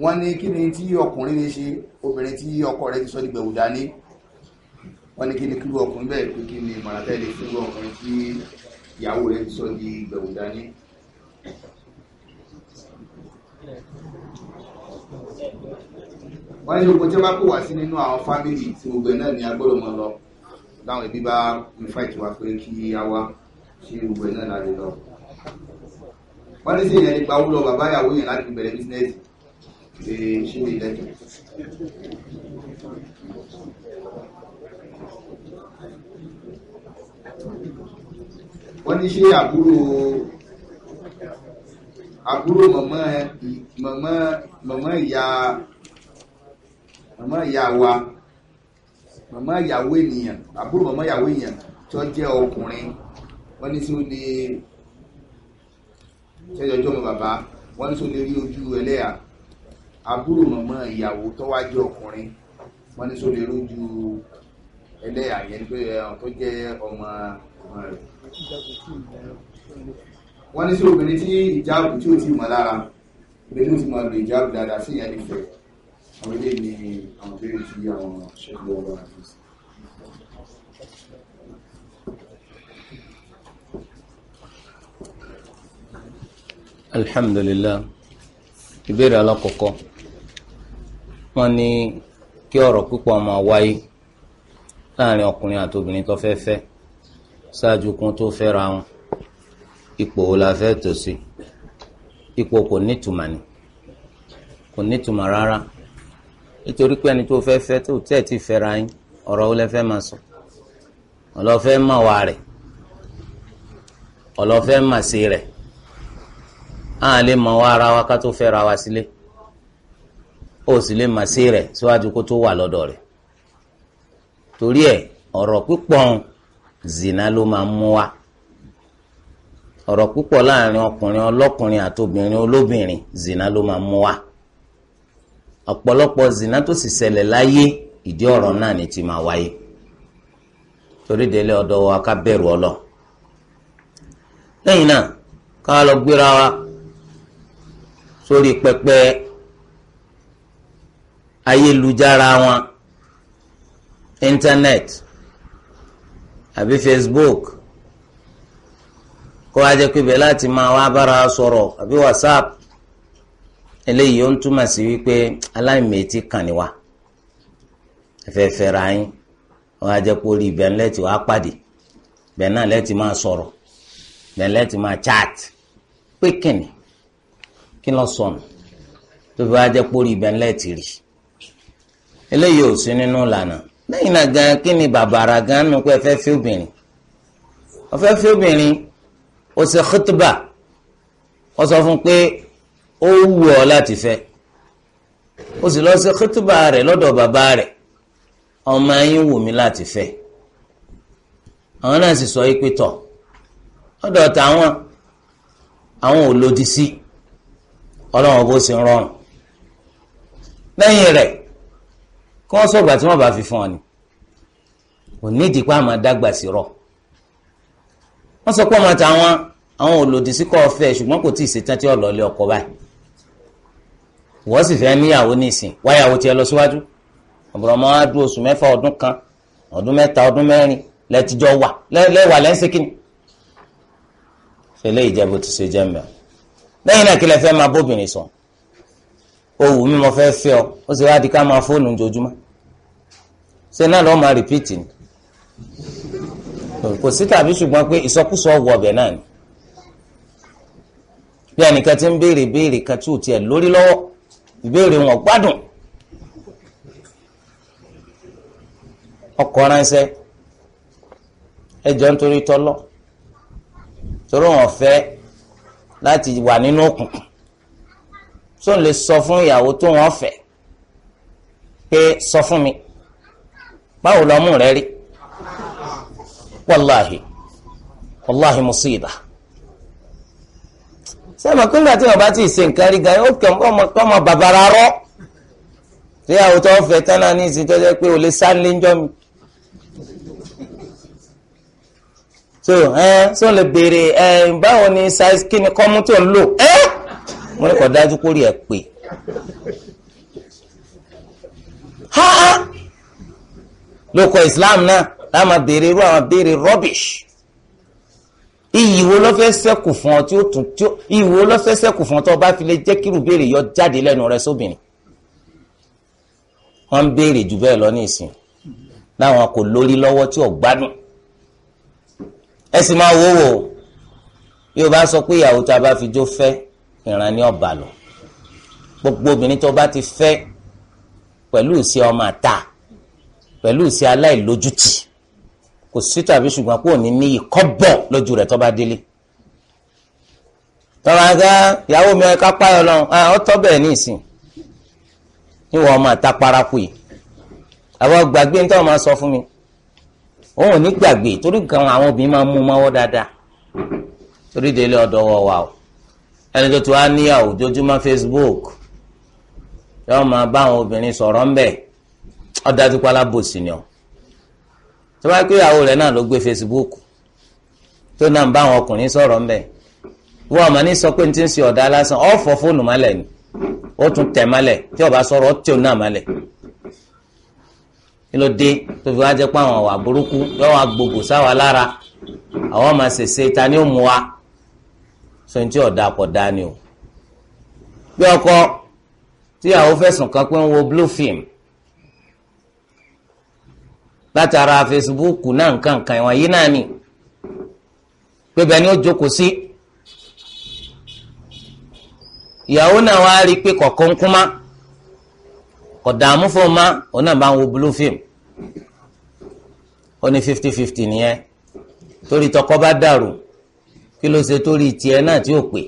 Wọ́n ní kí ni tí ọkùnrin lè ṣe obìnrin tí ọkọ rẹ̀ ti sọ dìgbẹ̀wò dání wọ́n ní kí ni kílú ọkùnrin bẹ́ẹ̀ pé kí ni ìmọ̀ràn tẹ́lẹ̀ fún ọkùnrin tí ìyàwó rẹ̀ ti sọ di gbẹ̀wò dání wọ́n ní ogun tí wọ́n bá kó wá sí nínú àwọn fámìlì tí gbogbo ẹ̀ náà ni agbọ́dọ̀ mọ́ lọ láwọn ẹbí bá ń fáìtì wá pé kí a wá ṣe gbogbo ẹ̀ náà láti lọ wọ́n ní sí ìyẹn nípa wúlọ bàbá ìyàwó yẹn láti bẹ̀rẹ̀ bísínẹ́sì ṣe ṣe lè lẹ́tọ̀ Thank you wọ́n ní ṣé àbúrò àbúrò mọ̀mọ́ mọ̀mọ́ mọ̀mọ́ ìyá mọ̀mọ́ ìyá wa mọ̀mọ́ ìyàwó ènìyàn àbúrò mọ̀mọ́ ìyàwó ènìyàn tó jẹ́ ọkùnrin wọ́n ní tí ó lè ṣẹ́jọ́ ọjọ́ mi bàbá wọ́n ní tí ó lè rí ojú ẹlẹ́yà àbúrò mọ̀mọ́ ìyàwó tó wá jẹ́ ọkùnrin wọ́n ní tí ó lè rí ojú ẹlẹ́yà yẹn tó jẹ́ ọmọ wọ́n ní sí obìnrin tí ìjáàbù tí ó ti mọ̀ lára obìnrin tí mọ̀ lò ìjáàbù dáadáa sí ìyá nífẹ̀ẹ́ àwọn ilé ni àwọn bèrè tí àwọn ṣẹ́gun ọba àti ìsìn alhamdulillah ìbéèrè alákọ̀ọ́kọ́ wọ́n ní kí ọ̀rọ̀ púpọ̀ máa wáyé láàrin ọkùnrin àti obìnrin tó fẹ́ fẹ́ ṣáájú kún tó fẹ́ra wọn ipò wo la fẹ́ tò sí ipò kò nítumọ̀ ni kò nítumọ̀ rárá nítorí pé ẹni tó fẹ́ fẹ́ tó tẹ̀ tí fẹ́ra yín ọ̀rọ̀ wo lẹ fẹ́ máa sọ ọlọ́fẹ́ mọ̀ wá rẹ̀ ọlọ́fẹ́ mọ̀ sí rẹ̀ á lè mọ̀ wá ara wa ká tó fẹ́ra wa sílé ó sì lè mọ̀ sí rẹ̀ síwájú kó tó wà lọ́dọ̀ rẹ̀ torí ẹ̀ ọ̀rọ̀ pípọ̀n zina ló máa mú wa ọ̀rọ̀ púpọ̀ láàrin ọkùnrin ọlọ́kùnrin àtobìnrin olóbìnrin zina ló máa mú wa ọ̀pọ̀lọpọ̀ zina tó sì ṣẹlẹ̀ láyé ìdí ọ̀rọ̀ náà ni ti máa wáyé torí délé ọ̀dọ̀ wa ká bẹ̀rù ọlọ lẹ́yìn náà ká lọ gbéra wa sórí pẹpẹ ayélujára wọn íńtánẹ́ẹ̀tì àbí Facebook kó wá jẹ́ pé bẹ́ẹ̀ láti máa wá bára sọ̀rọ̀ àbí WhatsApp eléyìí ó ń túmọ̀ sí wípé aláìmẹ̀tì kàn ní wa ẹ̀fẹ̀ fẹ́ra yín wọ́n á jẹ́ pé orí ibẹ̀ ńlẹ́ tí pàdé ibẹ̀ náà lẹ́tì máa sọ̀rọ̀ ibẹ̀ lẹ́tì máa chat pé kìnnì kí lọ sọnù tó fi wá jẹ́ pé orí ibẹ̀ ńlẹ́ rí eléyìí ò sí nínú ìlànà lẹ́yìn náà gan kí ni bàbàrà gan nínú pé ẹ fẹ́ fi obìnrin ọ fẹ́ fi obìnrin ó ṣe khutba ó sọ fún pé ó wù ọ láti fẹ́ ó sì lọ ṣe khutba rẹ̀ lọ́dọ̀ bàbá rẹ̀ ọmọ yín wù mí láti fẹ́ àwọn náà sì sọ yí tọ̀ lọ́dọ̀ táwọn àwọn ò lòdì sí ọlọ́run bó ṣe rọrùn lẹ́yìn rẹ̀ kí wọ́n sọ̀gbà tí wọ́n bá fi fún ọ ni kò ní ìdí pa máa dágbà sí rọ wọ́n sọ pé ọmọ àtàwọn àwọn olòdì sí kọ́ ọ̀fẹ́ ṣùgbọ́n kò tí ì ṣetán tí ọ̀lọ́lé ọkọ báyìí wọ́n sì fẹ́ níyàwó nísìn wáyàwó tiẹ̀ lọ síwájú ọ̀bùrọ̀ máa dún oṣù mẹ́fà ọdún kan ọdún mẹ́ta ọdún mẹ́rin lẹ́tijọ́ wà lẹ́wà lẹ́sìn kìíní ṣe lé ìjẹ́bù tó ṣe jẹ́ mẹ́rin lẹ́yìn náà kí lẹ fẹ́ máa bóbìnrin sọ owó mi mo fẹ́ fẹ́ ọ ó sì wá di ká máa fóònù ojoojúmọ́ ṣe náà lọ́ọ́ máa rìpíìtì ni kò sí tàbí ṣùgbọ́n pé ìsọkúsọ wọ̀ ọ̀bẹ náà ni bí ẹnìkan ti ń béèrè béèrè kan tí ò tiẹ̀ lórí lọ́wọ́ ìbéèrè wọn gbádùn ọkọ̀ ránṣẹ́ ẹjọ́ nítorí tọ́lọ́ torí wọn fẹ́ láti wà nínú òkùnkùn tó ń lè sọ fún ìyàwó tó wọ́n fẹ́ pé sọ fún mi báwo lọ́mú rẹ rí wàláhì wàláhì mùsíbà sẹ́mi kí nígbà tí wọ́n bá ti ṣe nǹkan rí gan-an ó kàn kọ́ ọmọ bàbàrà rọ́ tí àwọn tó fẹ́ tánà ní ìsìn tó jẹ́ pé ò lè sá lé ń jọ mi so ẹ so lè béèrè ẹ báwo ni size kí ni kọ́mú tó ń lò ẹ́. Eh? wọ́n lè kọ́ dájú kórè ẹ̀ pè ha lóko Islam náà láà máa béèrè irú àwọn béèrè rubbish iyì wo ló fẹ́ ṣẹ́kù fún ọ tí ó tún tí ó iyì wo ló fẹ́ ṣẹ́kù fún ọ tó o bá fi lè jẹ́ kírù béèrè yọ jáde lẹ́nu rẹ sóbìnrin wọ́n ń béèrè jù bẹ́ẹ̀ lọ ní ìsìn láwọn kò lórí lọ́wọ́ tí ò gbádùn ẹ sì máa wò bí o bá sọ pé ìyàwó tá a bá fi jó fẹ́ ìran ní ọ̀bà lọ gbogbo obìnrin tó bá ti fẹ́ pẹ̀lú ìṣe ọmọ àta pẹ̀lú ìṣe aláìlójútì kò sí tàbí ṣùgbọ́n kò ní ní ìkọ́bọ̀ lójú rẹ̀ tó bá délé tọ́ba gá ìyàwó mi ẹ̀ka páyọ̀ lọ ọ tọ́ bẹ́ẹ̀ ní ìsìn níwọ̀ ọmọ àta paraku yìí àwọn gbàgbé ń tọ́ máa sọ fún mi òun ò ní gbàgbé torí kan àwọn obìnrin máa mú mọ́wọ́ dáadáa torí délé ọ̀dọ̀ wọ̀ wà o. ẹni tó ti wá níyàwó Facebook yóò máa bá àwọn obìnrin sọ̀rọ̀ ńbẹ̀ ọ̀dájú pálábòsì ni ọ́ tó bá pé ìyàwó rẹ̀ náà ló gbé Facebook tó náà bá àwọn ọkùnrin sọ̀rọ̀ ńbẹ̀ wọ́n ọ̀mọ̀ ní sọ pé ní ti ń ṣe ọ̀dà lásán ọ̀ fọ́ fóònù mọ́lẹ̀ ni ó tún tẹ̀ mọ́lẹ̀ tí sọ̀rọ̀ náà mọ́lẹ̀ kí ló dé tó fi wá jẹ́ pé àwọn àwà gbogbo sọ ní tí ọ̀dà pọ̀ dání o bí ọkọ tíyàwó fẹ̀sùn kan pé ń wo blue film látara Facebook náà nǹkan nǹkan ìwọ̀n yìí náà ni pé bẹ́ẹ̀ ni ó jókòó sí ìyàwó náà wá rí i pé kọ̀ọ̀kan ń kú má kò fún un má òun náà bá ń wo blue film ó ní fifty fifty nìyẹn torí tọkọ bá dàrú kí ló ṣe torí tiẹ̀ náà tí ó pè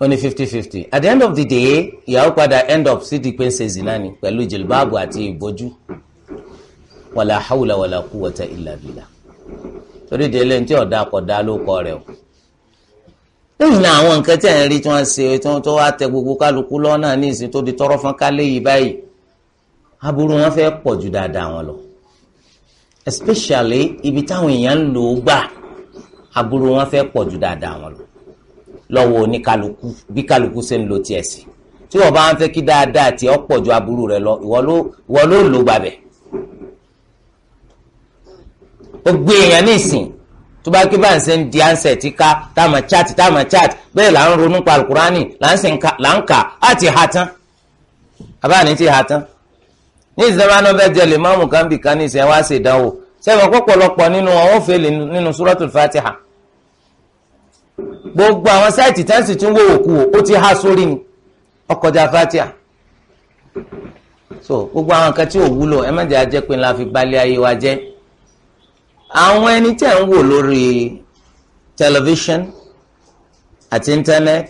ó ní fifty fifty at the end of the day ìyàwó padà end up sí di pé ń ṣe zina ni pẹ̀lú jìlbáàbù àti ìbojú wàlà hàwùlà wàlà kúwọ̀tà ìlàbìlà torí délé ní tí ọ̀dà kọ̀dá ló kọ rẹ̀ o lẹ́yìn náà àwọn nǹkan tí ẹ̀ tí wọ́n ṣe tí wọ́n tó wá tẹ gbogbo kálukú lọ́nà ní ìsìn tó di tọrọ fún kálé yìí báyìí aburú wọn fẹ́ pọ̀ ju dáadáa wọn lọ especially ibi táwọn èèyàn ń lò ó gbà aburú wọn fẹ́ pọ̀ ju dáadáa wọn lọ lọ́wọ́ oníkálukú bí kálukú ṣe ń lo tiẹ̀ sí tí wọ́n bá ń fẹ́ kí dáadáa tiẹ̀ ó pọ̀ ju aburú rẹ lọ ìwọ ló lò gbàbẹ̀ gbogbo èèyàn ní ìsìn tó bá kí bá ṣe ń di ansẹ̀ tí ká táàmà chat táàmà chat bẹ́ẹ̀ là ń ronú pa alukurani là ń kà á ti ha tán abáàní ti ha tán ní ìsinmi náà bẹ́ẹ̀ jẹ́ lè máàmù kan bìkan ní ìsìn ẹ̀ wá ṣèdánwò sẹ́wọ̀n pọ̀pọ̀lọpọ̀ nínú wọn fèlè nínú suratul fatiha gbogbo àwọn sáìtì tẹ́ǹsì tún wò òkú ó ti há sórí ọkọjá fatia so gbogbo àwọn nǹkan tí ò wúlò ẹ mẹ́jẹ̀ ajẹ́ pé ńlá fi balẹ̀ ayé wa jẹ́ àwọn ẹni tẹ́ ń wò lórí tẹlifíṣàn àti internet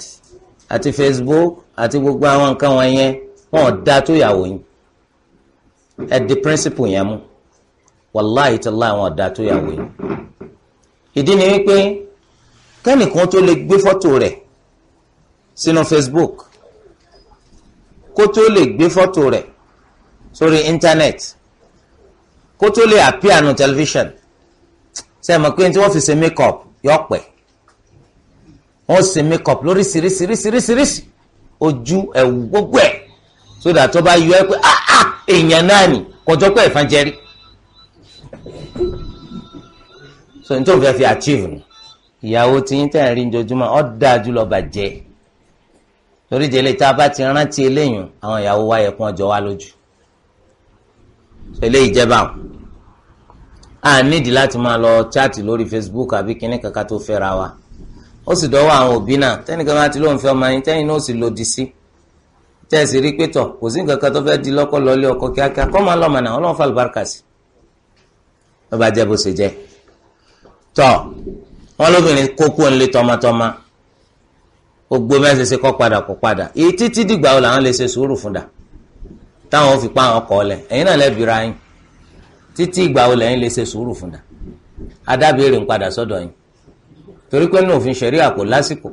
àti facebook àti gbogbo àwọn nǹkan wọ̀nyẹn wọn ò dá tó yàwó yín ẹ di principle yẹn mú wàláhìí tó láwọn ò dá tó yàwó yín ìdí ni wípé kẹ́nìkan tó lè gbé fọ́tò rẹ̀ sínú Facebook kó tó lè gbé fọ́tò rẹ̀ sórí internet kó tó lè appear nù television ṣe mọ̀ pé tí wọ́n fi make-up, yọ pẹ̀ wọ́n ṣe makeup lóríṣiríṣiríṣiríṣi ojú ẹ̀wù gbogbo ẹ̀ sódà tó bá yọ ẹ pé ah ah èèyàn náà nì kọjọ́ pé ẹ̀fọn jẹ́rí so n tó fẹ́ fi achieve nù. No ìyàwó tí yín tẹ̀rí njojúmọ́ ọ́ dáa jùlọ bàjẹ́ torí délé tá a bá ti rántí eléyìn àwọn ìyàwó wa yẹ kún ọjọ́ wa lójú eléyìí jẹba a nídìí láti máa lọ chaati lórí Facebook àbí kíní kaka tó fẹ́ra wa ó sì dọ́wọ́ àwọn òbí náà tẹ́nìkan bá ti lóun fẹ́ ọmọ yín tẹ́yìn náà ó sì lòdì sí tẹ́sí rí pé tọ̀ kò sí nǹkan kan tó fẹ́ di lọ́kọ́ lọ́lé ọkọ kíákíá kọ́ máa lọ́mọ náà ọlọ́run fàlùbáràkà sí ló jẹ́ bó ṣe jẹ́ tọ́ wọn lóbìnrin kókó ńlẹ tọmọtọmọ gbogbo bẹ́ẹ̀ ṣe ṣe kọ́ padà kọ́ padà èyí títí dìgbà wo làwọn lè ṣe sùúrù fún dà táwọn fi pa àwọn kọ́ lẹ̀ ẹ̀yin náà lẹ́bìíra yín títí ìgbà wo lẹ́yìn lè ṣe sùúrù fún dà adábìrì ń padà sọ́dọ̀ yín torí pé nínú òfin ṣẹ̀ríà kò lásìkò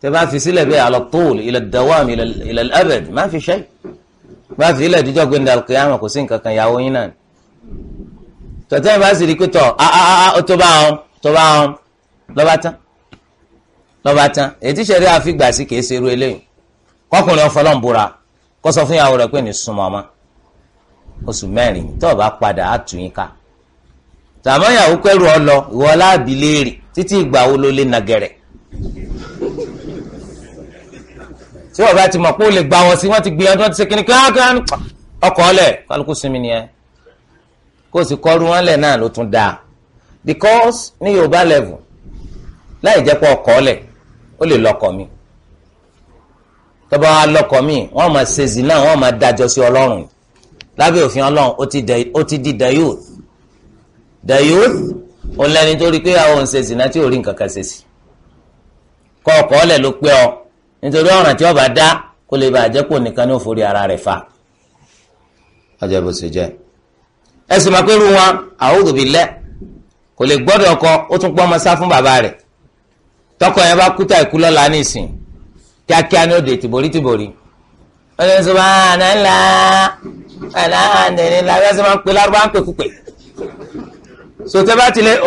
tẹ bá fi sílẹ̀ bẹ́ẹ̀ alọ́ tóòlù ilẹ̀ dawam ilẹ̀ abẹ́d má fi ṣẹ́ bá fi ilẹ̀ díjọ́ gbé ndàlùkẹ́ àmọ́ kò sí nǹkan kan ìyàwó yín náà tọ́tẹ́ bá sì rí pé tọ́ tó bá wọn lọ́ba tán lọ́ba tán ètí ìṣẹ̀rí àfigbà sí kìí ṣe irú eléyìí kọkùnrin ọ̀fọlọ́n búra kó sọ fún ìyàwó rẹ̀ pé ní súnmọ́ ọmọ oṣù mẹ́rin tó bá padà á tù yín ká tàmọ́ ìyàwó pẹ̀lú ọ lọ ìwọ láàbí léèrè títí ìgbà wo ló lé nàgẹ̀rẹ̀ tí wọ́n bá ti mọ̀ pé ó lè gba wọn sí wọ́n ti gbìyànjú wọn ti ṣe kíni kíákíá ọkọ̀ ọ̀lẹ̀ kálukú sinmi nìyẹn kó o sì kọ́rú wọn lẹ̀ náà ló tún dáa because ní yorùbá level láì jẹ́ ọkọ̀ ọ̀lẹ̀ ó lè lọ́kọ̀ mi tọ́ba wa lọ́kọ̀ mi wọ́n máa ṣe zina wọ́n dájọ́ sí ọlọ́run lábẹ́ òfin ti di dayuth dayuth ó lẹ́ni tó rí pé àwọn òun ṣe tí ò rí nǹkan kan ṣe sí kọ́ ọkọ̀ ló pé ọ nítorí ọ̀ràn tí ọba dá kó lè bàa nìkan ní òfòrí ara rẹ̀ fa ọjọ́ bó ṣe jẹ́ ẹ̀sùn máa pẹ́rù wọn kò lè gbọ́dọ̀ ọkọ ó tún pọ́n ọmọ sá fún bàbá rẹ̀ tọkọ yẹn bá kúta ìkú lọ́la nísìn kíákíá ni ó dé tìbórí tìbórí wọ́n lè sọ bá àná ńlá àná àndẹ̀ni ńlá bí máa ń pe lárúbá ń pè kúpè so tẹ bá tilẹ̀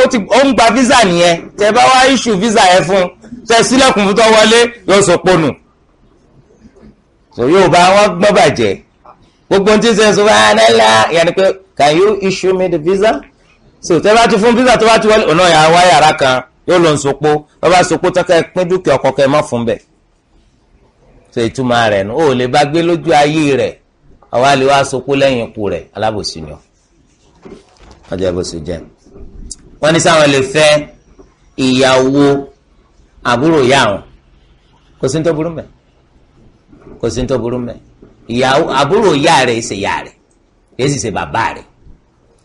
ó ń gba visa nìyẹn tẹ bá wá iṣu visa yẹn fún tẹ sílẹ̀kùn fún tó wọlé yóò sọ pọnù so yóò bá wọn gbọ́ bàjẹ́ gbogbo ohun tí ń sọ bá àná ńlá yẹn ni pé can you issue me the visa? so tẹ́ bá ti fún visa tó bá ti wọlé ọ̀nà yà wá yàrá kan yóò lọ nsopó wọ́n bá sopó tọ́ka pín dúkìá ọkọ̀ kẹ́ ẹ má fún bẹ̀ so ìtumọ̀ rẹ̀ nù ó lè bá gbé lójú ayé rẹ̀ àwa lè wá sopó lẹ́yìn ikú rẹ̀ alábòsí ni ọjọ́ ìbòsí jẹ́ wọ́n ní sáwọn lè fẹ́ ìyàwó àbúrò ìyá àwọn kò sí ní tó burú mẹ́ kò sí ní tó burú mẹ́ ìyàwó àbúrò ìyá rẹ̀ ìṣèyà rẹ̀ èyí sì ṣe bàbá rẹ̀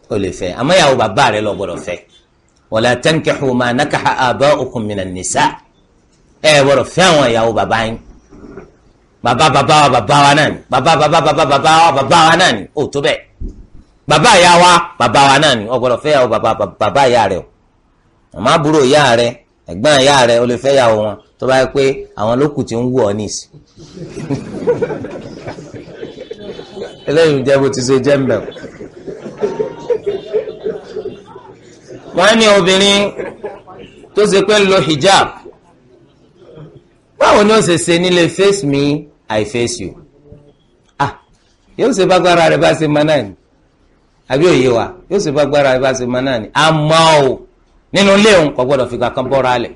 o lè fẹ́ àmọ́ ìyàwó bàbá rẹ lọ gbọ́dọ̀ fẹ́ wala tankihu ma nakaha aba'ukum minan nisa ẹ gbọ́dọ̀ fẹ́ àwọn ìyàwó bàbá yín bàbá bàbá wa bàbá wa náà ni bàbá bàbá bàbá bàbá wa bàbá wa náà ni ó tó bẹ́ẹ̀ bàbá ìyá wa bàbá wa náà ni o gbọ́dọ̀ fẹ́ ìyàwó bàbá bàbá ìyá rẹ o àmọ́ àbúrò ìyá rẹ ẹ̀gbọ́n ìyá rẹ o lè fẹ́ ìyàwó wọn tó bá yẹ pé àwọn lókù ti ń wù ọ níìsì <laughs> eléyìí jẹ́ bó ti ṣe jẹ́ mbẹ́ o. wọ́n ní obìnrin tó ṣe pé ń lo hijab báwo ni ó ṣe ṣe nílé face me i face you ah yóò ṣe bágbára rẹ̀ bá ṣe mọ náà ni àbí òye wa yóò ṣe bágbára rẹ̀ bá ṣe mọ náà ni àmọ́ o nínú ilé òun kò gbọ́dọ̀ fìgbà kan bọ́ra lẹ̀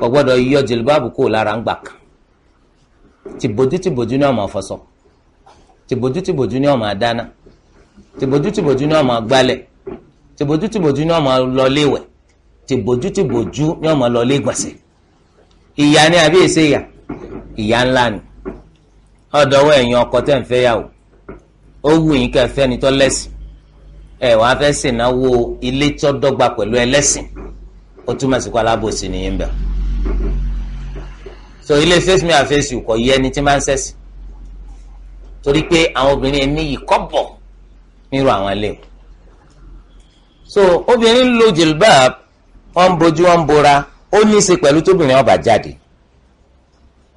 kò gbọ́dọ̀ yọ jìlbáàbù kò lára ń gbà kan tìbójú tìbójú ni ó máa tìbójú tìbójú ni ó máa tìbójú tìbójú ni ó máa tìbòjú tìbòjú ni ọmọ lọ léwẹ̀ tìbòjú tìbòjú ni ọmọ lọ légbọ̀nsẹ̀ ìyá ni àbí èsè ìyá ìyá ńlá ni ọ̀dọ̀wọ́ ẹ̀yin ọkọ tẹ́ ń fẹ́ yàwó ó wù yín kẹ́ fẹ́ ni tọ́ lẹ́sìn ẹ̀ wá fẹ́ sìnáwó ilé tó dọ́gba pẹ̀lú ẹlẹ́sìn ó túmọ̀ sí kó alábòsí ni yín bẹ̀. so ilé face me and face you kò yẹ ẹni tí máa ń sẹ̀sìn torí pé àwọn obìnrin ẹni yìí kọ́ bọ̀ nírú àwọn ilé so obìnrin ń lo jilbab wọ́n ń bojú wọ́n ń bora ó ní í ṣe pẹ̀lú tóbìnrin ọba jáde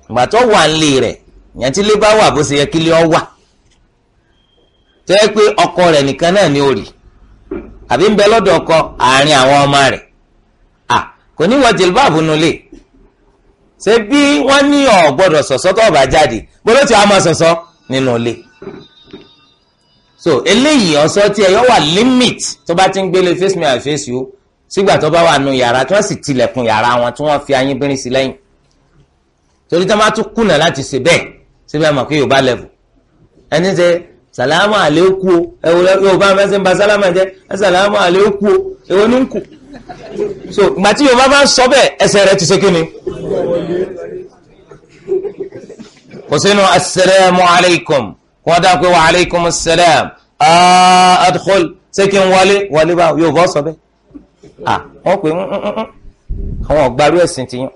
ìgbà tó wà nílé rẹ̀ ìyẹn tí lé bá wà bó ṣe yẹ kí lé ọ wà tó yẹ pé ọkọ rẹ̀ nìkan náà ni ó rí àbí ń bẹ lọ́dọ̀ ọkọ àárín àwọn ọmọ rẹ̀ à kò ní wọ jilbab nulẹ̀ ṣé bí wọ́n ní ọ̀ gbọ́dọ̀ sọ̀sọ́ tó ọba jáde bó ló ti wá máa sọ̀sọ́ nínú ilé. so eléyìí ọ̀sọ́ tí ẹ yọ wà limit tó bá ti ń gbélé face me and face you sígbà tó bá wà nù yàrá tí wọ́n sì tilẹ̀kùn yàrá wọn tí wọ́n fi ayín bínrin sí lẹ́yìn torí tó bá tún kùnà láti ṣe bẹ́ẹ̀ síbẹ̀ mọ̀ pé yorùbá level ẹni ṣe sàlámù àlékù o ẹwọ yorùbá mẹsẹ̀ ń ba sálámù jẹ sàlámù àlékù o ẹwọ ní ń kù so ìgbà tí yorùbá bá ń sọ bẹ́ẹ̀ ẹsẹ̀ rẹ ti ṣe kí ni kò sínú assalamu alaikum wọ́n dá pé wa alaikum salam adkhul ṣé kí n wọlé wọlé bá yóò bọ́ sọ bẹ́ẹ̀ wọ́n pè mm, mm, mm, àwọn ọ̀gbárú ẹ̀sìn ti yàn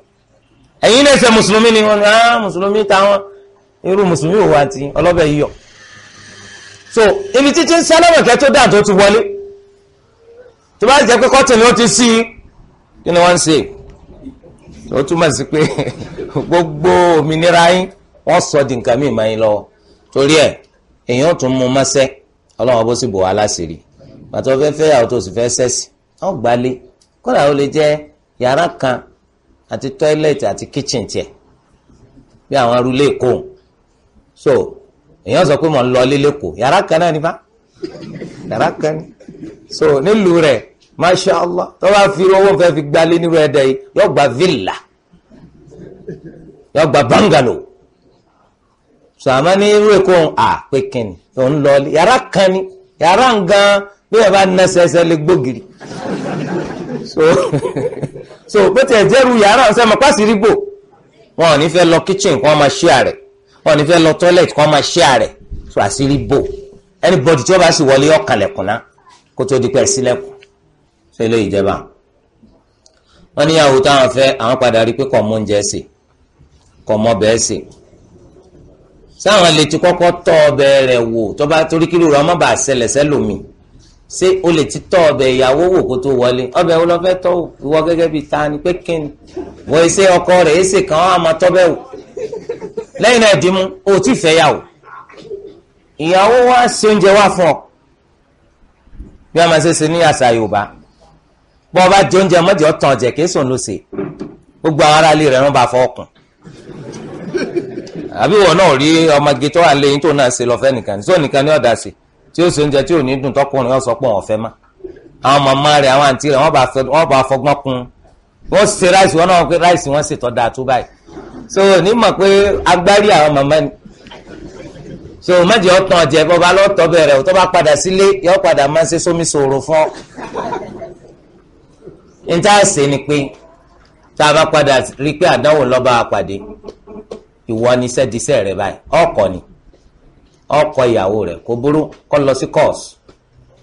ẹ̀yin náà ṣe ni wọ́n ní ah, táwọn irú mùsùlùmí òwò àti ọlọ́bẹ̀ yíyọ̀ so ibi títí ń sálámà kẹ́ tó dà tó ti wọlé tó bá jẹ́ pé kọ́tìnì ó ti sí kí ni wọ́n ń ṣe ó túmọ̀ sí pé <laughs> gbogbo òmìnira yín wọ́n sọ di nǹkan mìíràn yín lọ́wọ́ torí ẹ̀ èèyàn tún mú mọ́sẹ́ ọlọ́run bó sì bò wá láṣìírí bàtọ́ fẹ́ fẹ́ yàwó tó sì fẹ́ sẹ́sì ọ̀ gbalé kódà ó lè jẹ́ yàrá kan àti tọ́ílẹ̀tì àti kíchìn tiẹ̀ bí àwọn arúlé kò so èèyàn sọ pé mò ń lọ lílé kò yàrá kan náà nípa yàrá kan ní so nílùú rẹ̀ masha allah tó bá fi owó fẹ́ fi gbalé nírú ẹ̀dẹ̀ yìí yọ gba villa yọ gba bangalow so àmọ́ ní irú èkó à pé kìnnì tó ń lọ yàrá kan ni yàrá nǹkan bí ẹ bá na ṣẹṣẹ lè gbógiri so <laughs> so pé tẹ̀ jẹ́rù yàrá ọ̀sẹ̀ mọ̀ pàṣírí gbò wọn ò ní fẹ́ lọ kitchen kí wọ́n máa ṣí àrẹ̀ wọn ò ní fẹ́ lọ toilet kí wọ́n máa ṣí àrẹ̀ so àṣírí bò anybody tí wọ́n bá sì wọlé ọ̀kànlẹ̀kùn náà kó tó di pẹ́ sílẹ̀kùn so ilé ìjẹba wọn níyàwó táwọn fẹ́ àwọn padà rí pé kọ̀ mọ́ oúnjẹ sè kọ̀ mọ́ bẹ́ẹ̀ sè sáwọn lè ti kọ́kọ́ tọ́ ọbẹ̀ rẹ̀ wò tọ́ba torí kí lóra ọmọ bá ṣẹlẹ̀ sẹ́lòmí ṣé o lè ti tọ́ ọbẹ̀ ìyàwó wò kó tó wọlé ọbẹ̀ wo lọ fẹ́ tọ́ wò gẹ́gẹ́ bíi ta ni pé kí ni wọ́n ṣe ọkọ rẹ̀ èsè kan á máa tọ́bẹ̀ wò lẹ́yìn náà dìímú o ti fẹ́ yà wò ìyàwó wa ṣe oúnjẹ wá fún ọ bí a máa ṣe ṣe ní àṣà Yorùbá bọ́ ọba jẹ oúnjẹ mọ́jọ́ tán ọ̀jẹ̀ kí àbí wọn náà rí ọmọge tó wà lẹ́yìn tó náà ṣe lọ fẹ́ nìkan tí ó nìkan ní ọ̀dà sí tí ó ṣe oúnjẹ tí ò ní dùn tọkùnrin ọ̀sọ́ pọ̀ wọ́n fẹ́ má àwọn màmá rẹ̀ àwọn àǹtí rẹ̀ wọ́n bá fọgbọ́n kun wọ́n ṣe ráìsì wọn náà pé ráìsì wọn sì tọ́ da tó báyìí so onímọ̀ pé agbárí àwọn màmá ni so mẹ́jọ tán jẹ bọ́ bá lọ́tọ̀ bẹ̀rẹ̀ tó bá padà sílé yọ padà máa ṣe sómi ṣòro fún ọ ní tá ni pé tá a bá padà rí pé àdánwò lọ́ba àpàdé ìwọ ni sẹ́dísẹ́ rẹ̀ báyìí ọkọ ni ọkọ ìyàwó rẹ̀ kò burú kọ́ lọ sí kọ́ọ̀sì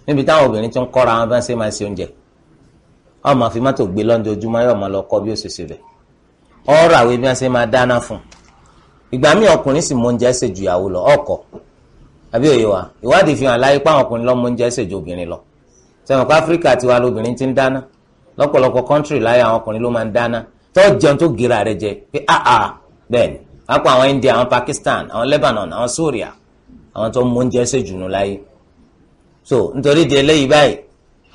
níbi táwọn obìnrin ti ń kọ́ra wọn bá ń ṣe máa ṣe oúnjẹ ọmọ àfi mọ́tò gbé lọ́njọ́ ojúmọ́ yóò máa lọ kọ́ bí ó ṣe ṣe bẹ̀ ọ̀rọ̀ àwẹ̀ bí wọ́n ṣe máa dáná fún ìgbà míì ọkùnrin sì mọ oúnjẹ ṣe ju ìyàwó lọ ọkọ àbí òye wa ìwádìí fi hàn láyé páwọn ọkùnrin lọ́mọ oúnjẹ ṣe ju obìnrin lọ sẹ́wọ̀n kó áfíríkà tiwa lóbìnrin ti ń dáná lọ́pọ̀lọpọ̀ kọ́ńtírì láyé àwọn ọkùnrin ló máa ń dáná tó jẹun tó gera rẹ jẹ pé áà ah, ah. bẹ́ẹ̀ ni akọ àwọn India àwọn Pakistan àwọn Lebanon àwọn Syria àwọn tó ń mú oúnjẹ ṣe jùnú láyé so nítorí di eléyìí báyìí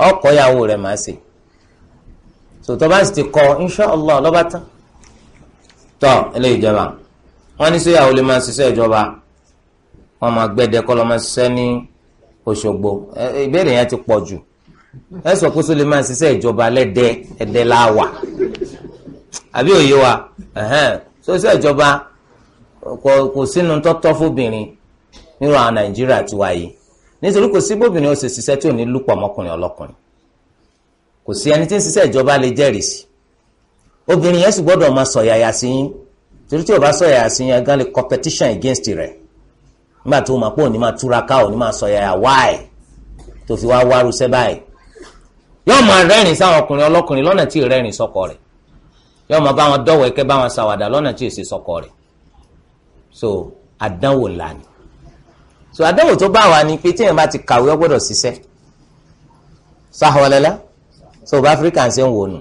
ọkọ ìyàwó rẹ̀ máa ṣe so tó bá sì ti kọ inṣọ́ọ̀lá ọlọ́ba tán tọ́ eléyìí jẹba wọ́n ní sóyàwó lè máa ṣiṣẹ́ ìjọba wọ́n máa gbẹ́dẹ́ kọ́ lọ́ máa ṣiṣẹ́ ní Òṣogbo ìbéèrè yẹn ti pọ̀ jù ẹ sọ pé sólè máa ṣiṣẹ́ ìjọba lẹ́dẹ́ ẹ̀dẹ́ láwà àbí òye wa ṣiṣẹ́ ìjọba kò sínú tọ́tọ́ fóbìnrin nínú àwọn nàìjíríà ti wáyé nítorí kò sí bóbìnrin ó ṣe ṣiṣẹ́ tí ò ní lùpọ̀ mọ́kùnrin ọlọ́kùnrin kò sí ẹni tí ń ṣiṣẹ́ ìjọba lè jẹ́rìí sí obìnrin yẹn sì gbọ́dọ̀ máa sọ̀yàyà sí yín torí tí ò bá sọ̀yàyà sí yín gan lè competition against rẹ̀ nígbà tó mọ̀ pé òní máa túraká òní máa sọ̀yàyà why tó fi wá wárúṣẹ́ báyìí yóò máa rẹ́rìn sáwọn ọkùnrin ọlọ́kùnrin lọ́nà tí ì rẹ́rìn sọ́kọ rẹ̀ yóò máa bá wọn dọ́wọ́ ẹ̀kẹ́ bá wọn ṣàwàdà lọ́nà tí ì ṣe sọ́kọ rẹ̀ so àdánwò lànà so àdánwò tó bá wà ní pé téèyàn bá ti kàwé ó gbọ́dọ̀ sáhọ́lẹ́lá so bá áfíríkà ṣe ń wò nù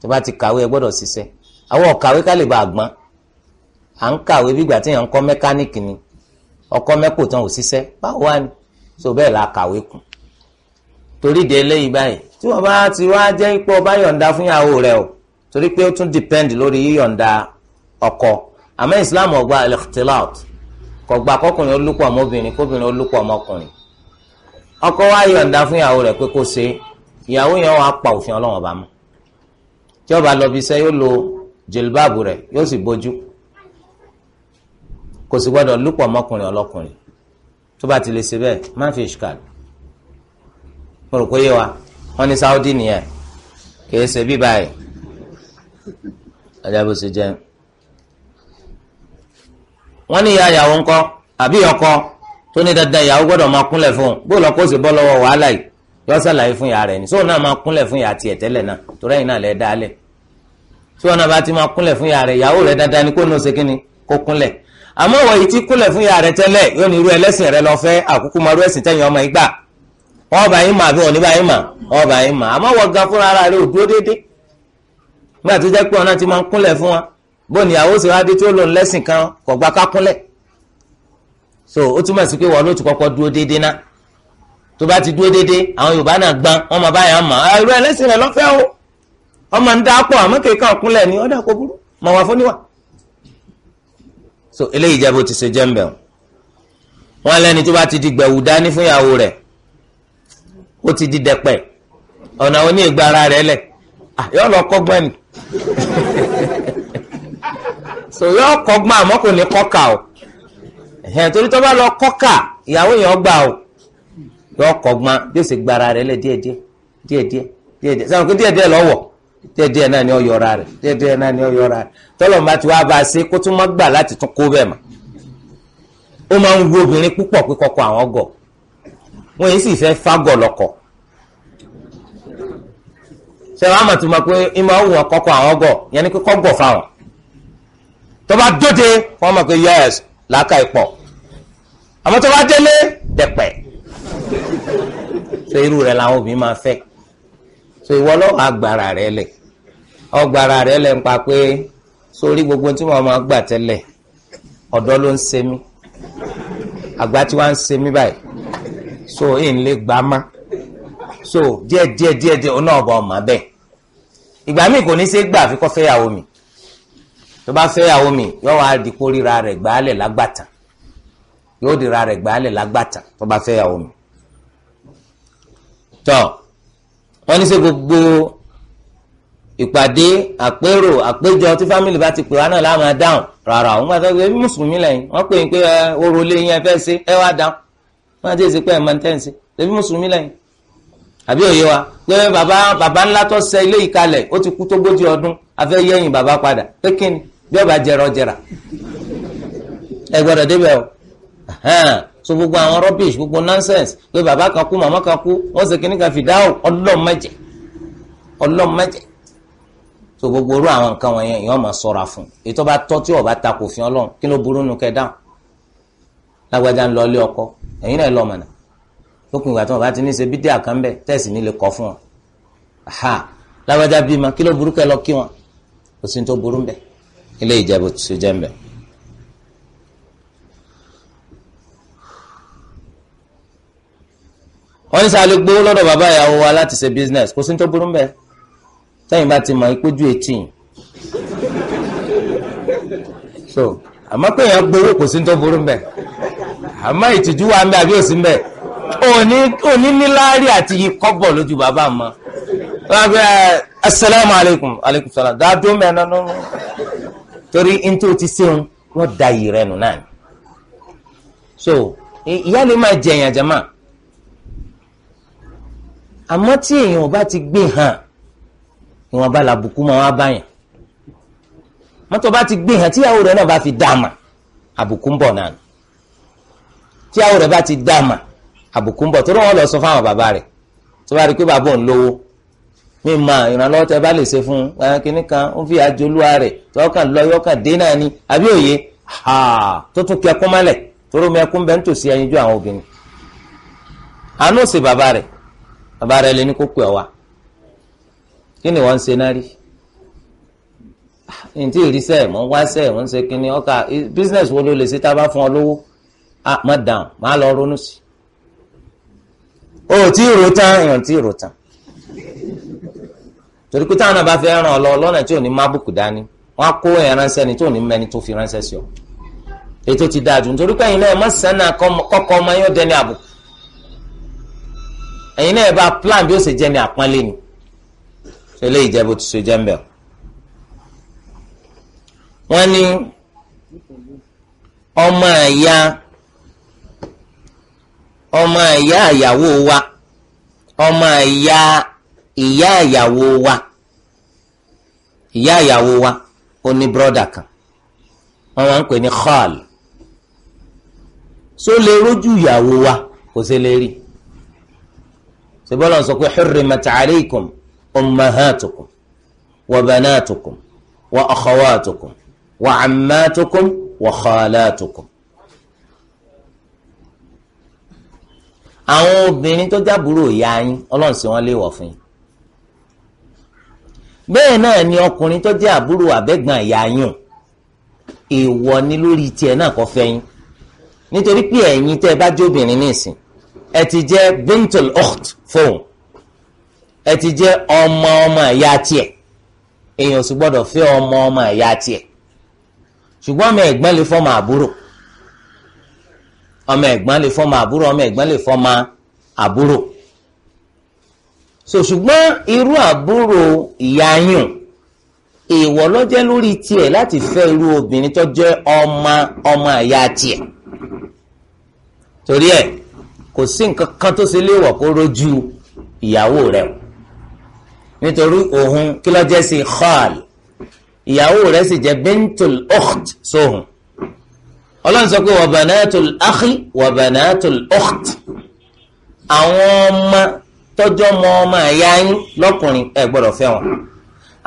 tó bá ti kàwé ẹ gbọ́dọ̀ ṣiṣẹ́ àwọn ọ̀kàwé ká bá gbọ́n à ń kàwé bí ìgbà téèyàn kọ́ mẹ́káníìkì ni ọkọ́ mẹ́kò tán ò ṣiṣẹ́ báwo wá ni so bẹ́ẹ̀ la kàwé kù torí de eléyìí báyìí tí wọ́n bá ti wá jẹ́ ipò ọba yọ̀ǹda fún ìyàwó rẹ̀ o torí pé ó tún depend lórí yíyọ̀ǹda ọkọ àmọ́ islam ọgbà al-ikhtilat kò gbà kọkùnrin olùkọ́ ọmọbìnrin kóbìnrin olùkọ́ ọmọkùnrin ọkọ wa yọ̀ǹda fún ìyàwó rẹ̀ pé kó ṣe ìyàwó yẹn wàá pa òfin ọlọ́run ọba mọ́ tí ọba lọ bí iṣẹ́ yóò lo jilbaabu rẹ̀ yóò sì bójú kò sì gbọ́dọ̀ lùpọ̀ ọmọkùnrin ọlọ́kùnrin tó bá ti lè ṣe bẹ́ẹ̀ má fi ṣkàl mo rò pé yé wa wọ́n ní Saudi nìyẹn kì í ṣe bíbáyìí ọjà bó ṣe jẹ́. wọ́n ní ìyá ìyàwó ńkọ́ àbí ọkọ tó ní dandan ìyàwó gbọ́dọ̀ máa kúnlẹ̀ fún un bó lọ kó sì bọ́ lọ́wọ́ wàhálà yìí yọ sàlàyé fún ìyá rẹ̀ ni sóun náà máa kúnlẹ̀ fún ìyá tiẹ̀ tẹ́lẹ̀ náà torí ẹ̀yin náà lẹ dálẹ̀ sóun náà bá ti máa kúnlẹ̀ fún ìyá rẹ̀ ìyàwó rẹ̀ ti kúnlẹ̀ fún ìyá rẹ̀ tẹ́lẹ̀ yóò ní irú ẹlẹ́sìn rẹ̀ lọ fẹ́ àkúkú mọ irú ẹ̀sìn ọmọ ìgbà wọ́n bá yín ní bá yín wọ́n bá yín àmọ́ wọ́n ga fúnra ara rẹ̀ ò dúró bóun ìyàwó sì wá dé tí ó lòun lẹ́sìn kan kò gba kákúnlẹ̀ so ó túmọ̀ sí pé wọ́n ló ti kọ́kọ́ dúró déédéé náà tó bá ti dúró déédéé àwọn yorùbá náà gbọ́n wọn máa báyà mọ̀ ẹ̀rọ ah, ẹlẹ́sìn rẹ̀ lọ́fẹ́ o ọmọ ń dá pọ̀ àmọ́ kéka ọ̀kúnlẹ̀ ni ọ̀dà kò burú mọ̀ wá fún níwà so eléyìí jẹ́ bó ti ṣe jẹ́ ń bẹ̀rù wọn lẹ́ni tó bá ti di gbẹ̀wù dání fún ìyàwó rẹ̀ ó ti di dẹ̀pẹ̀ ọ̀nà oní ara rẹ̀ lẹ̀ ah, yọ lọ kọ́gbọ́n ni <laughs> so yọ kọgbọ́n àmọ́ kò ní o ẹ̀hẹ̀n torí bá lọ kọ́kà ìyàwó yẹn gbà o yọ kọgbọ́n bí ó sì gbara rẹ̀ lẹ̀ díẹ̀díẹ̀ díẹ̀díẹ̀ díẹ̀díẹ̀ sẹ́wọ̀n kí díẹ̀díẹ̀ lọ́wọ́ díẹ̀díẹ̀ náà ni ó yọra rẹ̀ díẹ̀díẹ̀ náà ni ó a ṣe kó tún mọ́ gbà láti tún kó bẹ́ẹ̀ ó máa ń obìnrin púpọ̀ pé àwọn gọ̀ wọ́n yìí sì fẹ́ fágọ̀ ṣe wàá mọ̀ tó mọ̀ pé ìmọ̀ kọkọ àwọn gọ̀ yẹn ni pé tó bá dóde wọ́n mọ̀ pé yes làákà ìpọ̀ àmọ́ tó bá délé dẹ̀pẹ̀ so irú rẹ̀ làwọn òbí máa fẹ́ so ìwọ lọ́wọ́ agbára rẹ̀ lẹ̀ ọgbàrà rẹ̀ lẹ̀ ń pa pé sórí gbogbo tí wọ́n máa gbà tẹ́lẹ̀ ọ̀dọ́ ló ń ṣe mí àgbà tí wọ́n ń ṣe mí báyìí so èyí ń lè gbà má so díẹ̀ díẹ̀ díẹ̀ díẹ̀ ó náà bọ̀ ọ̀mà bẹ́ẹ̀ ìgbà míì kò ní í ṣe gbà àfikọ́ fẹ́yàwó mi tó bá fẹ́ ìyàwó mi yóò wá di kó ríra rẹ̀ gbàálẹ̀ lágbàtà yóò dira rẹ̀ gbàálẹ̀ lágbàtà tó bá fẹ́ ìyàwó mi. tọ́ wọ́n ní ṣe gbogbo ìpàdé àpérò àpéjọ tí fámìlì bá ti pè wá náà láàmú adáhùn rárá òun gbàdá pé mùsùlùmí lẹ́yìn wọ́n pè é pé orò lé yín ẹ fẹ́ ṣe ẹ wá dáhùn wọ́n á ti ṣe pé ẹ̀ máa ń tẹ́ ń ẹbí mùsùlùmí lẹ́yìn àbí òye wa pé bàbá bàbá ńlá tó ṣe ilé ìkalẹ̀ ó ti kú tó gbójì ọdún afẹ́ yẹ̀yìn bàbá padà pé kíni bí ọba jẹrọ jẹra ẹ gbọ́dọ̀ débẹ̀ o so gbogbo àwọn rubbish gbogbo nonsense pé bàbá kan kú màmá kan kú wọ́n ṣe kíní kan fìdáwò ọlọ́mọ̀jẹ ọlọ́mọ̀jẹ so gbogbo orú àwọn nǹkan wọ̀nyẹn èèyàn máa ṣọ́ra fún ètò bá tọ́ tí ọba takò fi ọlọ́run kí ló burú nu kẹdáhùn lágbájá ń lọ ilé ọkọ ẹ̀yin náà lọ mọ̀nà lókun ìgbà tí wọn bá ti ní ṣe bídé àkànbẹ̀ tẹ̀sí ní lè kọ́ fún wọn lágbájá bímọ kí ló burú kẹ lọ kí wọn kò sí ní tó burú bẹ́ẹ̀ ilé ìjẹ́bù tó ṣe jẹ́ ń bẹ̀. wọ́n ní sáré gbowó lọ́dọ̀ bàbá ìyàwó wa láti ṣe business kò sí tó burú mbẹ́ tẹ́yìn bá ti mọ̀ ìpéjú eighteen so àmọ́ pé èèyàn gbowó kò sí tó burú mbẹ́ àmọ́ ìtìjú wa mbẹ́ àbí òsì mbẹ́ òní níláárí àti ikọ́bọ̀ lójú bàbá mọ́ wọ́n á bẹ asalaamualeykum aleykum salaam dáadó mẹ́ẹ̀ẹ́nà nínú torí n tó ti ṣeun wọ́n da iyì rẹ̀ náà ni so ìyá lè máa jẹ èèyàn jama àmọ́ tí èèyàn bá ti gbé hàn ìwọ̀nba làbùkù máa wá báyàn mọ́tò bá ti gbé hàn tíyàwó rẹ̀ náà bá fi dáàmà àbùkù ń bọ̀ náà ni tíyàwó rẹ̀ bá ti dáàmà àbùkù ń bọ̀ tó wọ́n lọ sọ fáwọn bàbá rẹ̀ tó bá rí pé bàbá òun lówó mi ma ìrànlọ́wọ́ tẹ bá lè ṣe fún un kínní kan ó fi àjọlúwa rẹ̀ tọ́kàn lọ yọkàn dé náà ni àbí òye tó tún kí ẹkún mọ́lẹ̀ toró mi ẹkún bẹ́ẹ̀ ń tòsí ẹyin ju àwọn obìnrin. àánú sì bàbá rẹ̀ bàbá rẹ̀ lè ní kó pè ọ wa kí ni wọ́n ń ṣe náà rí ntí ìrísẹ́ mọ̀ ń wáṣẹ́ mọ̀ ń ṣe kínní ọkà business wo ló lè ṣe tá a bá fún ọ lówó ah, má dáhùn má lọ ronú sí. o ò tí ì rò tán èèyàn ì rò tán torí pé táwọn náà bá fẹ́ ràn ọ́ lọ lọ́nà tí ò ní mábùkù dání wọ́n á kó ìránṣẹ́ ni tí ò ní mẹ́ni tó fi ránṣẹ́ sí ọ ètò ti dáa jù nítorí pé ẹ̀yin náà mọ̀ kọ́kọ́ ọmọ yóò dẹni àbùkù ẹ̀yin náà plan bí ó ṣe jẹ́ ni àpọ́nlé ni ṣe lè jẹ́ bó ti ṣe jẹ́ ń bẹ̀. wọ́n ní ọmọ ẹ̀yà ọmọ ẹ̀yà àyàwó wa ọmọ ẹ̀yà ìyá ìyàwó wa ìyá ìyàwó wa ó ní brọ́dà kan wọ́n máa ń pè ní khal só lè rójú ìyàwó wa kò sí lè rí sibọ́lá sọ pé hurrimat alaykum ummahatukum wa banatukum wa akhawatukum wa ammatukum wa àwọn obìnrin tó jábúrò ìyá yín ọlọ́run sì wọ́n léèwọ̀ fún yín bẹ́ẹ̀ náà ni ọkùnrin tó jẹ́ àbúrò àbẹ́gbọ̀n ìyá yín èèwọ̀ ni lórí tiẹ̀ náà kọ́ fẹ́yìn nítorí pé ẹ̀yin tẹ́ ẹ bá jóbìnrin nísìn ẹ ti jẹ́ fóun ẹ ti jẹ́ ọmọ ọmọ ìyá tiẹ̀ èèyàn sì gbọ́dọ̀ fẹ́ ọmọ ọmọ ọmọ ẹ̀gbọ́n lè fọ́mọ àbúrò ọmọ ẹ̀gbọ́n lè fọ́mọ so ṣùgbọ́n irú àbúrò ìyá yùn èèwọ̀ lọ́jẹ́ lórí tiẹ̀ láti fẹ́ irú obìnrin tó jẹ́ ọmọ ọmọ ìyá tiẹ̀ torí ẹ̀ kò sí nǹkan kan tó ṣe léèwọ̀ kó rojú ìyàwó rẹ̀ nítorí òun kí ló jẹ́ sí khal ìyàwó rẹ̀ sì jẹ́ bintul ukht sóhun ọlọ́run sọ pé wa banatul akhi wa àwọn ọmọ tọ́jọ́ ọmọ ọmọ ẹ̀yà yín lọ́kùnrin ẹ gbọ́dọ̀ fẹ́ wọn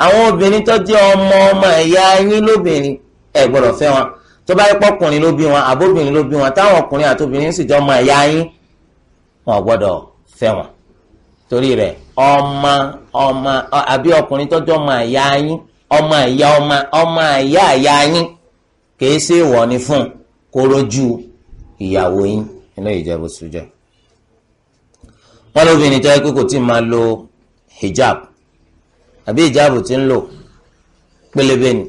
àwọn obìnrin tọ́jọ́ ọmọ ọmọ ẹ̀yà yín lóbìnrin ẹ gbọ́dọ̀ fẹ́ wọn tó bá yẹ pọ́kùnrin ló bí wọn àbóbìnrin ló bí wọn táwọn ọkùnrin àti obìnrin sì jọ ọmọ ẹ̀yà yín wọn gbọ́dọ̀ fẹ́ wọn torí rẹ̀ ọmọ ọmọ àbí ọkùnrin tọ́jọ́ ọmọ ẹ̀yà yín ọmọ ẹ̀yà ọmọ ọmọ ẹ̀yà ẹ̀yà yín kèé sí ìwọ ni fún kó rojú ìyàwó yín inú ìjẹ́bù sùjẹ́ wọ́n lóbìnrin tó yẹ pé kò tí máa lo hijab àbí hijab tí ń lò pélébé ni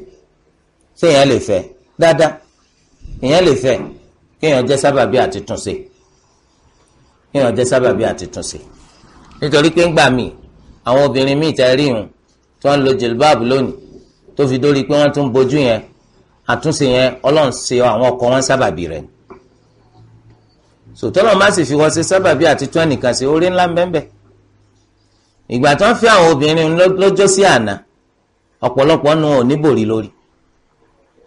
séèyàn lè fẹ́ dáadáa èèyàn lè fẹ́ kéèyàn jẹ́ sábàbí àti túnṣe kéèyàn jẹ́ sábàbí àti túnṣe nítorí pé ńgbà míì àwọn obìnrin míì tẹ́ rí hun tí wọ́n ń lo jilbab lónìí tó fi dórí pé wọ́n tún bojú yẹn àtúnṣe yẹn ọlọ́run ṣe àwọn ọkọ wọn sábàbí rẹ̀ ni sòtọ́lọ́ má sì fi wọ́n ṣe sábàbí àti tún ẹnìkan ṣe orí ńlá bẹ́ẹ̀ ìgbà tó ń fi àwọn obìnrin lọ́jọ́ sí àná ọ̀pọ̀lọpọ̀ nu ò níbòrí lórí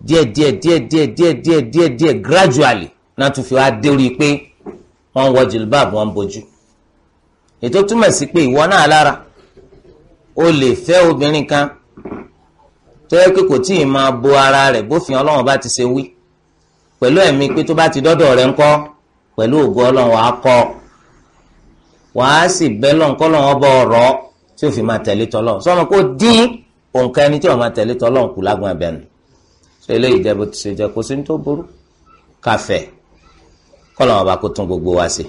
díẹ̀ díẹ̀ díẹ̀ díẹ̀ díẹ̀ díẹ̀ díẹ̀ díẹ̀ gradually náà tún fi wá dé orí pé wọ́n ń wọ jilbab wọ́n ń bojú ètò túmọ̀ sí pé ìwọ náà lára o lè fẹ́ obìnrin kan tó yẹ pé kò tí ì máa bo ara rẹ̀ bófin ọlọ́run bá ti ṣe wí pẹ̀lú ẹ̀mí pé tó bá ti dọ́dọ̀ rẹ̀ ńkọ́ pẹ̀lú ògo ọlọ́run wàá kọ́ wàá sì bẹ́ lọ́n kọ́ lọ́n ọba ọ̀rọ̀ tí ó fi máa tẹ̀lé tọ́lọ́ sọmọ kó dín òǹkà ẹni tí ó máa tẹ̀lé tọ́lọ́ kù lágbọ́n abẹ́nu ṣe eléyìí jẹ́ bó ti ṣe jẹ́ kó sí ní tó burú káfẹ́ kọ́ lọ́n ọba kó tún gbogbo wa sí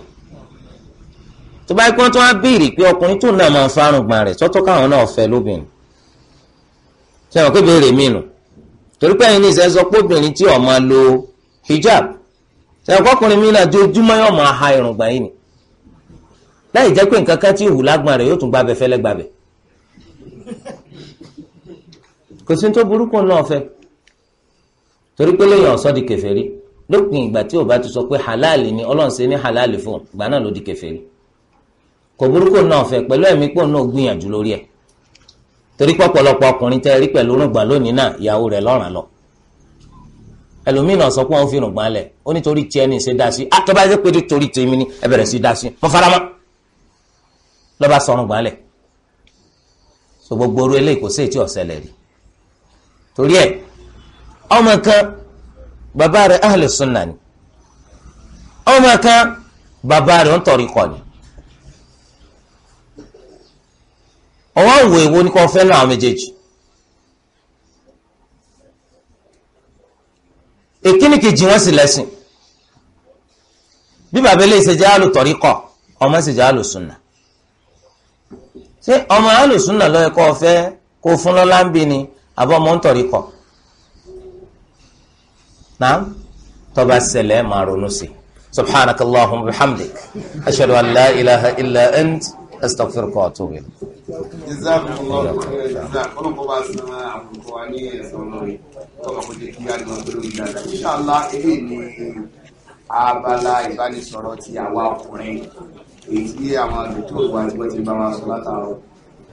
tó bá gbọ́n tó wá pé ọkùnrin tó náà máa ń fárùngbọ̀n rẹ̀ tọ́tọ́ káwọn náà fẹ́ lóbìnrin ṣe wọn pé béèrè mí hijab ṣẹ̀kọ́kùnrin mi náà jojúmọ́ yóò máa ha irungba yìí ni láì jẹ́ pé nǹkan kan tí ìhù lágbọ̀n rẹ̀ yóò tún gbàbẹ̀ fẹ́lẹ́ gbàbẹ̀ kò sí tó burúkú náà fẹ́ torí pé lẹ́yìn ọ̀sọ́ di kèfèrí lópin ìgbà tí ò bá ti sọ pé Halali ni ọlọ́run ṣe ní Halali fún ìgbà náà ló di kèfèrí kò burúkú náà fẹ́ pẹ̀lú ẹ̀mí náà gbìyànjú ẹlòmíì náà sọ pé wọn fi rùn gbọ́n lẹ̀ ó nítorí tiẹ̀ ní ṣe dá sí àtọ́bá ah, ẹsẹ̀ pé nítorí tèmi ni ẹ bẹ̀rẹ̀ sí dá sí mo fara mọ́ lọ́ba sọrùn gbọ́n lẹ̀ so gbogbo orú eléyìí kò sí ètí ọ̀sẹ̀lẹ̀ rí torí ẹ ọmọ kan bàbá rẹ̀ ahlu sunna ni ọmọ kan bàbá rẹ̀ ń tọrí kọ ni ọwọ́ ìwé ìwo ni kò fẹ́ náà àwọn méjèèjì èkíní kejì wọn sì lẹ́sìn bí bàbá ilé ìṣèjẹ́ àlùtọ̀rí kọ ọmọ ìṣèjẹ́ àlùsùnà ṣé ọmọ àlùsùnà lọ́yẹ kọ́ ọ fẹ́ kó fún lọ́lá ń bí ni àbọ̀ ọmọ ń tọ̀rí kọ náà tọba ṣẹlẹ̀ máa ronú sí subhanakallahumma bihamdik ashhadu an ilaha illa ant astaghfiruka wa atubu ilayk. jazakumullahu khairan kọ́nà kó bá san àbùkù wa ní ẹ̀sán lórí kọ́nà kó jẹ́ kí á lọ lórí dáadáa. inṣàlá èyí ni abala ìbánisọ̀rọ̀ ti àwa ọkùnrin èyí tí àwọn àdúgbò wa ti ti bá wa sọ látàárọ̀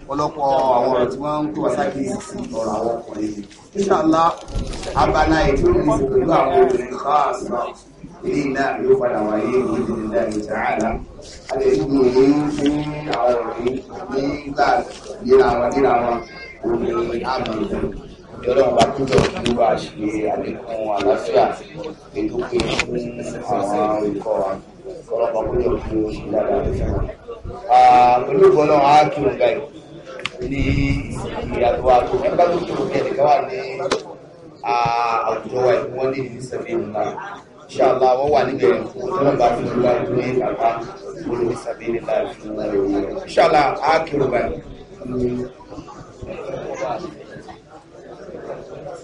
ọ̀pọ̀lọpọ̀ àwọn ọ̀rọ̀ tí wọ́n ń kó wá sí ọ̀rọ̀ àwọn ọkùnrin. inṣàlá abala ìdúró ní àwọn obìnrin káàsì náà ilé náà yóò padà wáyé ìwé nílẹ̀ ìtàhálà alẹ́ ìgbìmọ̀ yìí fún àwọn ọ̀rẹ́ nígbà yíra wọn níra wọn omi àmọ̀lẹ́ ìjọba bá túbọ̀ tó bá ṣe àlékún àlàáfíà ètò pé fún àwọn ikọ̀ ọlọ́pàá kúlọ̀ tó ṣe dáadáa fún wọn. pẹ̀lú ìbọ̀lọ́ á kí o gbà ní ìyàtọ̀ àtò ẹgbẹ́ tó kí o wà ní àwùjọ wa ní ìdílé sẹ́fẹ̀ẹ́ inshallah wọ́n wà níbẹ̀ tọ́lọ̀ bá fi lọ́wọ́ ní àbá olùwé sàbílẹ̀ láàrin inshallah á kí báyìí.